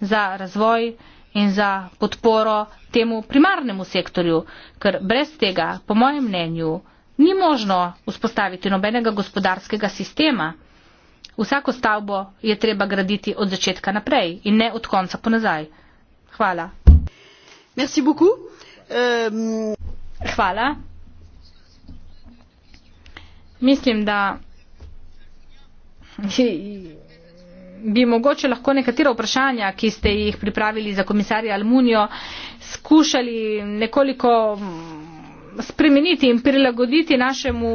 za razvoj in za podporo temu primarnemu sektorju, ker brez tega, po mojem mnenju, ni možno vzpostaviti nobenega gospodarskega sistema. Vsako stavbo je treba graditi od začetka naprej in ne od konca ponazaj. Hvala. Euh, mislim da bi mogoče lahko nekatera vprašanja ki ste jih pripravili za komisarja almunijo skušali nekoliko spremeniti in prilagoditi našemu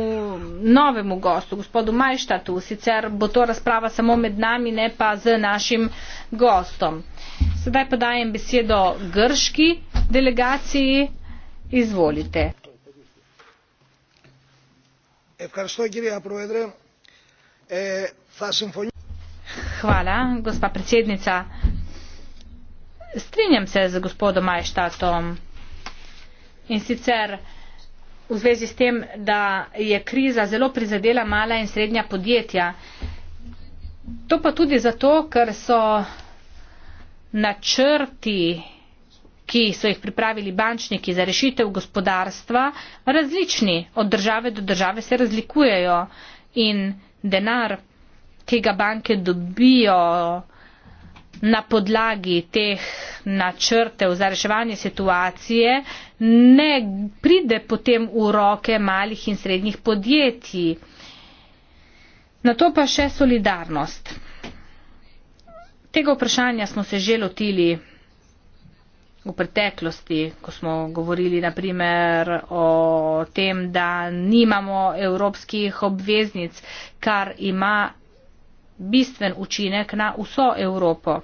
novemu gostu, gospodu Majštatu. Sicer bo to razprava samo med nami, ne pa z našim gostom. Sedaj pa dajem besedo grški delegaciji. Izvolite. E, Hvala, gospa predsednica. Strinjam se z gospodom Majštatom in sicer v zvezi s tem, da je kriza zelo prizadela mala in srednja podjetja. To pa tudi zato, ker so načrti, ki so jih pripravili bančniki za rešitev gospodarstva, različni od države do države se razlikujejo in denar, ki ga banke dobijo na podlagi teh načrtev za reševanje situacije, ne pride potem v roke malih in srednjih podjetij. Na to pa še solidarnost. Tega vprašanja smo se že lotili v preteklosti, ko smo govorili naprimer o tem, da nimamo evropskih obveznic, kar ima bistven učinek na vso Evropo.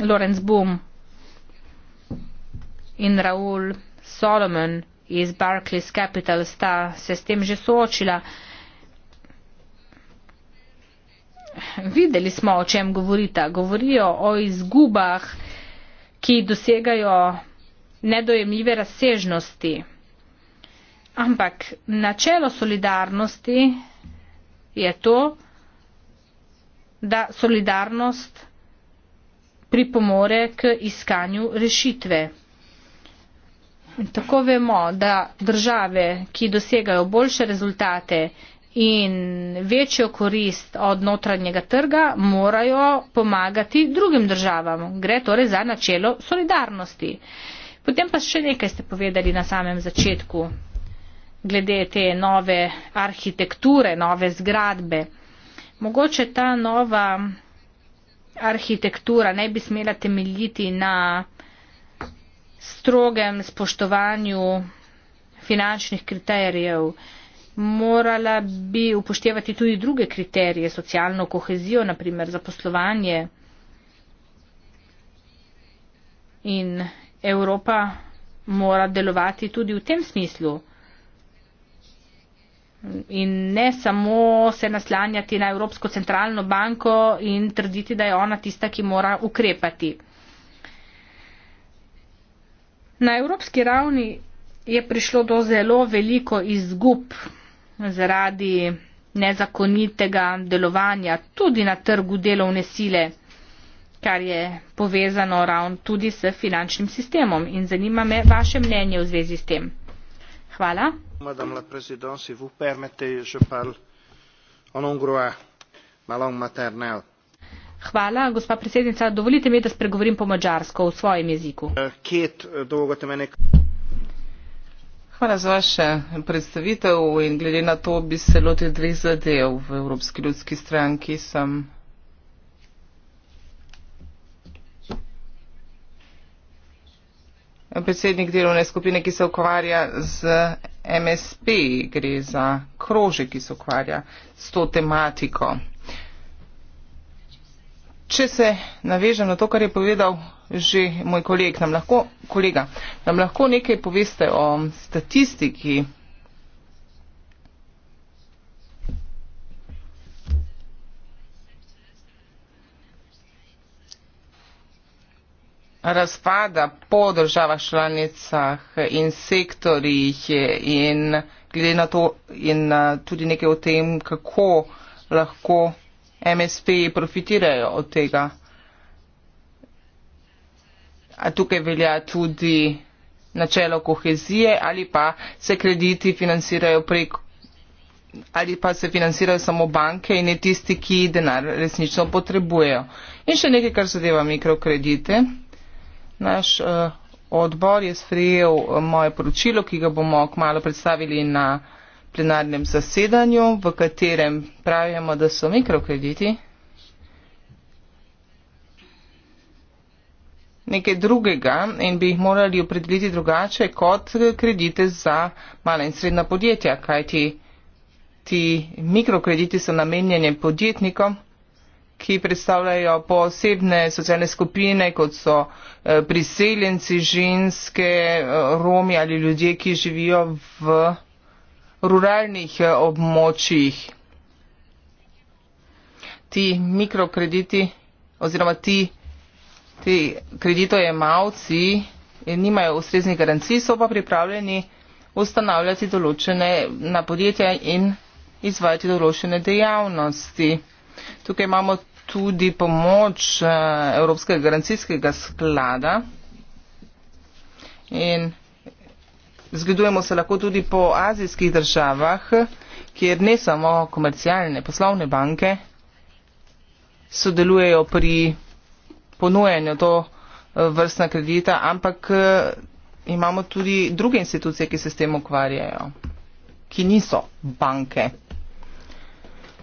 Lorenz Boom in Raul Solomon iz Barclays Capital sta se s tem že soočila. Videli smo, o čem govorita. Govorijo o izgubah, ki dosegajo nedojemljive razsežnosti. Ampak načelo solidarnosti je to, da solidarnost pripomore k iskanju rešitve. In tako vemo, da države, ki dosegajo boljše rezultate, in večjo korist od notranjega trga morajo pomagati drugim državam. Gre torej za načelo solidarnosti. Potem pa še nekaj ste povedali na samem začetku glede te nove arhitekture, nove zgradbe. Mogoče ta nova arhitektura ne bi smela temeljiti na strogem spoštovanju finančnih kriterijev morala bi upoštevati tudi druge kriterije, socialno kohezijo, naprimer za poslovanje. In Evropa mora delovati tudi v tem smislu. In ne samo se naslanjati na Evropsko centralno banko in trditi, da je ona tista, ki mora ukrepati. Na evropski ravni je prišlo do zelo veliko izgub zaradi nezakonitega delovanja tudi na trgu delovne sile, kar je povezano ravno tudi s finančnim sistemom. In zanima me vaše mnenje v zvezi s tem. Hvala. Madame la Présidente, si vous permettez, je parle en hongrois, ma langue maternelle. Hvala, gospa predsednica. Dovolite mi, da spregovorim po mađarsko v svojem jeziku. Uh, eh, kjet, uh, eh, dolgo, temene... Hvala za vaše predstavitev in glede na to bi se lotil dveh zadev v Evropski ljudski stranki. Sem predsednik delovne skupine, ki se ukvarja z MSP, gre za krože, ki se ukvarja s to tematiko. Če se navežem na to, kar je povedal že moj koleg, nam lahko, kolega, nam lahko nekaj poveste o statistiki. razpada po državah članicah in sektorjih in glede na to in na tudi nekaj o tem, kako lahko MSP profitirajo od tega tukaj velja tudi načelo kohezije ali pa se krediti financirajo prek ali pa se financirajo samo banke in ne tisti, ki denar resnično potrebujejo. In še nekaj, kar zadeva mikrokredite. Naš uh, odbor je sprejel eh, moje poročilo, ki ga bomo kmalo predstavili na plenarnem zasedanju, v katerem pravimo, da so mikrokrediti. nekaj drugega in bi jih morali opredeliti drugače kot kredite za mala in srednja podjetja, kajti ti mikrokrediti so namenjeni podjetnikom, ki predstavljajo posebne socialne skupine, kot so eh, priseljenci, ženske, eh, romi ali ljudje, ki živijo v ruralnih eh, območjih. Ti mikrokrediti oziroma ti ti kreditojemalci eh, nimajo ustreznih garancij, so pa pripravljeni ustanavljati določene na podjetja in izvajati določene dejavnosti. Tukaj imamo tudi pomoč eh, Evropskega garancijskega sklada in zgledujemo se lahko tudi po azijskih državah, kjer ne samo komercialne poslovne banke sodelujejo pri ponujanju to eh, vrstna kredita, ampak eh, imamo tudi druge institucije, ki se s tem ukvarjajo, ki niso banke.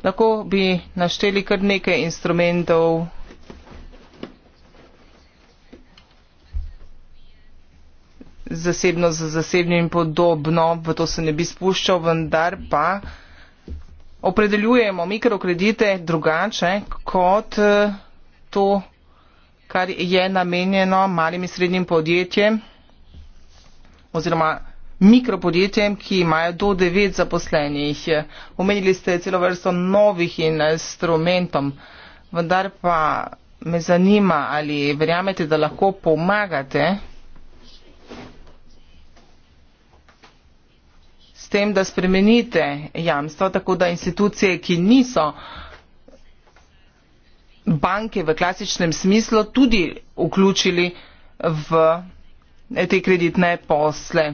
Lahko bi našteli kar nekaj instrumentov. zasebno z zasebnim podobno, v to se ne bi spuščal, vendar pa opredeljujemo mikrokredite drugače kot eh, to kar je namenjeno malim in srednjim podjetjem oziroma mikropodjetjem, ki imajo do devet zaposlenih. Omenili ste celo vrsto novih instrumentov, vendar pa me zanima, ali verjamete, da lahko pomagate s tem, da spremenite jamstvo, tako da institucije, ki niso uh, banke v klasičnem smislu tudi vključili v te kreditne posle.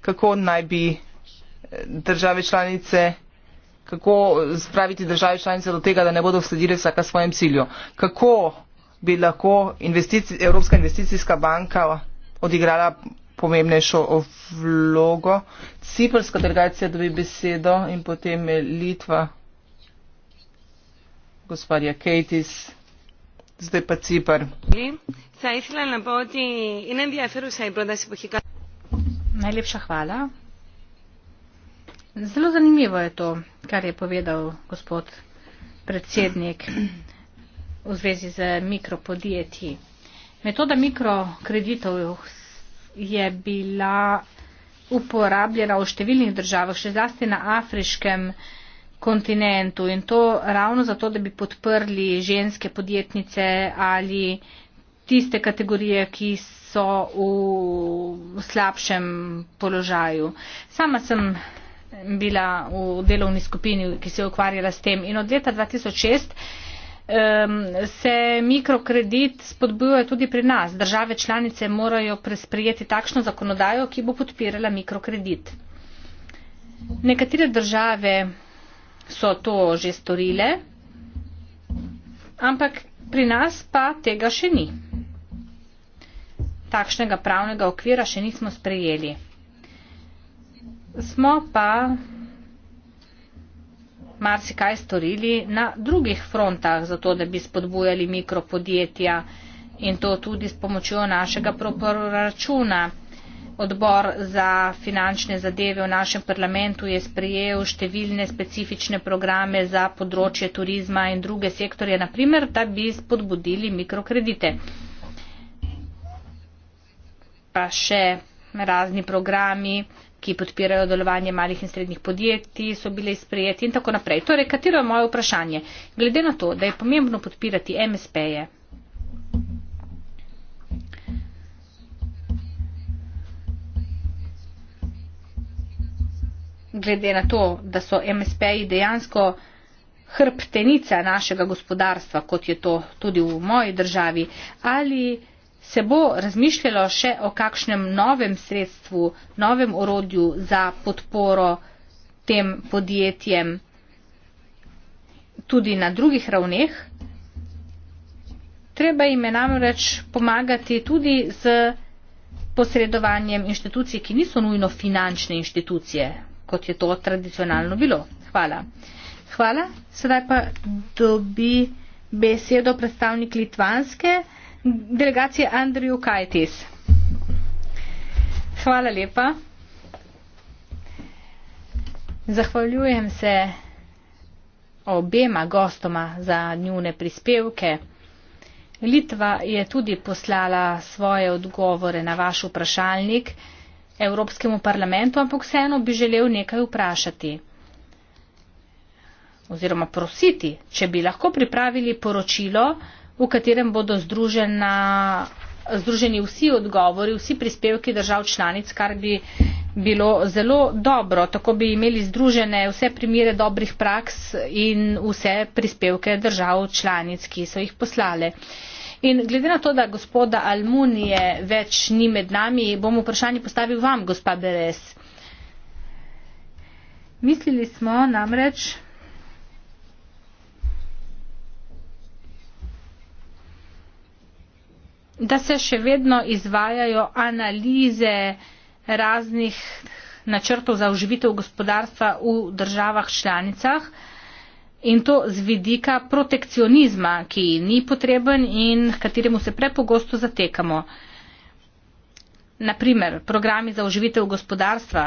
Kako naj bi države članice, kako spraviti države članice do tega, da ne bodo sledile vsaka svojem cilju? Kako bi lahko investici, Evropska investicijska banka odigrala pomembnejšo vlogo? Ciprska delegacija dobi besedo in potem Litva gospodja Keitis. Zdaj pa Cipar. Najlepša hvala. Zelo zanimivo je to, kar je povedal gospod predsednik v zvezi z mikropodjetji. Metoda mikrokreditov je bila uporabljena v številnih državah, še zlasti na afriškem eh, kontinentu in to ravno zato, da bi podprli ženske podjetnice ali tiste kategorije, ki so v slabšem položaju. Sama sem bila v delovni skupini, ki se je ukvarjala s tem in od leta 2006 se mikrokredit spodbuja tudi pri nas. Države članice morajo presprijeti takšno zakonodajo, ki bo podpirala mikrokredit. Nekatere države so to že storile, ampak pri nas pa tega še ni. Takšnega pravnega okvira še nismo sprejeli. Smo pa marsikaj storili na drugih frontah, zato da bi spodbujali mikropodjetja in to tudi s pomočjo našega proporočuna. Odbor za finančne zadeve v našem parlamentu je sprejel številne specifične programe za področje turizma in druge sektorje, naprimer, da bi spodbudili mikrokredite. Pa še razni programi, ki podpirajo delovanje malih in srednjih podjetij, so bile sprejeti in tako naprej. Torej, katero je moje vprašanje? Glede na to, da je pomembno podpirati MSP-je. glede na to, da so MSP-ji dejansko hrbtenica našega gospodarstva, kot je to tudi v moji državi, ali se bo razmišljalo še o kakšnem novem sredstvu, novem orodju za podporo tem podjetjem tudi na drugih ravneh. Treba jim je namreč pomagati tudi z posredovanjem inštitucij, ki niso nujno finančne inštitucije, kot je to tradicionalno bilo. Hvala. Hvala. Sedaj pa dobi besedo predstavnik litvanske delegacije Andriju Kajtis. Hvala lepa. Zahvaljujem se obema gostoma za njune prispevke. Litva je tudi poslala svoje odgovore na vaš vprašalnik. Evropskemu parlamentu, ampak vseeno bi želel nekaj vprašati oziroma prositi, če bi lahko pripravili poročilo, v katerem bodo združena, združeni vsi odgovori, vsi prispevki držav članic, kar bi bilo zelo dobro. Tako bi imeli združene vse primere dobrih praks in vse prispevke držav članic, ki so jih poslale. Uh, In glede na to, da gospoda Almunije več ni med nami, bom vprašanje postavil vam, gospa Beres. Mislili smo namreč, da se še vedno izvajajo analize raznih načrtov za oživitev gospodarstva v državah članicah in to z vidika protekcionizma, ki ni potreben in kateremu se prepogosto zatekamo. Naprimer, programi za oživitev gospodarstva,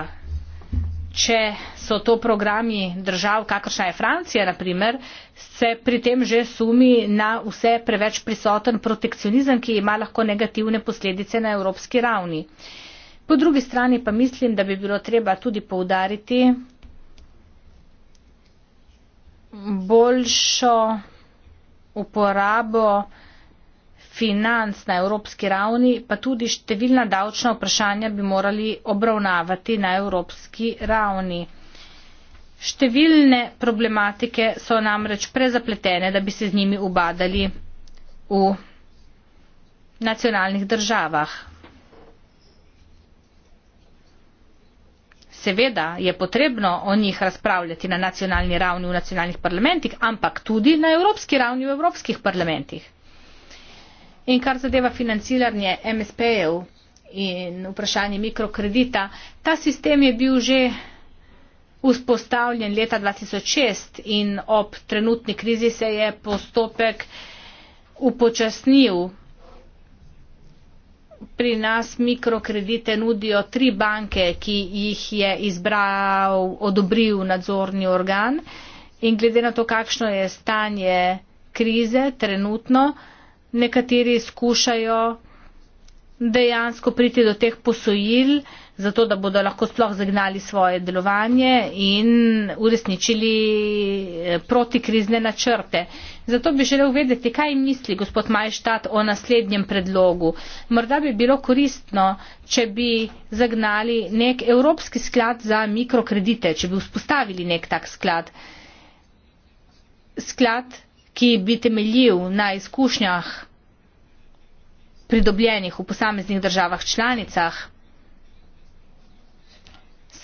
če so to programi držav, kakršna je Francija, naprimer, se pri tem že sumi na vse preveč prisoten protekcionizem, ki ima lahko negativne posledice na evropski ravni. Po drugi strani pa mislim, da bi bilo treba tudi poudariti, boljšo uporabo financ na evropski ravni, pa tudi številna davčna vprašanja bi morali obravnavati na evropski ravni. Številne problematike so namreč prezapletene, da bi se z njimi ubadali v nacionalnih državah. seveda je potrebno o njih razpravljati na nacionalni ravni v nacionalnih parlamentih, ampak tudi na evropski ravni v evropskih parlamentih. In kar zadeva financiranje MSP-jev in vprašanje mikrokredita, ta sistem je bil že vzpostavljen leta 2006 in ob trenutni krizi se je postopek upočasnil pri nas mikrokredite nudijo tri banke, ki jih je izbral, odobril nadzorni organ in glede na to, kakšno je stanje krize trenutno, nekateri skušajo dejansko priti do teh posojil, zato da bodo lahko sploh zagnali svoje delovanje in uresničili eh, protikrizne načrte. Zato bi želel vedeti, kaj misli gospod Majštat o naslednjem predlogu. Morda bi bilo koristno, če bi zagnali nek evropski sklad za mikrokredite, če bi vzpostavili nek tak sklad. Sklad, ki bi temeljil na izkušnjah pridobljenih v posameznih državah članicah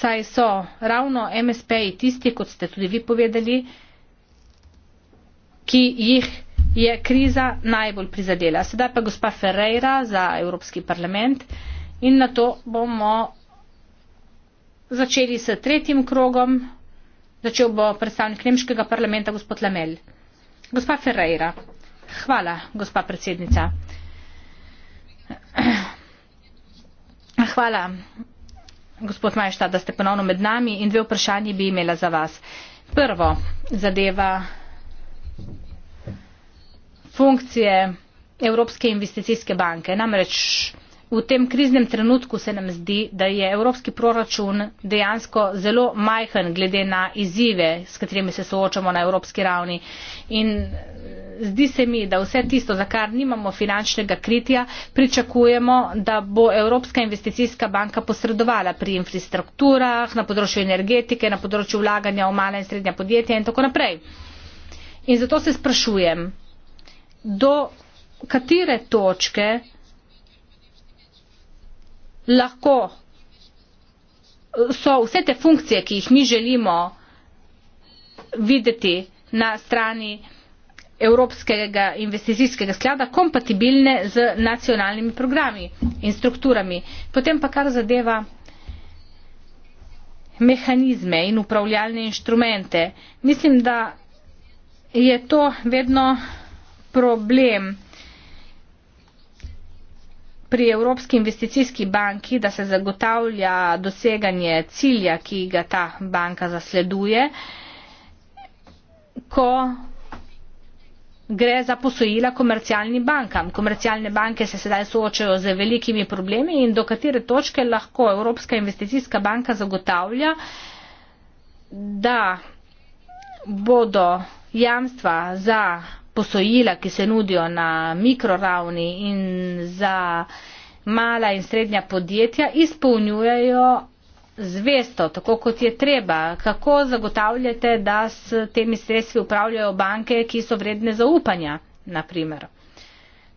saj so ravno MSP-ji tisti, kot ste tudi vi povedali, ki jih je kriza najbolj prizadela. Sedaj pa gospa Ferreira za Evropski parlament in na to bomo začeli s tretjim krogom. Začel bo predstavnik Nemškega parlamenta, gospod Lamel. Gospa Ferreira. Hvala, gospa predsednica. *clears throat* Hvala gospod Majšta, da ste ponovno med nami in dve vprašanje bi imela za vas. Prvo zadeva funkcije Evropske investicijske banke. Namreč v tem kriznem trenutku se nam zdi, da je evropski proračun dejansko zelo majhen glede na izzive, s katerimi se soočamo na evropski ravni. In eh, zdi se mi, da vse tisto, za kar nimamo finančnega kritja, pričakujemo, da bo Evropska investicijska banka posredovala pri infrastrukturah, na področju energetike, na področju vlaganja v mala in srednja podjetja in tako naprej. In zato se sprašujem, do katere točke lahko so vse te funkcije, ki jih mi želimo videti na strani Evropskega investicijskega sklada, kompatibilne z nacionalnimi programi in strukturami. Potem pa kar zadeva mehanizme in upravljalne inštrumente. Mislim, da je to vedno problem pri Evropski investicijski banki, da se zagotavlja doseganje cilja, ki ga ta banka zasleduje, ko gre za posojila komercialnim bankam. Komercialne banke se sedaj soočajo z velikimi problemi in do katere točke lahko Evropska investicijska banka zagotavlja, da bodo jamstva za posojila, ki se nudijo na mikroravni in za mala in srednja podjetja, izpolnjujejo zvesto, tako kot je treba. Kako zagotavljate, da s temi sredstvi upravljajo banke, ki so vredne zaupanja, naprimer?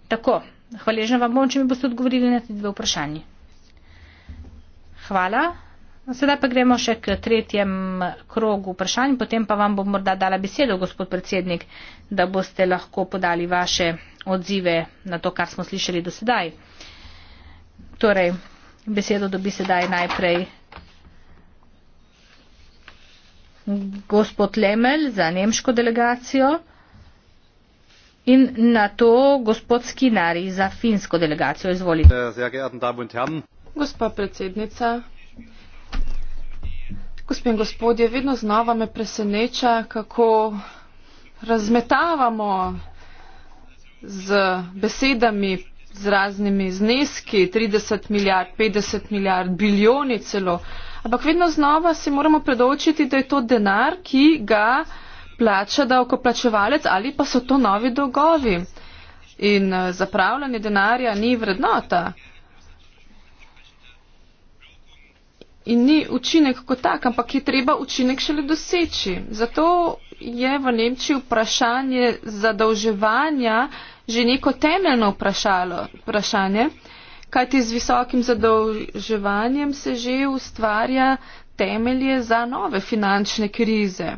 Tako, hvaležna vam bom, če mi boste odgovorili na te dve vprašanje. Hvala. Sedaj pa gremo še k tretjem krogu vprašanj, potem pa vam bom morda dala besedo, gospod predsednik, da boste lahko podali vaše odzive na to, kar smo slišali do sedaj. Torej, besedo dobi sedaj najprej gospod Lemel za nemško delegacijo in na to gospod Skinari za finsko delegacijo. Izvolite. Gospa predsednica, Gospod in gospodje, vedno znova me preseneča, kako razmetavamo z besedami, z raznimi zneski, 30 milijard, 50 milijard, biljoni celo. Ampak vedno znova si moramo predočiti, da je to denar, ki ga plača davkoplačevalec ali pa so to novi dolgovi. In eh, zapravljanje denarja ni vrednota. in ni učinek kot tak, ampak je treba učinek šele doseči. Zato je v Nemčiji vprašanje zadolževanja že neko temeljno vprašanje, kajti z visokim zadolževanjem se že ustvarja temelje za nove finančne krize.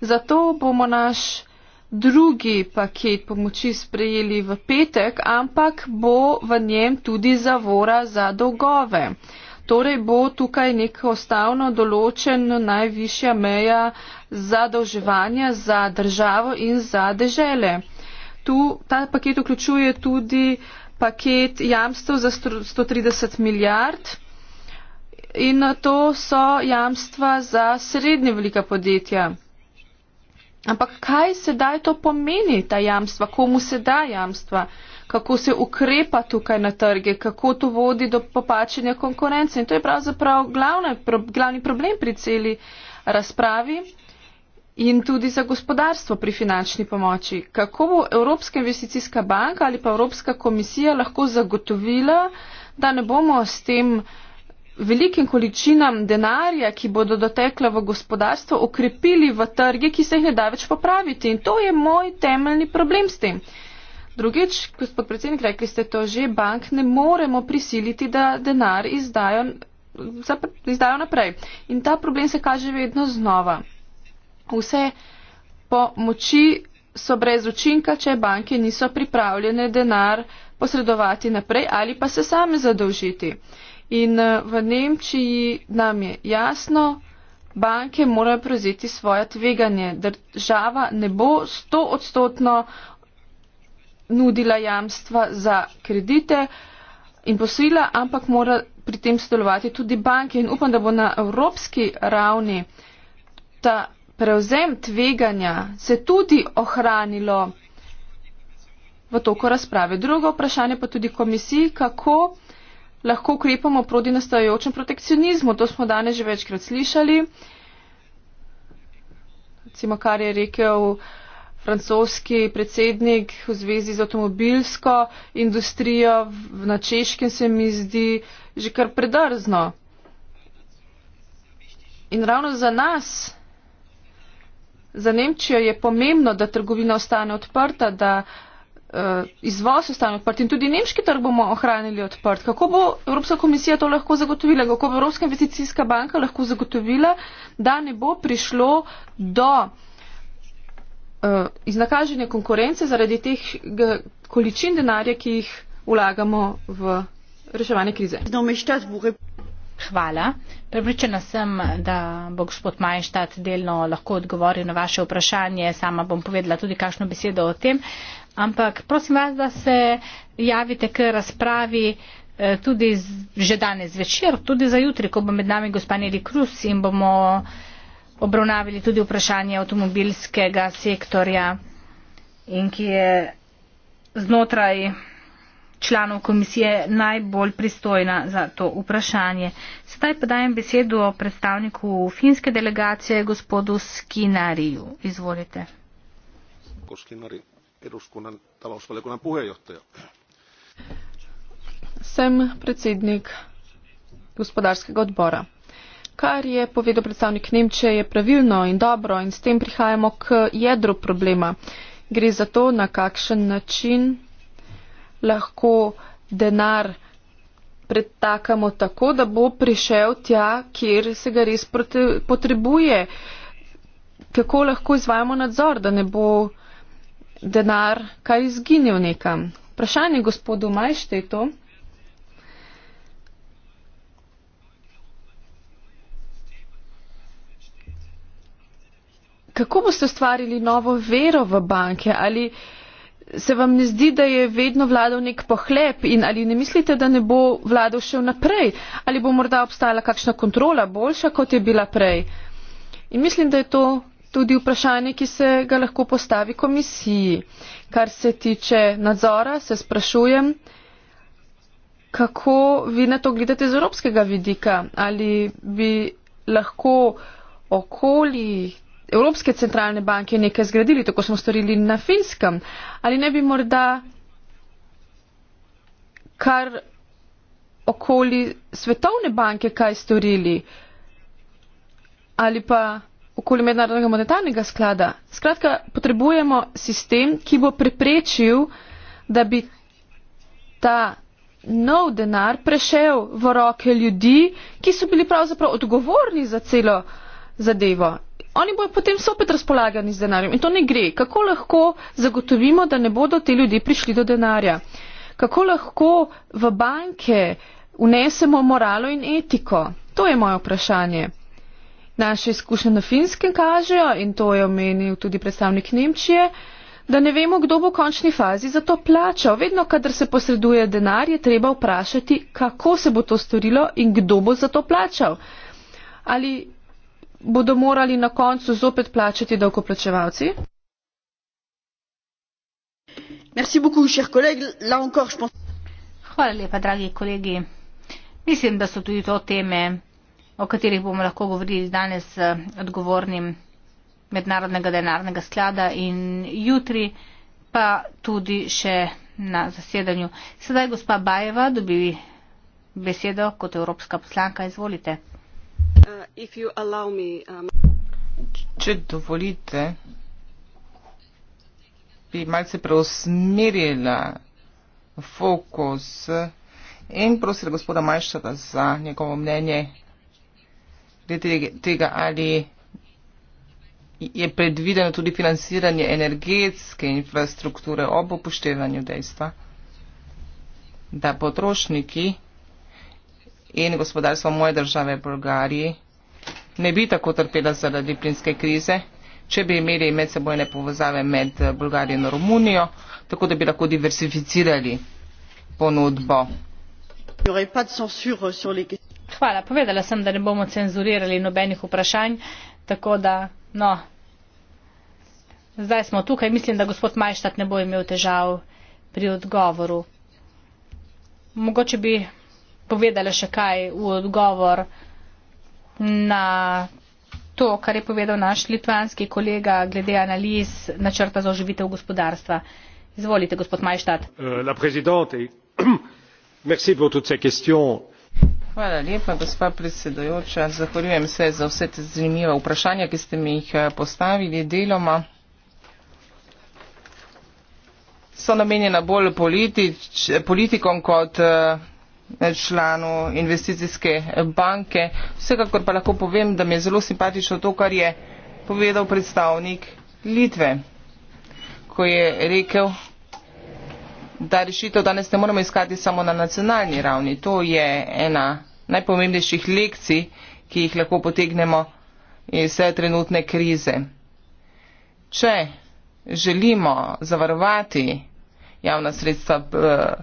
Zato bomo naš drugi paket pomoči sprejeli v petek, ampak bo v njem tudi zavora za dolgove. Torej bo tukaj nek ostavno določen najvišja meja zadolževanja za državo in za dežele. Tu, ta paket vključuje tudi paket jamstv za 130 milijard in to so jamstva za srednje velika podjetja. Ampak kaj sedaj to pomeni, ta jamstva, komu se da jamstva? kako se ukrepa tukaj na trge, kako to vodi do popačenja konkurence. In to je pravzaprav glavne, pro, glavni problem pri celi razpravi in tudi za gospodarstvo pri finančni pomoči. Kako bo Evropska investicijska banka ali pa Evropska komisija lahko zagotovila, da ne bomo s tem velikim količinam denarja, ki bodo dotekla v gospodarstvo, okrepili v trge, ki se jih ne da več popraviti. In to je moj temeljni problem s tem. Drugič, gospod predsednik, rekli ste to že, bank ne moremo prisiliti, da denar izdajo, za, izdajo naprej. In ta problem se kaže vedno znova. Vse po moči so brez učinka, če banke niso pripravljene denar posredovati naprej ali pa se same zadolžiti. In eh, v Nemčiji nam je jasno, banke morajo prevzeti svoje tveganje. Država ne bo stoodstotno nudila jamstva za kredite in posojila, ampak mora pri tem sodelovati tudi banke. In upam, da bo na evropski ravni ta prevzem tveganja se tudi ohranilo v toku razprave. Drugo vprašanje pa tudi komisiji, kako lahko ukrepamo proti nastajajočem protekcionizmu. To smo danes že večkrat slišali. Recimo, kar je rekel uh, francoski predsednik v zvezi z avtomobilsko industrijo v, na češkem se mi zdi že kar predrzno. In ravno za nas, za Nemčijo je pomembno, da trgovina ostane odprta, da uh, izvoz ostane odprt in tudi nemški trg bomo ohranili odprt. Kako bo Evropska komisija to lahko zagotovila, kako bo Evropska investicijska banka lahko zagotovila, da ne bo prišlo do uh, iznakaženje konkurence zaradi teh g, količin denarja, ki jih vlagamo v reševanje krize. Hvala. Prepričana sem, da bo gospod Majnštat delno lahko odgovoril na vaše vprašanje. Sama bom povedala tudi kakšno besedo o tem. Ampak prosim vas, da se javite k razpravi eh, tudi z, že danes večer, tudi za jutri, ko bo med nami gospod Neli Krus in bomo uh, obravnavili tudi vprašanje avtomobilskega sektorja in ki je znotraj članov komisije najbolj pristojna za to vprašanje. Sedaj pa dajem besedo predstavniku finske delegacije, gospodu Skinariju. Izvolite. Sem predsednik gospodarskega odbora kar je povedal predstavnik Nemčije, je pravilno in dobro in s tem prihajamo k jedru problema. Gre za to, na kakšen način lahko denar pretakamo tako, da bo prišel tja, kjer se ga res potrebuje. Kako lahko izvajamo nadzor, da ne bo denar kar izginil nekam. Vprašanje gospodu Majšte je to. kako boste ustvarili novo vero v banke? Ali se vam ne zdi, da je vedno vladal nek pohlep in ali ne mislite, da ne bo vladal še naprej? Ali bo morda obstajala kakšna kontrola boljša, kot je bila prej? In mislim, da je to tudi vprašanje, ki se ga lahko postavi komisiji. Kar se tiče nadzora, se sprašujem, kako vi na to gledate z evropskega vidika? Ali bi lahko okoli evropske centralne banke nekaj zgradili, tako smo storili na finskem. Ali ne bi morda kar okoli svetovne banke kaj storili ali pa okoli mednarodnega monetarnega sklada. Skratka, potrebujemo sistem, ki bo preprečil, da bi ta nov denar prešel v roke ljudi, ki so bili pravzaprav odgovorni za celo zadevo oni bojo potem sopet razpolagani z denarjem in to ne gre. Kako lahko zagotovimo, da ne bodo ti ljudje prišli do denarja? Kako lahko v banke unesemo moralo in etiko? To je moje vprašanje. Naše izkušnje na finskem kažejo, in to je omenil tudi predstavnik Nemčije, da ne vemo, kdo bo v končni fazi za to plačal. Vedno, kadar se posreduje denar, je treba vprašati, kako se bo to storilo in kdo bo za to plačal. Ali bodo morali na koncu zopet plačati davkoplačevalci? Hvala lepa, dragi kolegi. Mislim, da so tudi to teme, o katerih bomo lahko govorili danes eh, odgovornim mednarodnega denarnega sklada in jutri pa tudi še na zasedanju. Sedaj gospa Bajeva dobi besedo kot evropska poslanka. Izvolite. Uh, if you allow me, um, če dovolite, bi malce preusmerila fokus in prosila gospoda Majšara za njegovo mnenje glede tega, ali je predvideno tudi financiranje energetske infrastrukture ob upoštevanju dejstva, da potrošniki in gospodarstvo moje države Bolgariji ne bi tako trpela zaradi plinske krize, če bi imeli medsebojne povezave med eh, Bolgarijo in Romunijo, tako da bi lahko diversificirali ponudbo. Hvala, povedala sem, da ne bomo cenzurirali nobenih vprašanj, tako da, no, zdaj smo tukaj, mislim, da gospod Majštat ne bo imel težav pri odgovoru. Mogoče bi povedali še kaj v odgovor na to, kar je povedal naš litvanski kolega glede analiz načrta za oživitev gospodarstva. Izvolite, gospod Majštat. Eh, *clears throat* Hvala lepa, gospa predsedujoča. Zahvaljujem se za vse te zanimive vprašanja, ki ste mi jih eh, postavili deloma. So namenjena bolj politič, politikom kot uh, članu investicijske banke. Vsekakor pa lahko povem, da mi je zelo simpatično to, kar je povedal predstavnik Litve, ko je rekel, da rešitev danes ne moramo iskati samo na nacionalni ravni. To je ena najpomembnejših lekcij, ki jih lahko potegnemo iz vse trenutne krize. Če želimo zavarovati javna sredstva, eh,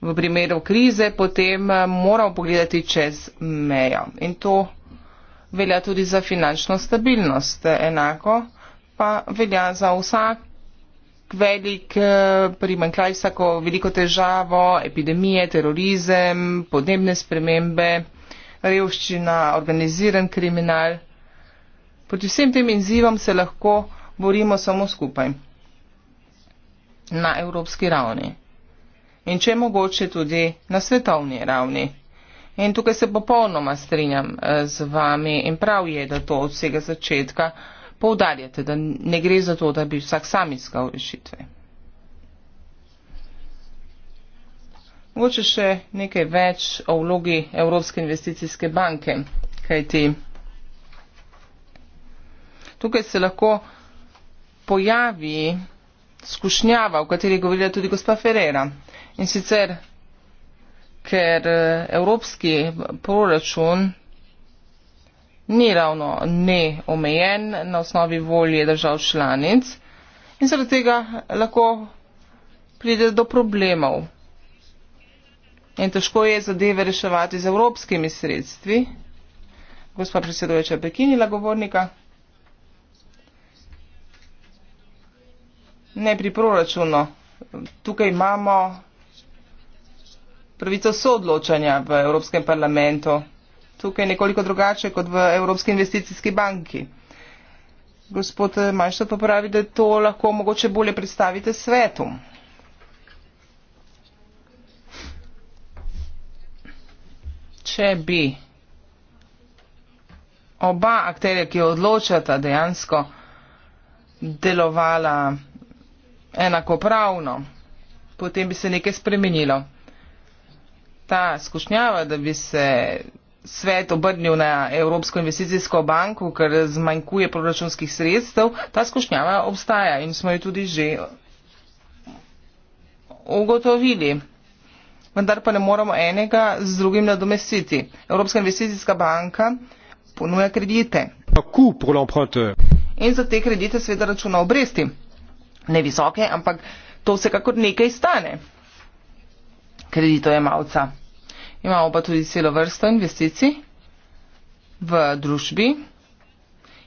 v primeru krize, potem eh, moramo pogledati čez mejo. In to velja tudi za finančno stabilnost. Enako pa velja za vsak velik eh, primankljaj, vsako veliko težavo, epidemije, terorizem, podnebne spremembe, revščina, organiziran kriminal. Proti vsem tem izzivom se lahko borimo samo skupaj na evropski ravni in če mogoče tudi na svetovni ravni. In tukaj se popolnoma strinjam eh, z vami in prav je, da to od vsega začetka poudarjate, da ne gre za to, da bi vsak sam iskal rešitve. Mogoče še nekaj več o vlogi Evropske investicijske banke, kajti tukaj se lahko pojavi skušnjava, o kateri je govorila tudi gospa Ferrera. In sicer, ker eh, evropski proračun ni ravno neomejen na osnovi volje držav članic in zaradi tega lahko pride do problemov. In težko je zadeve reševati z evropskimi sredstvi. Gospa predsedujoča je prekinila govornika. Ne pri proračunu. Tukaj imamo pravico soodločanja v Evropskem parlamentu. Tukaj nekoliko drugače kot v Evropski investicijski banki. Gospod Manjšta pa pravi, da to lahko mogoče bolje predstavite svetu. Če bi oba akterja, ki odločata, dejansko delovala enakopravno, potem bi se nekaj spremenilo ta skušnjava, da bi se svet obrnil na Evropsko investicijsko banko, ker zmanjkuje proračunskih sredstev, ta skušnjava obstaja in smo jo tudi že ugotovili. Vendar pa ne moramo enega z drugim nadomestiti. Evropska investicijska banka ponuja kredite. In za te kredite sveda računa obresti. Ne visoke, ampak to vsekakor nekaj stane kreditojemalca. Imamo pa tudi celo vrsto investicij v družbi,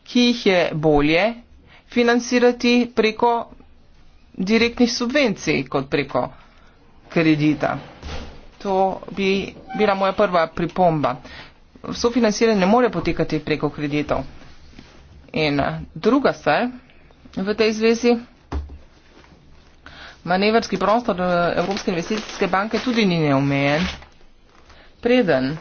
ki jih je bolje financirati preko direktnih subvencij kot preko kredita. To bi bila moja prva pripomba. Sofinanciranje ne more potekati preko kreditov. In eh, druga stvar v tej zvezi, manevrski prostor eh, Evropske investicijske banke tudi ni neomejen preden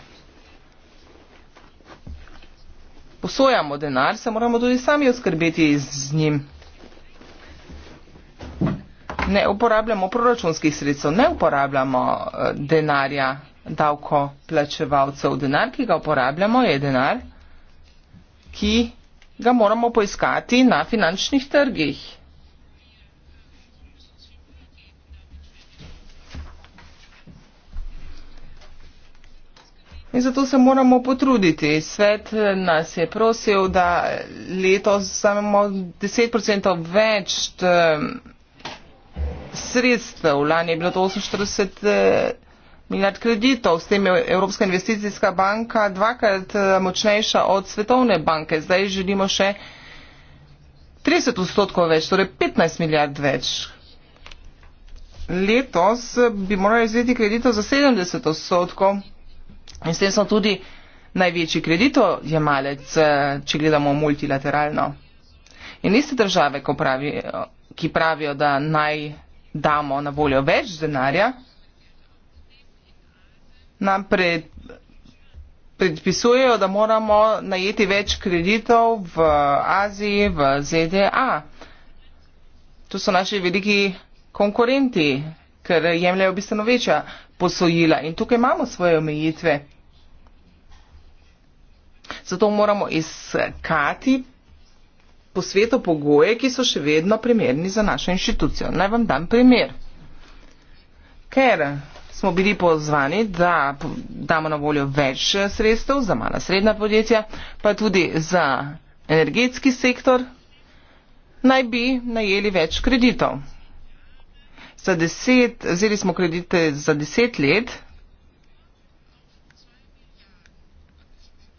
posojamo denar, se moramo tudi sami oskrbeti z njim. Ne uporabljamo proračunskih sredstev, ne uporabljamo eh, denarja davkoplačevalcev. Denar, ki ga uporabljamo, je denar, ki ga moramo poiskati na finančnih trgih. In zato se moramo potruditi. Svet eh, nas je prosil, da letos samo 10% več eh, sredstev, lani je bilo to 48 eh, milijard kreditov, s tem je Evropska investicijska banka dvakrat močnejša od Svetovne banke. Zdaj želimo še 30 odstotkov več, torej 15 milijard več. Letos bi morali vzeti kreditov za 70 odstotkov. In s tem smo tudi največji kreditojemalec, eh, če gledamo multilateralno. In iste države, pravi, eh, ki pravijo, da naj damo na voljo več denarja, nam pred, predpisujejo, da moramo najeti več kreditov v Aziji, v ZDA. To so naši veliki konkurenti, ker jemljajo bistveno večja posojila in tukaj imamo svoje omejitve. Zato moramo iskati po svetu pogoje, ki so še vedno primerni za našo inštitucijo. Naj vam dam primer. Ker smo bili pozvani, da damo na voljo več sredstev za mala srednja podjetja, pa tudi za energetski sektor, naj bi najeli več kreditov. Za deset, vzeli smo kredite za deset let,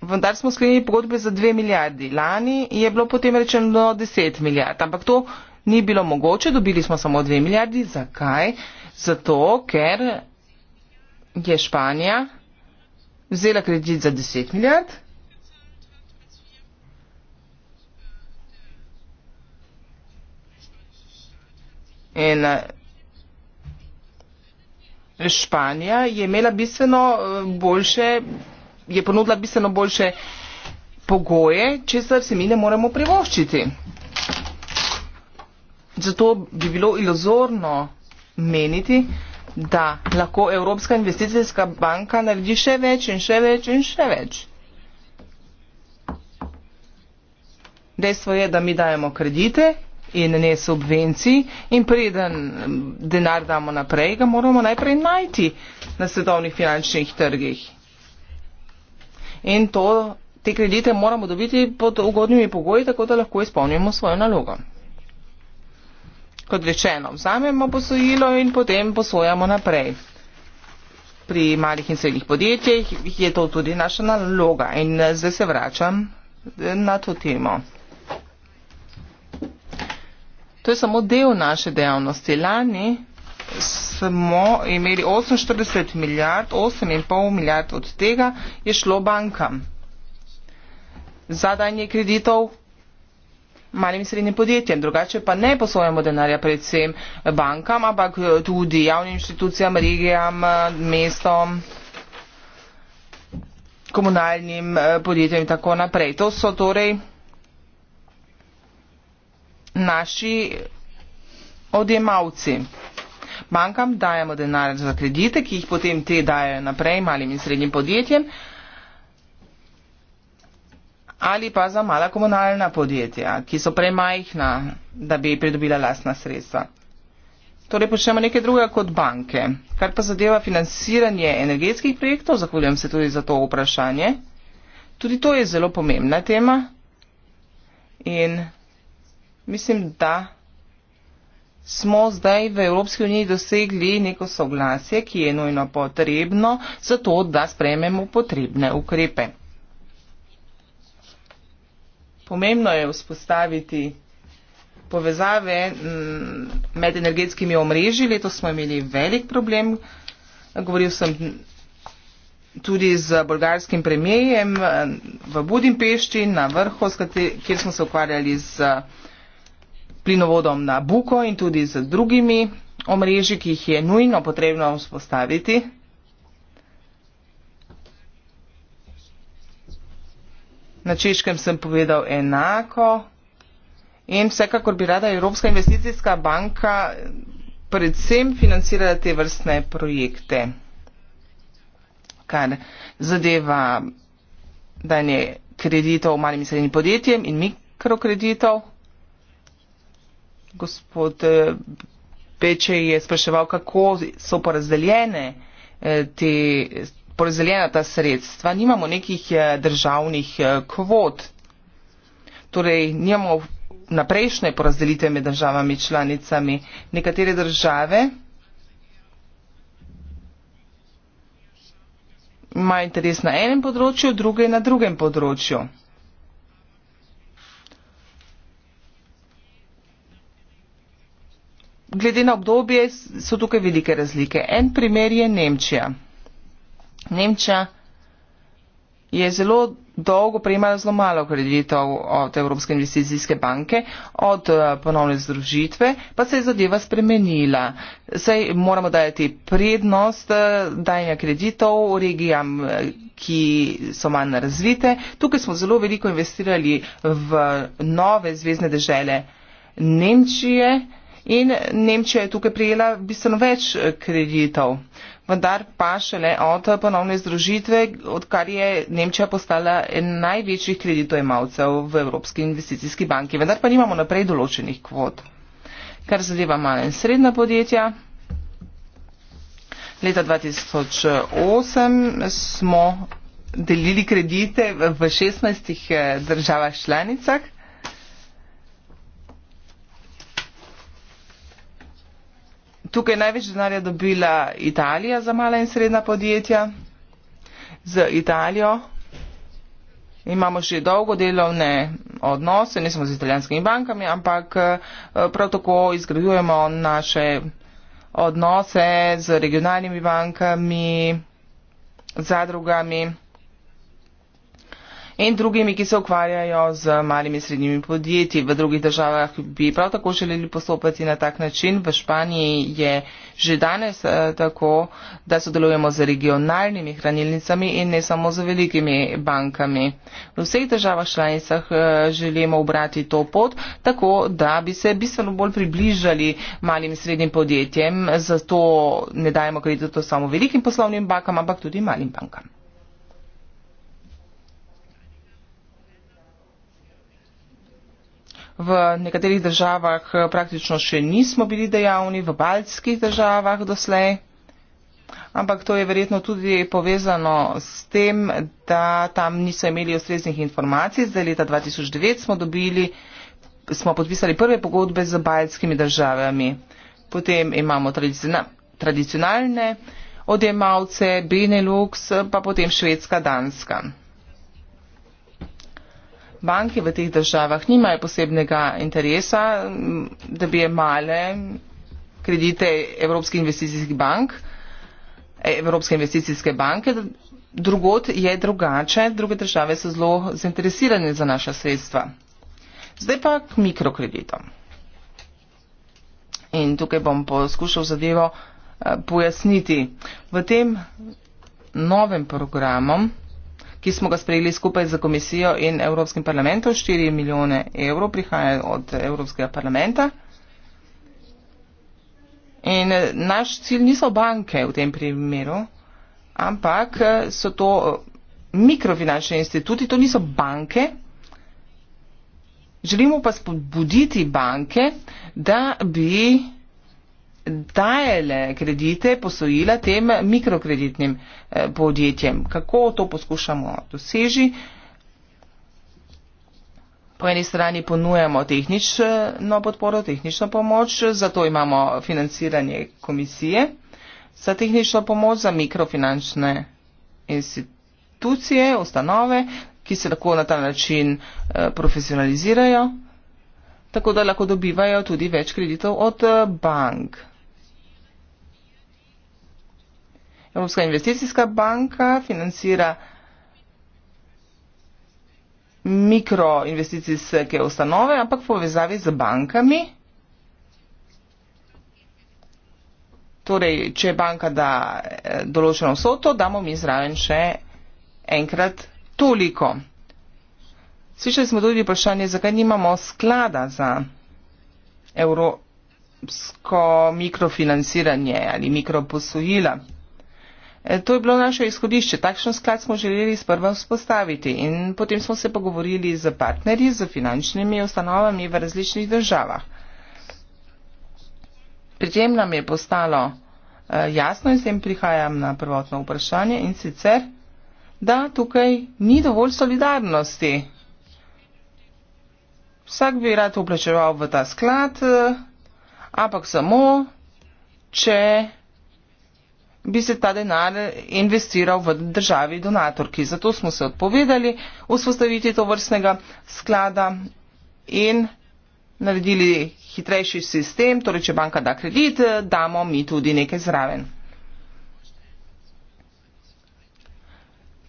vendar smo sklenili pogodbe za 2 milijardi. Lani je bilo potem rečeno do 10 milijard, ampak to ni bilo mogoče, dobili smo samo 2 milijardi. Zakaj? Zato, ker je Španija vzela kredit za 10 milijard. In eh, Španija je imela bistveno eh, boljše je ponudila bistveno boljše pogoje, če se vsi mi ne moremo privoščiti. Zato bi bilo ilozorno meniti, da lahko Evropska investicijska banka naredi še več in še več in še več. Dejstvo je, da mi dajemo kredite in ne subvenciji in preden denar damo naprej, ga moramo najprej najti na svetovnih finančnih trgih in to, te kredite moramo dobiti pod ugodnimi pogoji, tako da lahko izpolnimo svojo nalogo. Kot rečeno, vzamemo posojilo in potem posojamo naprej. Pri malih in srednjih podjetjih je to tudi naša naloga in zdaj se vračam na to temo. To je samo del naše dejavnosti. Lani smo imeli 48 milijard, 8,5 milijard od tega je šlo bankam. Zadanje kreditov malim in srednjim podjetjem, drugače pa ne poslovemo denarja predvsem bankam, ampak eh, tudi javnim inštitucijam, regijam, eh, mestom, komunalnim eh, podjetjem in tako naprej. To so torej naši odjemalci bankam dajemo denar za kredite, ki jih potem te dajo naprej malim in srednjim podjetjem ali pa za mala komunalna podjetja, ki so premajhna, da bi pridobila lastna sredstva. Torej počnemo nekaj drugega kot banke. Kar pa zadeva financiranje energetskih projektov, zahvaljujem se tudi za to vprašanje. Tudi to je zelo pomembna tema in mislim, da smo zdaj v Evropski uniji dosegli neko soglasje, ki je nujno potrebno, zato da sprememo potrebne ukrepe. Pomembno je vzpostaviti povezave mm, med energetskimi omrežji. Leto smo imeli velik problem. Govoril sem tudi z bolgarskim premijejem eh, v Budimpešti na vrhu, kjer smo se ukvarjali z plinovodom na Buko in tudi z drugimi omrežji, ki jih je nujno potrebno vzpostaviti. Na češkem sem povedal enako in vsekakor bi rada Evropska investicijska banka predvsem financirala te vrstne projekte, kar zadeva danje kreditov malim in srednjim podjetjem in mikrokreditov gospod eh, Peče je spraševal, kako so porazdeljene eh, te porazdeljena ta sredstva. Nimamo nekih eh, državnih kvot. Torej, nimamo naprejšnje porazdelitve med državami članicami. Nekatere države ima interes na enem področju, druge na drugem področju. glede na obdobje so tukaj velike razlike. En primer je Nemčija. Nemčija je zelo dolgo prejemala zelo malo kreditov od Evropske investicijske banke, od eh, ponovne združitve, pa se je zadeva spremenila. Saj moramo dajati prednost eh, dajanja kreditov regijam, eh, ki so manj razvite. Tukaj smo zelo veliko investirali v nove zvezdne dežele Nemčije in Nemčija je tukaj prijela bistveno več eh, kreditov. Vendar pa šele od eh, ponovne združitve, odkar je Nemčija postala en največjih kreditojemalcev v Evropski investicijski banki. Vendar pa nimamo naprej določenih kvot. Kar zadeva male in srednja podjetja, leta 2008 smo delili kredite v 16 eh, državah članicah, tukaj največ denarja dobila Italija za mala in srednja podjetja. Z Italijo imamo še dolgo delovne odnose, ne samo z italijanskimi bankami, ampak eh, prav tako izgradujemo naše odnose z regionalnimi bankami, zadrugami in drugimi, ki se ukvarjajo z malimi in srednjimi podjetji. V drugih državah bi prav tako želeli postopati na tak način. V Španiji je že danes eh, tako, da sodelujemo z regionalnimi hranilnicami in ne samo z velikimi bankami. V vseh državah članicah eh, želimo obrati to pot, tako da bi se bistveno bolj približali malim in srednjim podjetjem. Zato ne dajemo kredito samo velikim poslovnim bankam, ampak tudi malim bankam. v nekaterih državah eh, praktično še nismo bili dejavni, v baltskih državah doslej. Ampak to je verjetno tudi povezano s tem, da tam niso imeli ustreznih informacij. Zdaj leta 2009 smo, dobili, smo podpisali prve pogodbe z baltskimi državami. Potem imamo tradicionalne odjemalce, Benelux, pa potem švedska, danska banke v teh državah nimajo posebnega interesa, da bi jemale kredite Evropskih investicijskih bank, e, Evropske investicijske banke. Drugod je drugače, druge države so zelo zainteresirane za naša sredstva. Zdaj pa k mikrokreditom. In tukaj bom poskušal zadevo eh, pojasniti. V tem novem programom ki smo ga sprejeli skupaj z komisijo in Evropskim parlamentom. 4 milijone evrov prihaja od Evropskega parlamenta. In eh, naš cilj niso banke v tem primeru, ampak eh, so to eh, mikrofinančne instituti, to niso banke. Želimo pa spodbuditi banke, da bi dajele kredite, posojila tem mikrokreditnim eh, podjetjem. Kako to poskušamo doseži? Po eni strani ponujamo tehnično podporo, tehnično pomoč, zato imamo financiranje komisije za tehnično pomoč za mikrofinančne institucije, ustanove, ki se lahko na ta način eh, profesionalizirajo, tako da lahko dobivajo tudi več kreditov od eh, bank. Evropska investicijska banka financira mikroinvesticijske ustanove, ampak v povezavi z bankami. Torej, če banka da eh, določeno vso to, damo mi zraven še enkrat toliko. Slišali smo tudi vprašanje, zakaj nimamo sklada za evropsko mikrofinanciranje ali mikroposojila. E, to je bilo naše izhodišče. Takšen sklad smo želeli sprva vzpostaviti in potem smo se pogovorili z partnerji, z finančnimi ustanovami v različnih državah. Pri tem nam je postalo e, jasno in s tem prihajam na prvotno vprašanje in sicer, da tukaj ni dovolj solidarnosti. Vsak bi rad uplačeval v ta sklad, e, ampak samo, če bi se ta denar investiral v državi donatorki. Zato smo se odpovedali vzpostaviti to vrstnega sklada in naredili hitrejši sistem, torej če banka da kredit, damo mi tudi nekaj zraven.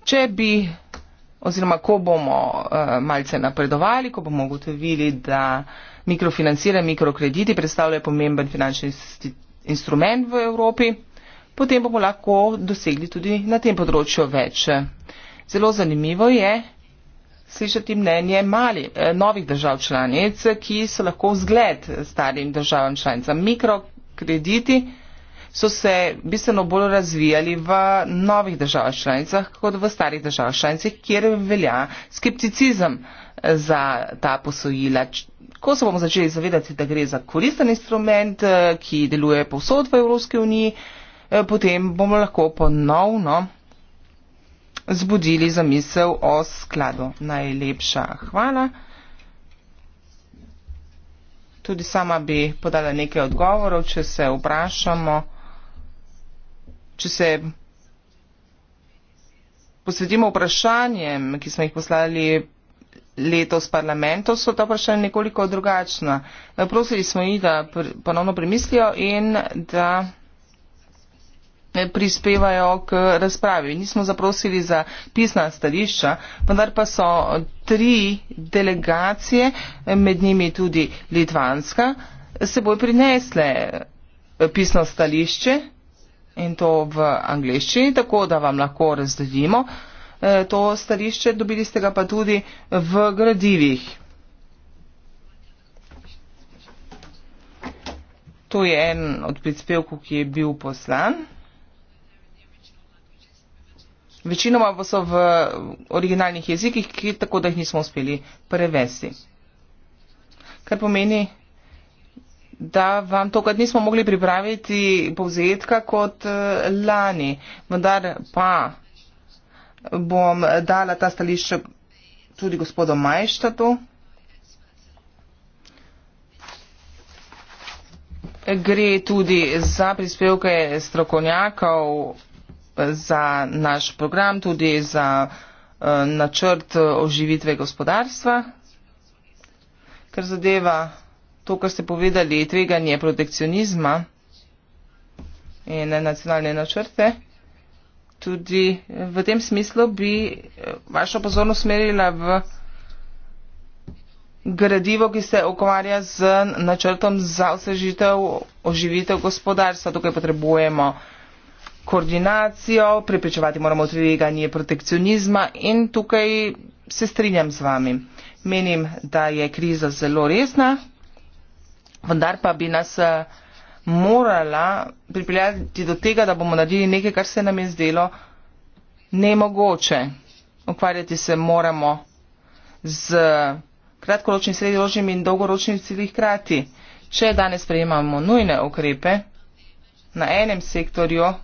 Če bi, oziroma ko bomo uh, malce napredovali, ko bomo ugotovili, da mikrofinanciranje, mikrokrediti predstavljajo pomemben finančni instrument v Evropi, potem bomo lahko dosegli tudi na tem področju več. Zelo zanimivo je slišati mnenje mali, eh, novih držav članic, ki so lahko vzgled starim državam članicam. Mikrokrediti so se bistveno bolj razvijali v novih državah članicah kot v starih državah članicah, kjer velja skepticizem eh, za ta posojila. Ko se bomo začeli zavedati, da gre za koristen instrument, eh, ki deluje povsod v Evropski uniji, Eh, potem bomo lahko ponovno zbudili zamisel o skladu. Najlepša hvala. Tudi sama bi podala nekaj odgovorov, če se vprašamo, če se posvetimo vprašanjem, ki smo jih poslali letos parlamentu, so ta vprašanja nekoliko drugačna. Eh, prosili smo jih, da ponovno premislijo in da prispevajo k razpravi. Nismo zaprosili za pisna stališča, vendar pa so tri delegacije, med njimi tudi litvanska, seboj prinesle pisno stališče in to v angleščini, tako da vam lahko razdelimo e, to stališče, dobili ste ga pa tudi v gradivih. To je en od prispevkov, ki je bil poslan. Večinoma pa so v originalnih jezikih, ki, tako da jih nismo uspeli prevesti. Kar pomeni, da vam tokrat nismo mogli pripraviti povzetka kot eh, lani, vendar pa bom dala ta stališče tudi gospodu Majštatu. Gre tudi za prispevke strokovnjakov za naš program, tudi za eh, načrt eh, oživitve gospodarstva. Ker zadeva to, kar ste povedali, tveganje protekcionizma in nacionalne načrte, tudi v tem smislu bi eh, vašo pozornost smerila v gradivo, ki se ukvarja z načrtom za osvežitev oživitev gospodarstva. Tukaj potrebujemo koordinacijo, preprečevati moramo tveganje protekcionizma in tukaj se strinjam z vami. Menim, da je kriza zelo resna, vendar pa bi nas eh, morala pripeljati do tega, da bomo naredili nekaj, kar se nam je zdelo nemogoče. Ukvarjati se moramo z kratkoročnim, srednjeročnim in dolgoročnim cilji hkrati. Če danes prejemamo nujne ukrepe na enem sektorju,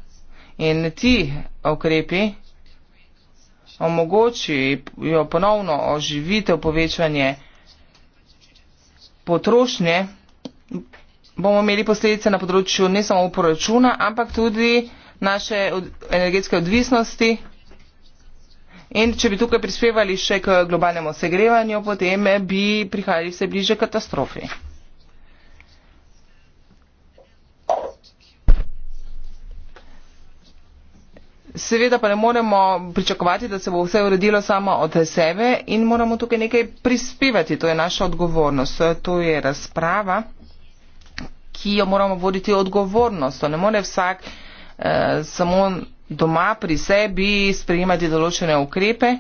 In ti okrepi omogočijo ponovno oživitev, povečanje potrošnje, bomo imeli posledice na področju ne samo proračuna, ampak tudi naše energetske odvisnosti. In če bi tukaj prispevali še k globalnemu segrevanju, potem bi prihajali vse bliže katastrofi. Seveda pa ne moremo pričakovati, da se bo vse uredilo samo od sebe in moramo tukaj nekaj prispevati. To je naša odgovornost, to je razprava, ki jo moramo voditi odgovornost. To ne more vsak eh, samo doma pri sebi sprejemati določene ukrepe.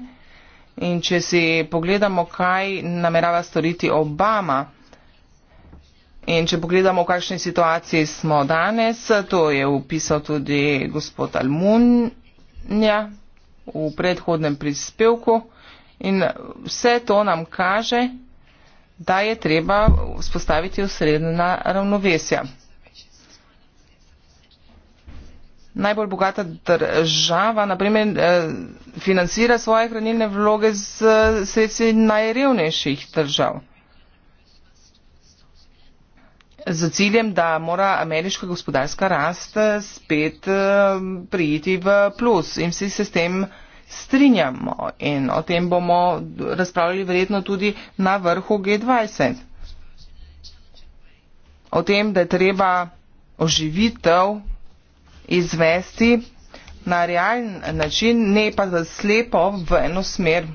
In če si pogledamo, kaj namerava storiti Obama. In če pogledamo, v kakšni situaciji smo danes, to je upisal tudi gospod Almun, nje v predhodnem prispevku in vse to nam kaže, da je treba spostaviti osredna ravnovesja. Najbolj bogata država, naprimer, eh, financira svoje hranilne vloge z sredstvi najrevnejših držav z ciljem, da mora ameriška gospodarska rast eh, spet eh, prijeti v plus in vsi se s tem strinjamo in o tem bomo razpravljali verjetno tudi na vrhu G20. O tem, da je treba oživitev izvesti na realen način, ne pa slepo v eno smer.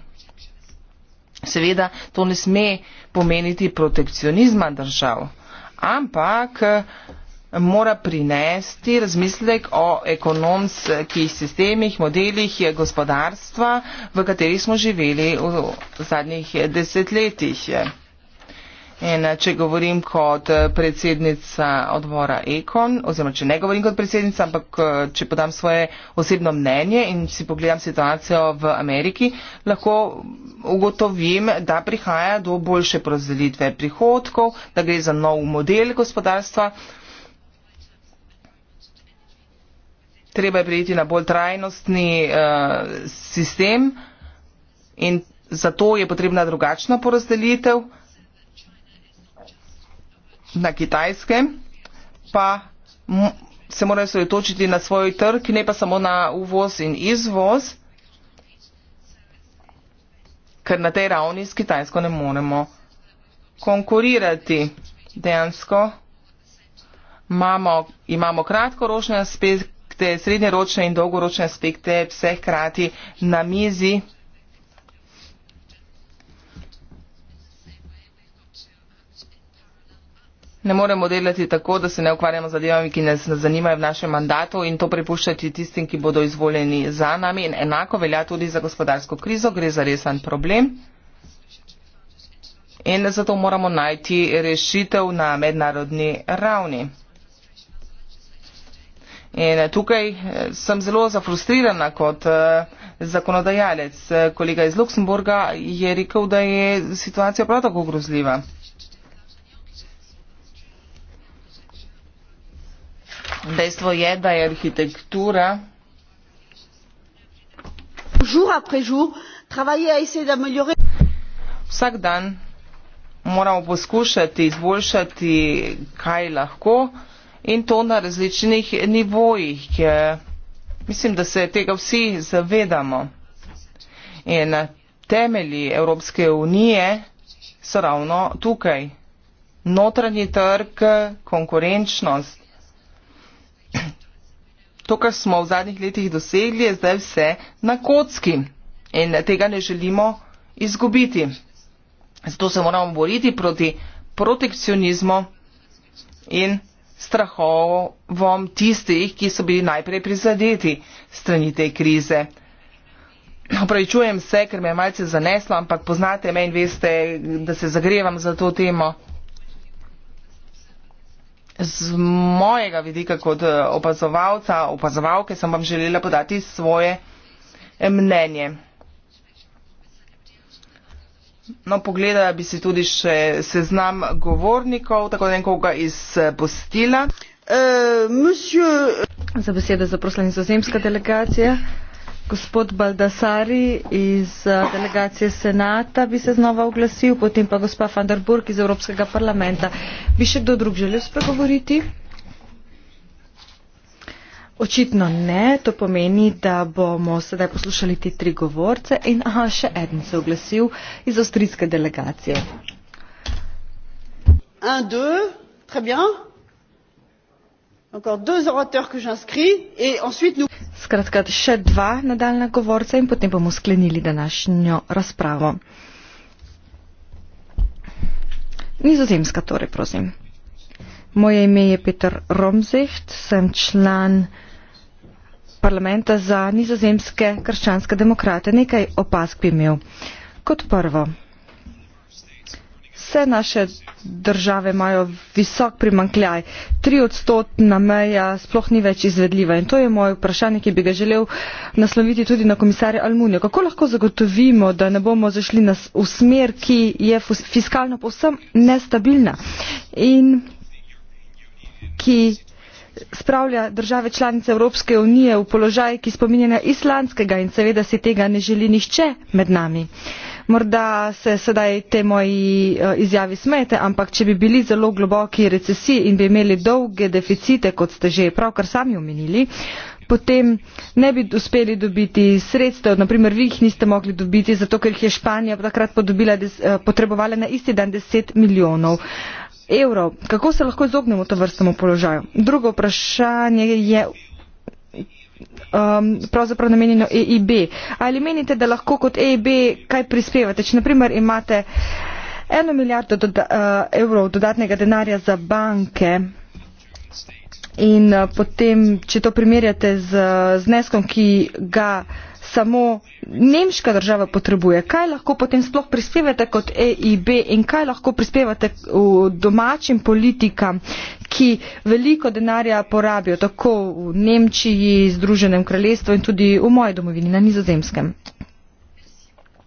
Seveda, to ne sme pomeniti protekcionizma držav ampak eh, mora prinesti razmislek o ekonomskih sistemih, modelih eh, gospodarstva, v katerih smo živeli v zadnjih desetletjih. In eh, če govorim kot eh, predsednica odbora Ekon, oziroma če ne govorim kot predsednica, ampak eh, če podam svoje osebno mnenje in si pogledam situacijo v Ameriki, lahko ugotovim, da prihaja do boljše porazdelitve prihodkov, da gre za nov model gospodarstva. Treba je prijeti na bolj trajnostni uh, sistem in zato je potrebna drugačna porazdelitev na kitajskem, pa se morajo sredotočiti na svoj trg, ne pa samo na uvoz in izvoz, ker na tej ravni s kitajsko ne moremo konkurirati. Dejansko imamo, imamo kratkoročne aspekte, srednjeročne in dolgoročne aspekte, vse hkrati na mizi. ne moremo delati tako, da se ne ukvarjamo zadevami, ki nas zanimajo v našem mandatu in to prepuščati tistim, ki bodo izvoljeni za nami. In enako velja tudi za gospodarsko krizo, gre za resen problem. In zato moramo najti rešitev na mednarodni ravni. In tukaj eh, sem zelo zafrustrirana kot eh, zakonodajalec. Kolega iz Luksemburga je rekel, da je situacija prav tako grozljiva. Dejstvo je, da je arhitektura. Jour après jour, travailler à essayer d'améliorer. Vsak dan moramo poskušati izboljšati, kaj lahko in to na različnih nivojih, ker mislim, da se tega vsi zavedamo. In temelji Evropske unije so ravno tukaj. Notranji trg, konkurenčnost to, kar smo v zadnjih letih dosegli, je zdaj vse na kocki in tega ne želimo izgubiti. Zato se moramo boriti proti protekcionizmu in strahovom tistih, ki so bili najprej prizadeti strani te krize. Opravičujem se, ker me je malce zaneslo, ampak poznate me in veste, da se zagrevam za to temo. Z mojega vidika kot eh, opazovalca, opazovalke sem vam želela podati svoje eh, mnenje. No, pogledala bi si tudi še seznam govornikov, tako da nekoga iz eh, postila. Uh, monsieur... Za besedo zaprosila nizozemska delegacija. Gospod Baldasari iz eh, delegacije Senata bi se znova oglasil, potem pa gospa van der Burg iz Evropskega parlamenta. Bi še kdo drug želel spregovoriti? Očitno ne, to pomeni, da bomo sedaj poslušali ti tri govorce in aha, še eden se oglasil iz avstrijske delegacije. Un, dve, très bien. Encore deux orateurs que j'inscris et ensuite nous... Skratka, še dva nadaljna govorca in potem bomo sklenili današnjo razpravo. Nizozemska torej, prosim. Moje ime je Peter Romzicht, sem član parlamenta za nizozemske krščanske demokrate. Nekaj opask bi imel. Kot prvo, vse naše države imajo visok primankljaj. Tri odstotna meja sploh ni več izvedljiva in to je moje vprašanje, ki bi ga želel nasloviti tudi na komisarja Almunijo. Kako lahko zagotovimo, da ne bomo zašli v smer, ki je fiskalno povsem nestabilna in ki spravlja države članice Evropske unije v položaj, ki spominja na islandskega in seveda si tega ne želi nihče med nami. Uh, Morda se sedaj te moji eh, izjavi smete, ampak če bi bili zelo globoki recesiji in bi imeli dolge deficite, kot ste že pravkar sami omenili, potem ne bi uspeli dobiti sredstev, naprimer vi jih niste mogli dobiti, zato ker jih je Španija takrat eh, potrebovala na isti dan 10 milijonov. Evro, kako se lahko izognemo to vrstnemu položaju? Drugo vprašanje je um, pravzaprav namenjeno EIB. Ali menite, da lahko kot EIB kaj prispevate? Če naprimer imate eno milijardo doda, uh, evrov dodatnega denarja za banke in uh, potem, če to primerjate z zneskom, ki ga. Uh, samo nemška država potrebuje. Kaj lahko potem sploh prispevate kot EIB in kaj lahko prispevate v domačim politikam, ki veliko denarja porabijo tako v Nemčiji, Združenem kraljestvu in tudi v moji domovini na nizozemskem.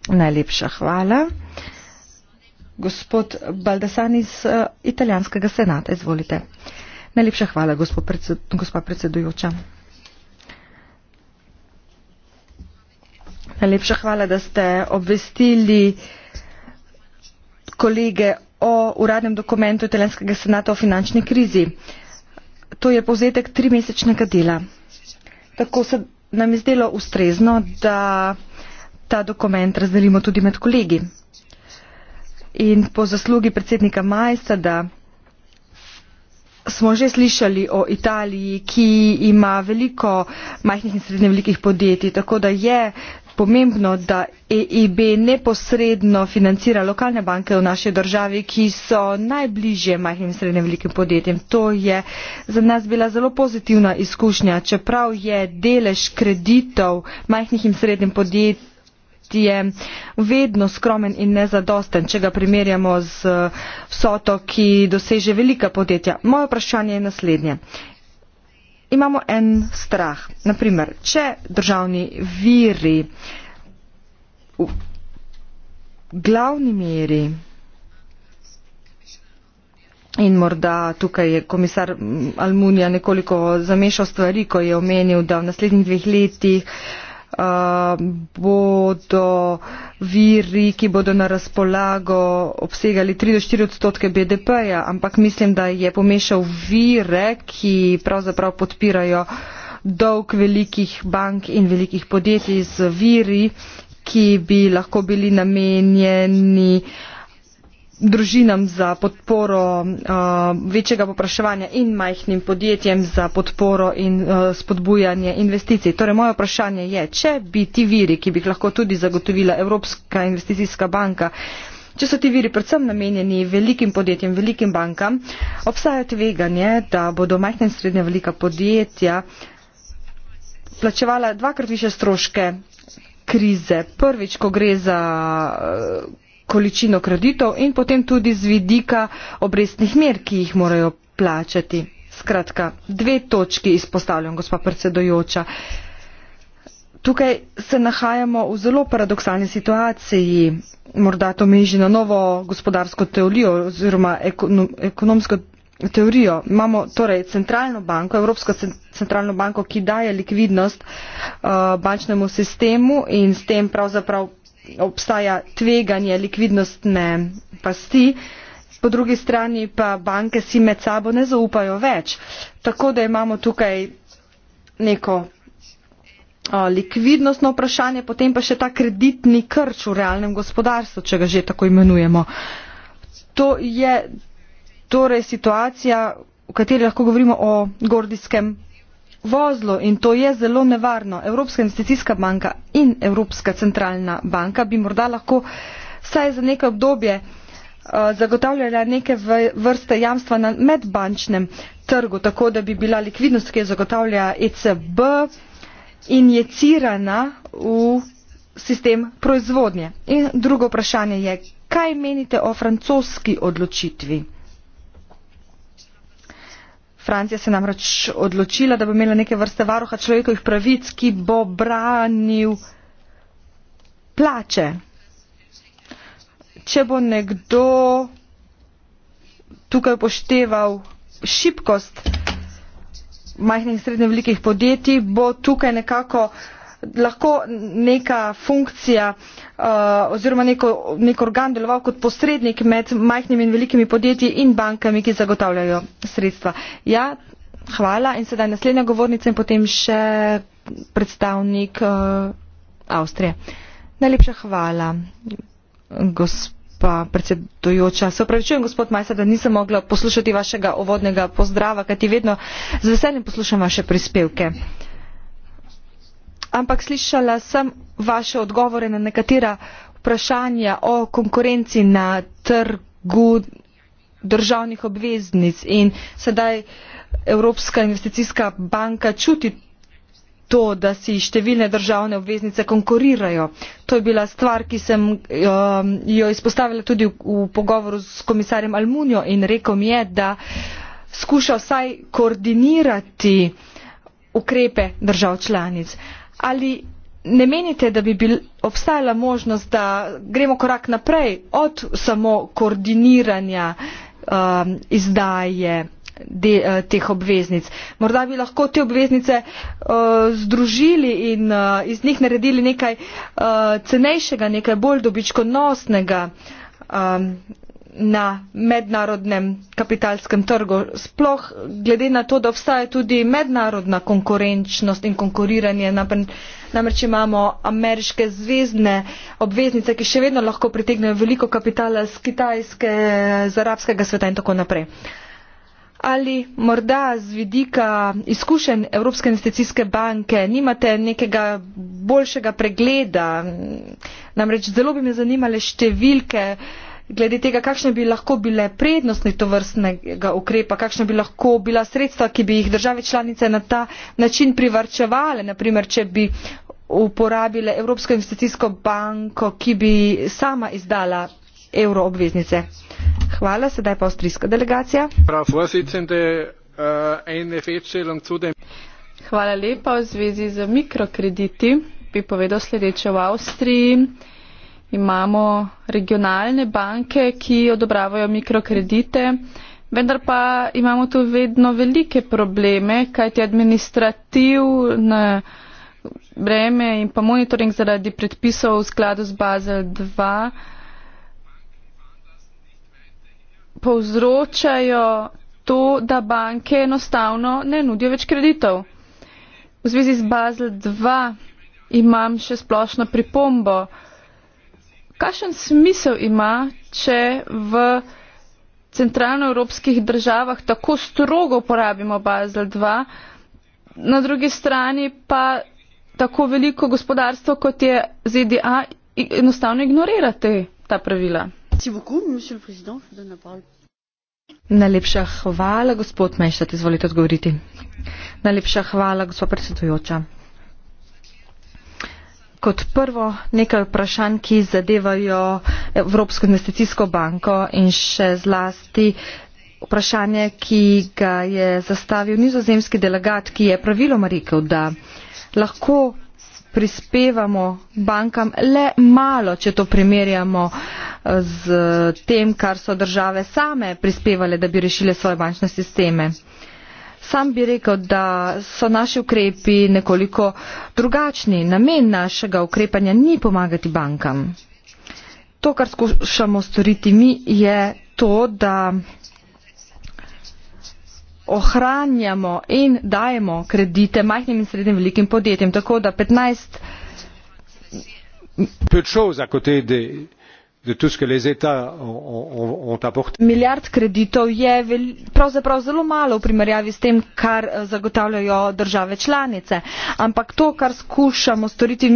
Najlepša hvala. Gospod Baldasan iz uh, italijanskega senata, izvolite. Najlepša hvala, gospod predsedujoča. Najlepša hvala, da ste obvestili kolege o uradnem dokumentu italijanskega senata o finančni krizi. To je povzetek trimesečnega dela. Tako se nam je zdelo ustrezno, da ta dokument razdelimo tudi med kolegi. In po zaslugi predsednika Majsa, da smo že slišali o Italiji, ki ima veliko majhnih in srednje velikih podjetij, tako da je pomembno, da EIB neposredno financira lokalne banke v naši državi, ki so najbližje majhnim in srednjim velikim podjetjem. To je za nas bila zelo pozitivna izkušnja, čeprav je delež kreditov majhnim in srednjim podjetjem je vedno skromen in nezadosten, če ga primerjamo z vsoto, ki doseže velika podjetja. Moje vprašanje je naslednje imamo en strah. Naprimer, če državni viri v glavni meri in morda tukaj je komisar mm, Almunija nekoliko zamešal stvari, ko je omenil, da v naslednjih dveh letih uh, bodo viri, ki bodo na razpolago obsegali 3 do 4 odstotke BDP-ja, ampak mislim, da je pomešal vire, ki pravzaprav podpirajo dolg velikih bank in velikih podjetij z viri, ki bi lahko bili namenjeni uh, družinam za podporo uh, večjega popraševanja in majhnim podjetjem za podporo in uh, spodbujanje investicij. Torej, moje vprašanje je, če bi ti viri, ki bi lahko tudi zagotovila Evropska investicijska banka, če so ti viri predvsem namenjeni velikim podjetjem, velikim bankam, obstaja tveganje, da bodo majhna in srednja velika podjetja plačevala dvakrat više stroške krize. Prvič, ko gre za uh, količino kreditov in potem tudi z vidika obrestnih mer, ki jih morajo plačati. Skratka, dve točki izpostavljam, gospa predsedojoča. Tukaj se nahajamo v zelo paradoksalni situaciji. Morda to meži na novo gospodarsko teorijo oziroma ekonomsko teorijo. Imamo torej centralno banko, Evropsko centralno banko, ki daje likvidnost uh, bančnemu sistemu in s tem pravzaprav obstaja tveganje likvidnostne pasti, po drugi strani pa banke si med sabo ne zaupajo več. Tako da imamo tukaj neko a, likvidnostno vprašanje, potem pa še ta kreditni krč v realnem gospodarstvu, če ga že tako imenujemo. To je torej situacija, v kateri lahko govorimo o gordijskem vozlo in to je zelo nevarno. Evropska investicijska banka in Evropska centralna banka bi morda lahko vsaj za neke obdobje uh, zagotavljala neke vrste jamstva na medbančnem trgu, tako da bi bila likvidnost, ki jo zagotavlja ECB, injecirana v sistem proizvodnje. In drugo vprašanje je, kaj menite o francoski odločitvi? francija se namreč odločila, da bo imela neke vrste varuha človekovih pravic, ki bo branil plače. Če bo nekdo tukaj pošteval šibkost majhnih in srednje velikih podjetij, bo tukaj nekako lahko neka funkcija uh, Eh, oziroma nek organ deloval kot posrednik med majhnimi in velikimi podjetji in bankami ki zagotavljajo sredstva. Ja, hvala in sedaj naslednja govornica in potem še predstavnik uh, Avstrije. Najlepša hvala, gospa predsedujoča. Se opravičujem, gospod Majsa, da nisem mogla poslušati vašega uvodnega pozdrava, kajti vedno z veseljem poslušam vaše prispevke. Uh, ampak slišala sem vaše odgovore na nekatera vprašanja o konkurenci na trgu državnih obveznic in sedaj Evropska investicijska banka čuti to, da si številne državne obveznice konkurirajo. To je bila stvar, ki sem um, jo izpostavila tudi v, v pogovoru s komisarjem Almunjo in rekel mi je, da skuša vsaj koordinirati ukrepe držav članic ali ne menite da bi bil, obstajala možnost da gremo korak naprej od samo koordiniranja um, izdaje de, uh, teh obveznic morda bi lahko te obveznice uh, združili in uh, iz njih naredili nekaj uh, cenejšega nekaj bolj dobičkonosnega um, na mednarodnem kapitalskem trgu sploh glede na to da obstaja tudi mednarodna konkurenčnost in konkuriranje namreč imamo ameriške zvezne obveznice ki še vedno lahko pritegnejo veliko kapitala s kitajske z arabskega sveta in tako naprej. Ali morda z vidika izkušenj Evropske investicijske banke nimate nekega boljšega pregleda, namreč zelo bi me zanimale številke, uh, glede tega, kakšne bi lahko bile prednosti to vrstnega ukrepa, kakšne bi lahko bila sredstva, ki bi jih države članice na ta način privrčevale, naprimer, če bi uporabile Evropsko investicijsko banko, ki bi sama izdala euroobveznice. Hvala, sedaj pa avstrijska delegacija. Äh, Hvala lepa v zvezi z mikrokrediti. Bi povedal sledeče v Avstriji imamo regionalne banke, ki odobravajo mikrokredite, vendar pa imamo tu vedno velike probleme, kajti administrativno breme in pa monitoring zaradi predpisov v skladu z Bazel 2 povzročajo to, da banke enostavno ne nudijo več kreditov. V zvezi z Bazel 2 imam še splošno pripombo. Kakšen smisel ima, če v centralnoevropskih državah tako strogo uporabimo Basel II, na drugi strani pa tako veliko gospodarstvo, kot je ZDA, enostavno ignorirate ta pravila? Najlepša hvala, gospod Mešat, izvolite odgovoriti. Najlepša hvala, gospod predsedujoča. Kot prvo nekaj vprašanj, ki zadevajo Evropsko investicijsko banko in še zlasti vprašanje, ki ga je zastavil nizozemski delegat, ki je praviloma rekel, da lahko prispevamo bankam le malo, če to primerjamo eh, z tem, kar so države same prispevale, da bi rešile svoje bančne sisteme. Sam bi rekel, da so naši ukrepi nekoliko drugačni. Namen našega ukrepanja ni pomagati bankam. To, kar skušamo storiti mi, je to, da ohranjamo in dajemo kredite majhnim in srednjim velikim podjetjem. Tako da 15. Peu de choses à côté des milijard kreditov je pravzaprav zelo malo v primerjavi s tem kar eh, zagotavljajo države članice ampak to kar eh, skušamo storiti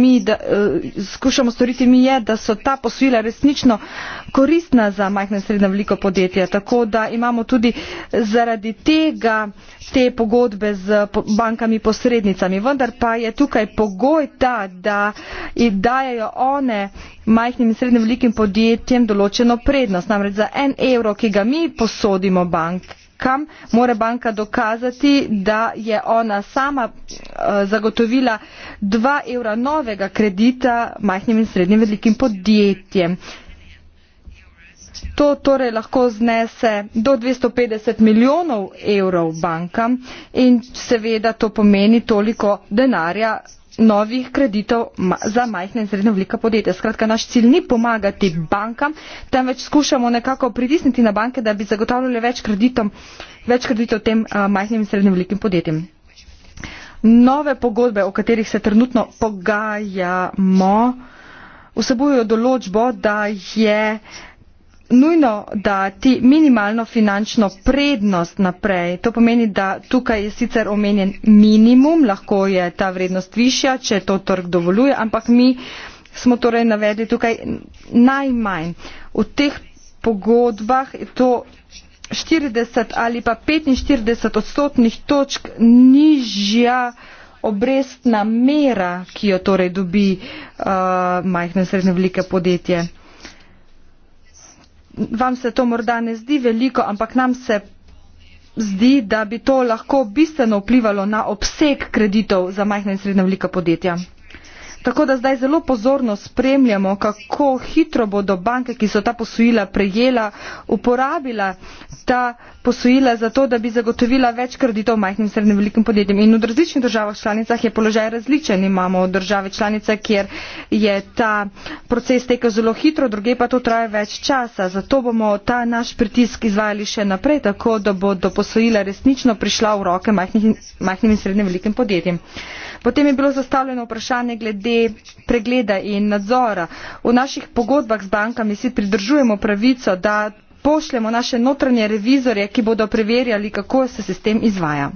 mi je da so ta posojila resnično koristna za majhna in srednje velika podjetja tako da imamo tudi zaradi tega te pogodbe z bankami posrednicami vendar pa je tukaj pogoj ta da dajejo one majhnim in srednje velikim podjetjem določeno prednost. Namreč za en evro, ki ga mi posodimo bankam, mora banka dokazati, da je ona sama eh, zagotovila dva evra novega kredita majhnim in srednjim velikim podjetjem. To torej lahko znese do 250 milijonov evrov bankam in seveda to pomeni toliko denarja novih kreditov za majhne in srednje velika podjetja. Skratka, naš cilj ni pomagati bankam, temveč skušamo nekako pritisniti na banke, da bi zagotavljali več kreditov, več kreditov tem eh, majhnim in srednje velikim podjetjem. Nove pogodbe, o katerih se trenutno pogajamo, vsebujejo določbo, da je nujno dati minimalno finančno prednost naprej. To pomeni, da tukaj je sicer omenjen minimum, lahko je ta vrednost višja, če to trg dovoljuje, ampak mi smo torej navedli tukaj najmanj. V teh pogodbah je to 40 ali pa 45 odstotnih točk nižja obrestna mera, ki jo torej dobi uh, majhne in srednje velike podjetje vam se to morda ne zdi veliko, ampak nam se zdi, da bi to lahko bistveno vplivalo na obseg kreditov za majhna in srednja velika podjetja. Tako da zdaj zelo pozorno spremljamo, kako hitro bodo banke, ki so ta posojila prejela, uporabila ta posojila za to, da bi zagotovila več kreditov majhnim in srednjim velikim podjetjem. In v različnih državah članicah je položaj različen. Imamo države članice, kjer je ta proces tekel zelo hitro, druge pa to traja več časa. Zato bomo ta naš pritisk izvajali še naprej, tako da bodo posojila resnično prišla v roke majhnim in srednjim velikim podjetjem. Potem je bilo zastavljeno vprašanje glede pregleda in nadzora. V naših pogodbah z bankami si pridržujemo pravico, da pošljemo naše notranje revizorje, ki bodo preverjali, kako se sistem izvaja.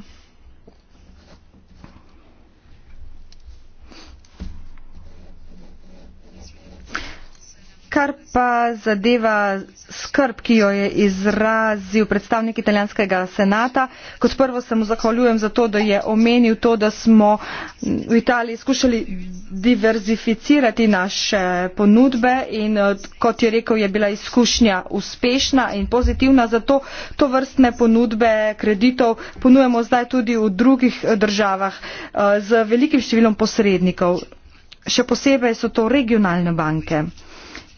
kar pa zadeva skrb, ki jo je izrazil predstavnik italijanskega senata. Kot prvo se mu zahvaljujem za to, da je omenil to, da smo v Italiji skušali diverzificirati naše ponudbe in eh, kot je rekel, je bila izkušnja uspešna in pozitivna, zato to vrstne ponudbe kreditov ponujemo zdaj tudi v drugih eh, državah eh, z velikim številom posrednikov. Še posebej so to regionalne banke.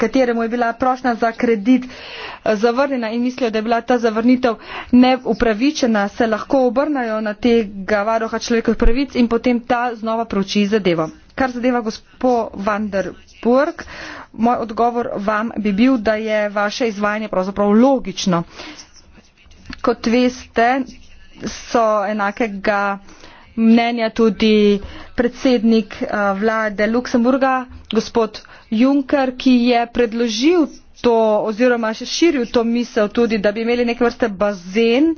kateremu je bila prošnja za kredit eh, zavrnjena in mislijo, da je bila ta zavrnitev neupravičena, se lahko obrnajo na tega varoha človekovih pravic in potem ta znova prouči zadevo. Kar zadeva gospod Van der Burg, moj odgovor vam bi bil, da je vaše izvajanje pravzaprav logično. Kot veste, so enakega mnenja tudi predsednik eh, vlade Luksemburga, gospod Juncker, ki je predložil to oziroma širil to misel tudi, da bi imeli neke vrste bazen,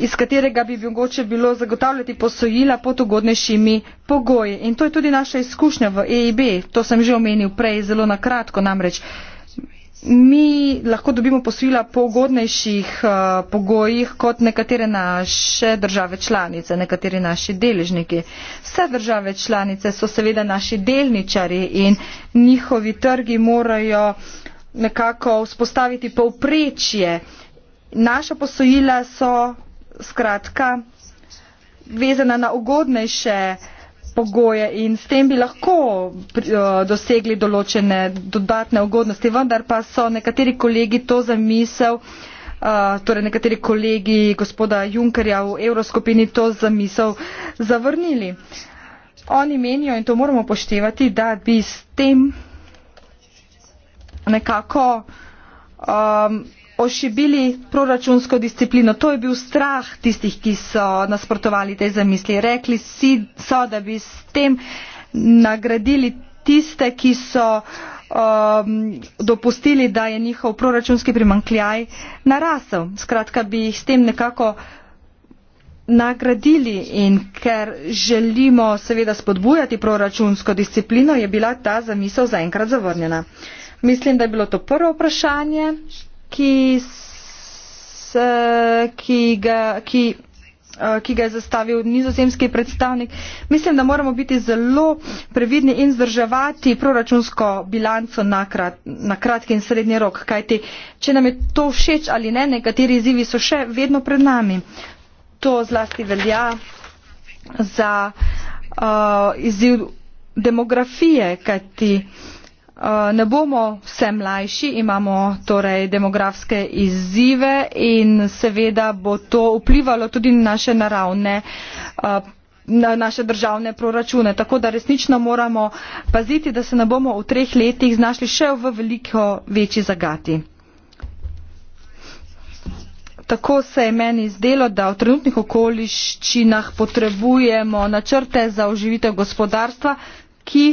iz katerega bi mogoče bilo zagotavljati posojila pod ugodnejšimi pogoji. In to je tudi naša izkušnja v EIB, to sem že omenil prej, zelo na kratko namreč mi lahko dobimo posojila po ugodnejših eh, pogojih kot nekatere naše države članice, nekateri naši deležniki. Vse države članice so seveda naši delničari in njihovi trgi morajo nekako vzpostaviti povprečje. Naša posojila so skratka vezana na ugodnejše uh, pogoje in s tem bi lahko eh, dosegli določene dodatne ugodnosti, vendar pa so nekateri kolegi to zamisel, eh, torej nekateri kolegi gospoda Junkerja v Evroskupini to zamisel zavrnili. Oni menijo in to moramo poštevati, da bi s tem nekako um, ošibili proračunsko disciplino. To je bil strah tistih, ki so nasprotovali tej zamisli. Rekli si, so, da bi s tem nagradili tiste, ki so um, dopustili, da je njihov proračunski primankljaj narasel. Skratka, bi jih s tem nekako nagradili in ker želimo seveda spodbujati proračunsko disciplino, je bila ta zamisel zaenkrat zavrnjena. Mislim, da je bilo to prvo vprašanje ki, s, ki, ga, ki, eh, ki ga je zastavil nizozemski predstavnik. Mislim, da moramo biti zelo previdni in zdrževati proračunsko bilanco na, krat, na kratki in srednji rok, kajti če nam je to všeč ali ne, nekateri izzivi so še vedno pred nami. To zlasti velja za uh, izziv demografije, kajti uh, Eh, ne bomo vse mlajši, imamo torej demografske izzive in seveda bo to vplivalo tudi na naše naravne, eh, na naše državne proračune. Tako da resnično moramo paziti, da se ne bomo v treh letih znašli še v veliko večji zagati. Tako se je meni zdelo, da v trenutnih okoliščinah potrebujemo načrte za oživitev gospodarstva, ki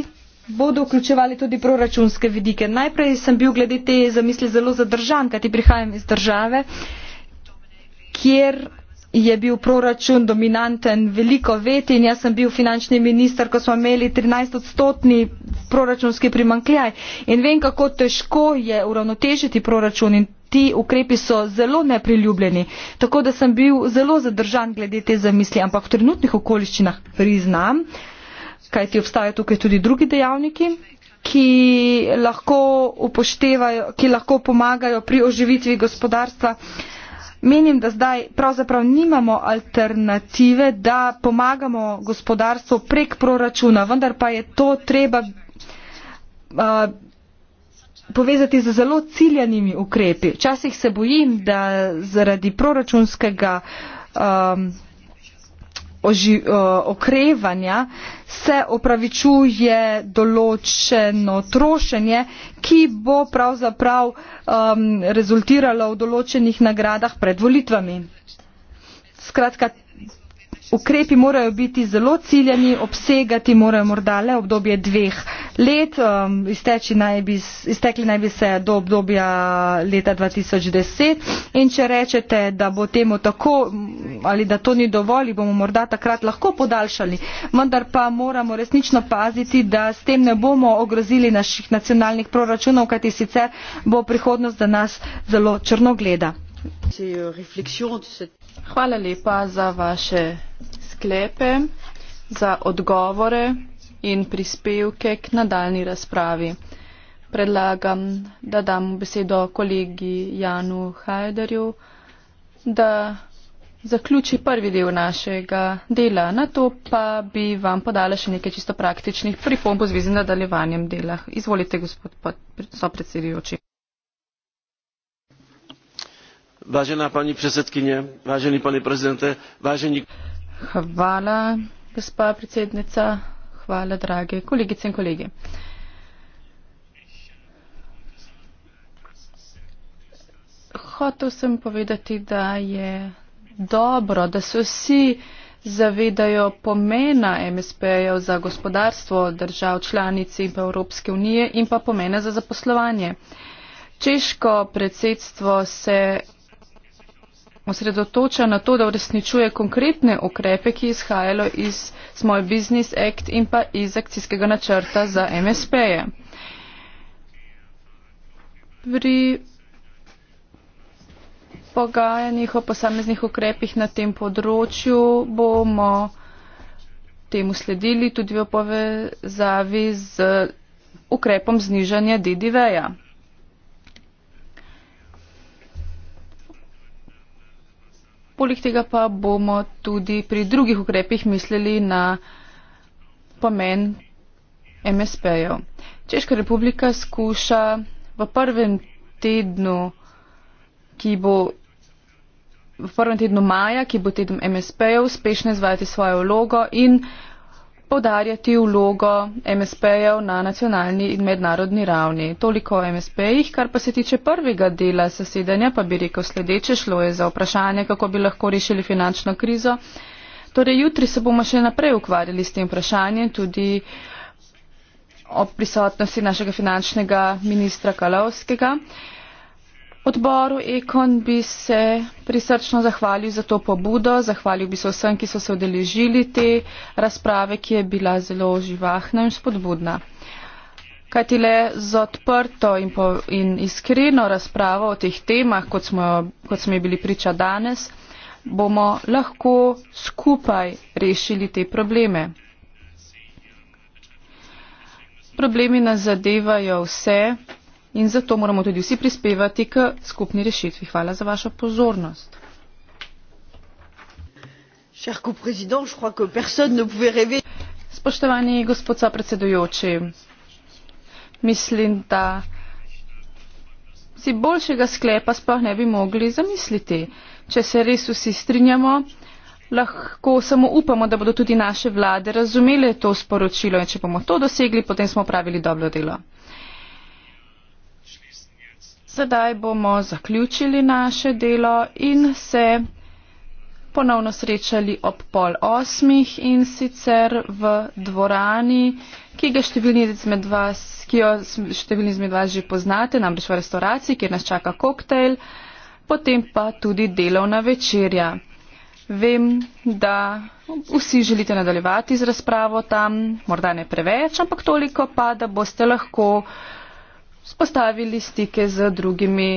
bodo vključevali tudi proračunske vidike. Najprej sem bil glede te zamisli zelo zadržan, kajti prihajam iz države, kjer je bil proračun dominanten veliko veti in jaz sem bil finančni minister, ko smo imeli 13 odstotni proračunski primankljaj in vem, kako težko je uravnotežiti proračun in ti ukrepi so zelo nepriljubljeni. Tako da sem bil zelo zadržan glede te zamisli, ampak v trenutnih okoliščinah priznam, kajti obstajajo tukaj tudi drugi dejavniki, ki lahko, ki lahko pomagajo pri oživitvi gospodarstva. Menim, da zdaj pravzaprav nimamo alternative, da pomagamo gospodarstvu prek proračuna, vendar pa je to treba uh, povezati z zelo ciljanimi ukrepi. Včasih se bojim, da zaradi proračunskega um, oži, uh, okrevanja uh, se opravičuje določeno trošenje, ki bo pravzaprav um, rezultiralo v določenih nagradah pred volitvami. Skratka, ukrepi morajo biti zelo ciljeni, obsegati morajo morda le obdobje dveh let, um, naj bi, iztekli naj bi se do obdobja leta 2010 in če rečete, da bo temu tako mm, ali da to ni dovolj, bomo morda takrat lahko podaljšali, vendar pa moramo resnično paziti, da s tem ne bomo ogrozili naših nacionalnih proračunov, kajti sicer bo prihodnost za nas zelo črnogleda. Eh, Hvala lepa za vaše sklepe, za odgovore in prispevke k nadaljni razpravi. Predlagam, da dam besedo kolegi Janu Hajderju, da zaključi prvi del našega dela. Na to pa bi vam podala še nekaj čisto praktičnih pripomb v zvezi z nadaljevanjem dela. Izvolite, gospod sopredsedujoči. Vážená pani predsedkynie, vážený pani prezidente, vážení. Hvala, gospa predsednica. Hvala, drage kolegice in kolegi. Hotel sem povedati, da je dobro, da se vsi zavedajo pomena MSP-jev za gospodarstvo držav članici in pa Evropske unije in pa pomena za zaposlovanje. Češko predsedstvo se osredotoča na to, da uresničuje konkretne ukrepe, ki izhajajo iz Small Business Act in pa iz akcijskega načrta za MSP-je. Pri pogajanjih o posameznih ukrepih na tem področju bomo temu sledili tudi v povezavi z ukrepom znižanja DDV-ja. Poleg tega pa bomo tudi pri drugih ukrepih mislili na pomen MSP-jev. Češka republika skuša v prvem tednu, ki bo v prvem tednu maja, ki bo tednom MSP-jev, uspešno izvajati svojo vlogo in podarjati vlogo MSP-jev na nacionalni in mednarodni ravni. Toliko o MSP-jih, kar pa se tiče prvega dela zasedanja, pa bi rekel sledeče, šlo je za vprašanje, kako bi lahko rešili finančno krizo. Torej, jutri se bomo še naprej ukvarjali s tem vprašanjem, tudi ob prisotnosti našega finančnega ministra Kalovskega. Uh, Odboru Ekon bi se prisrčno zahvalil za to pobudo, zahvalil bi se vsem, ki so se odeležili te razprave, ki je bila zelo živahna in spodbudna. Kaj ti le z odprto in, po, in iskreno razpravo o teh temah, kot smo, kot smo bili priča danes, bomo lahko skupaj rešili te probleme. Problemi nas zadevajo vse, in zato moramo tudi vsi prispevati k skupni rešitvi. Hvala za vašo pozornost. Spoštovani gospod predsedujoči, mislim, da si boljšega sklepa sploh ne bi mogli zamisliti. Če se res vsi strinjamo, lahko samo upamo, da bodo tudi naše vlade razumele to sporočilo in če bomo to dosegli, potem smo pravili dobro delo sedaj bomo zaključili naše delo in se ponovno srečali ob pol osmih in sicer v dvorani, ki, številni izmed, vas, ki jo številni izmed vas že poznate, namreč v restauraciji, kjer nas čaka koktejl, potem pa tudi delovna večerja. Vem, da vsi želite nadaljevati z razpravo tam, morda ne preveč, ampak toliko pa, da boste lahko vzpostavili stike z drugimi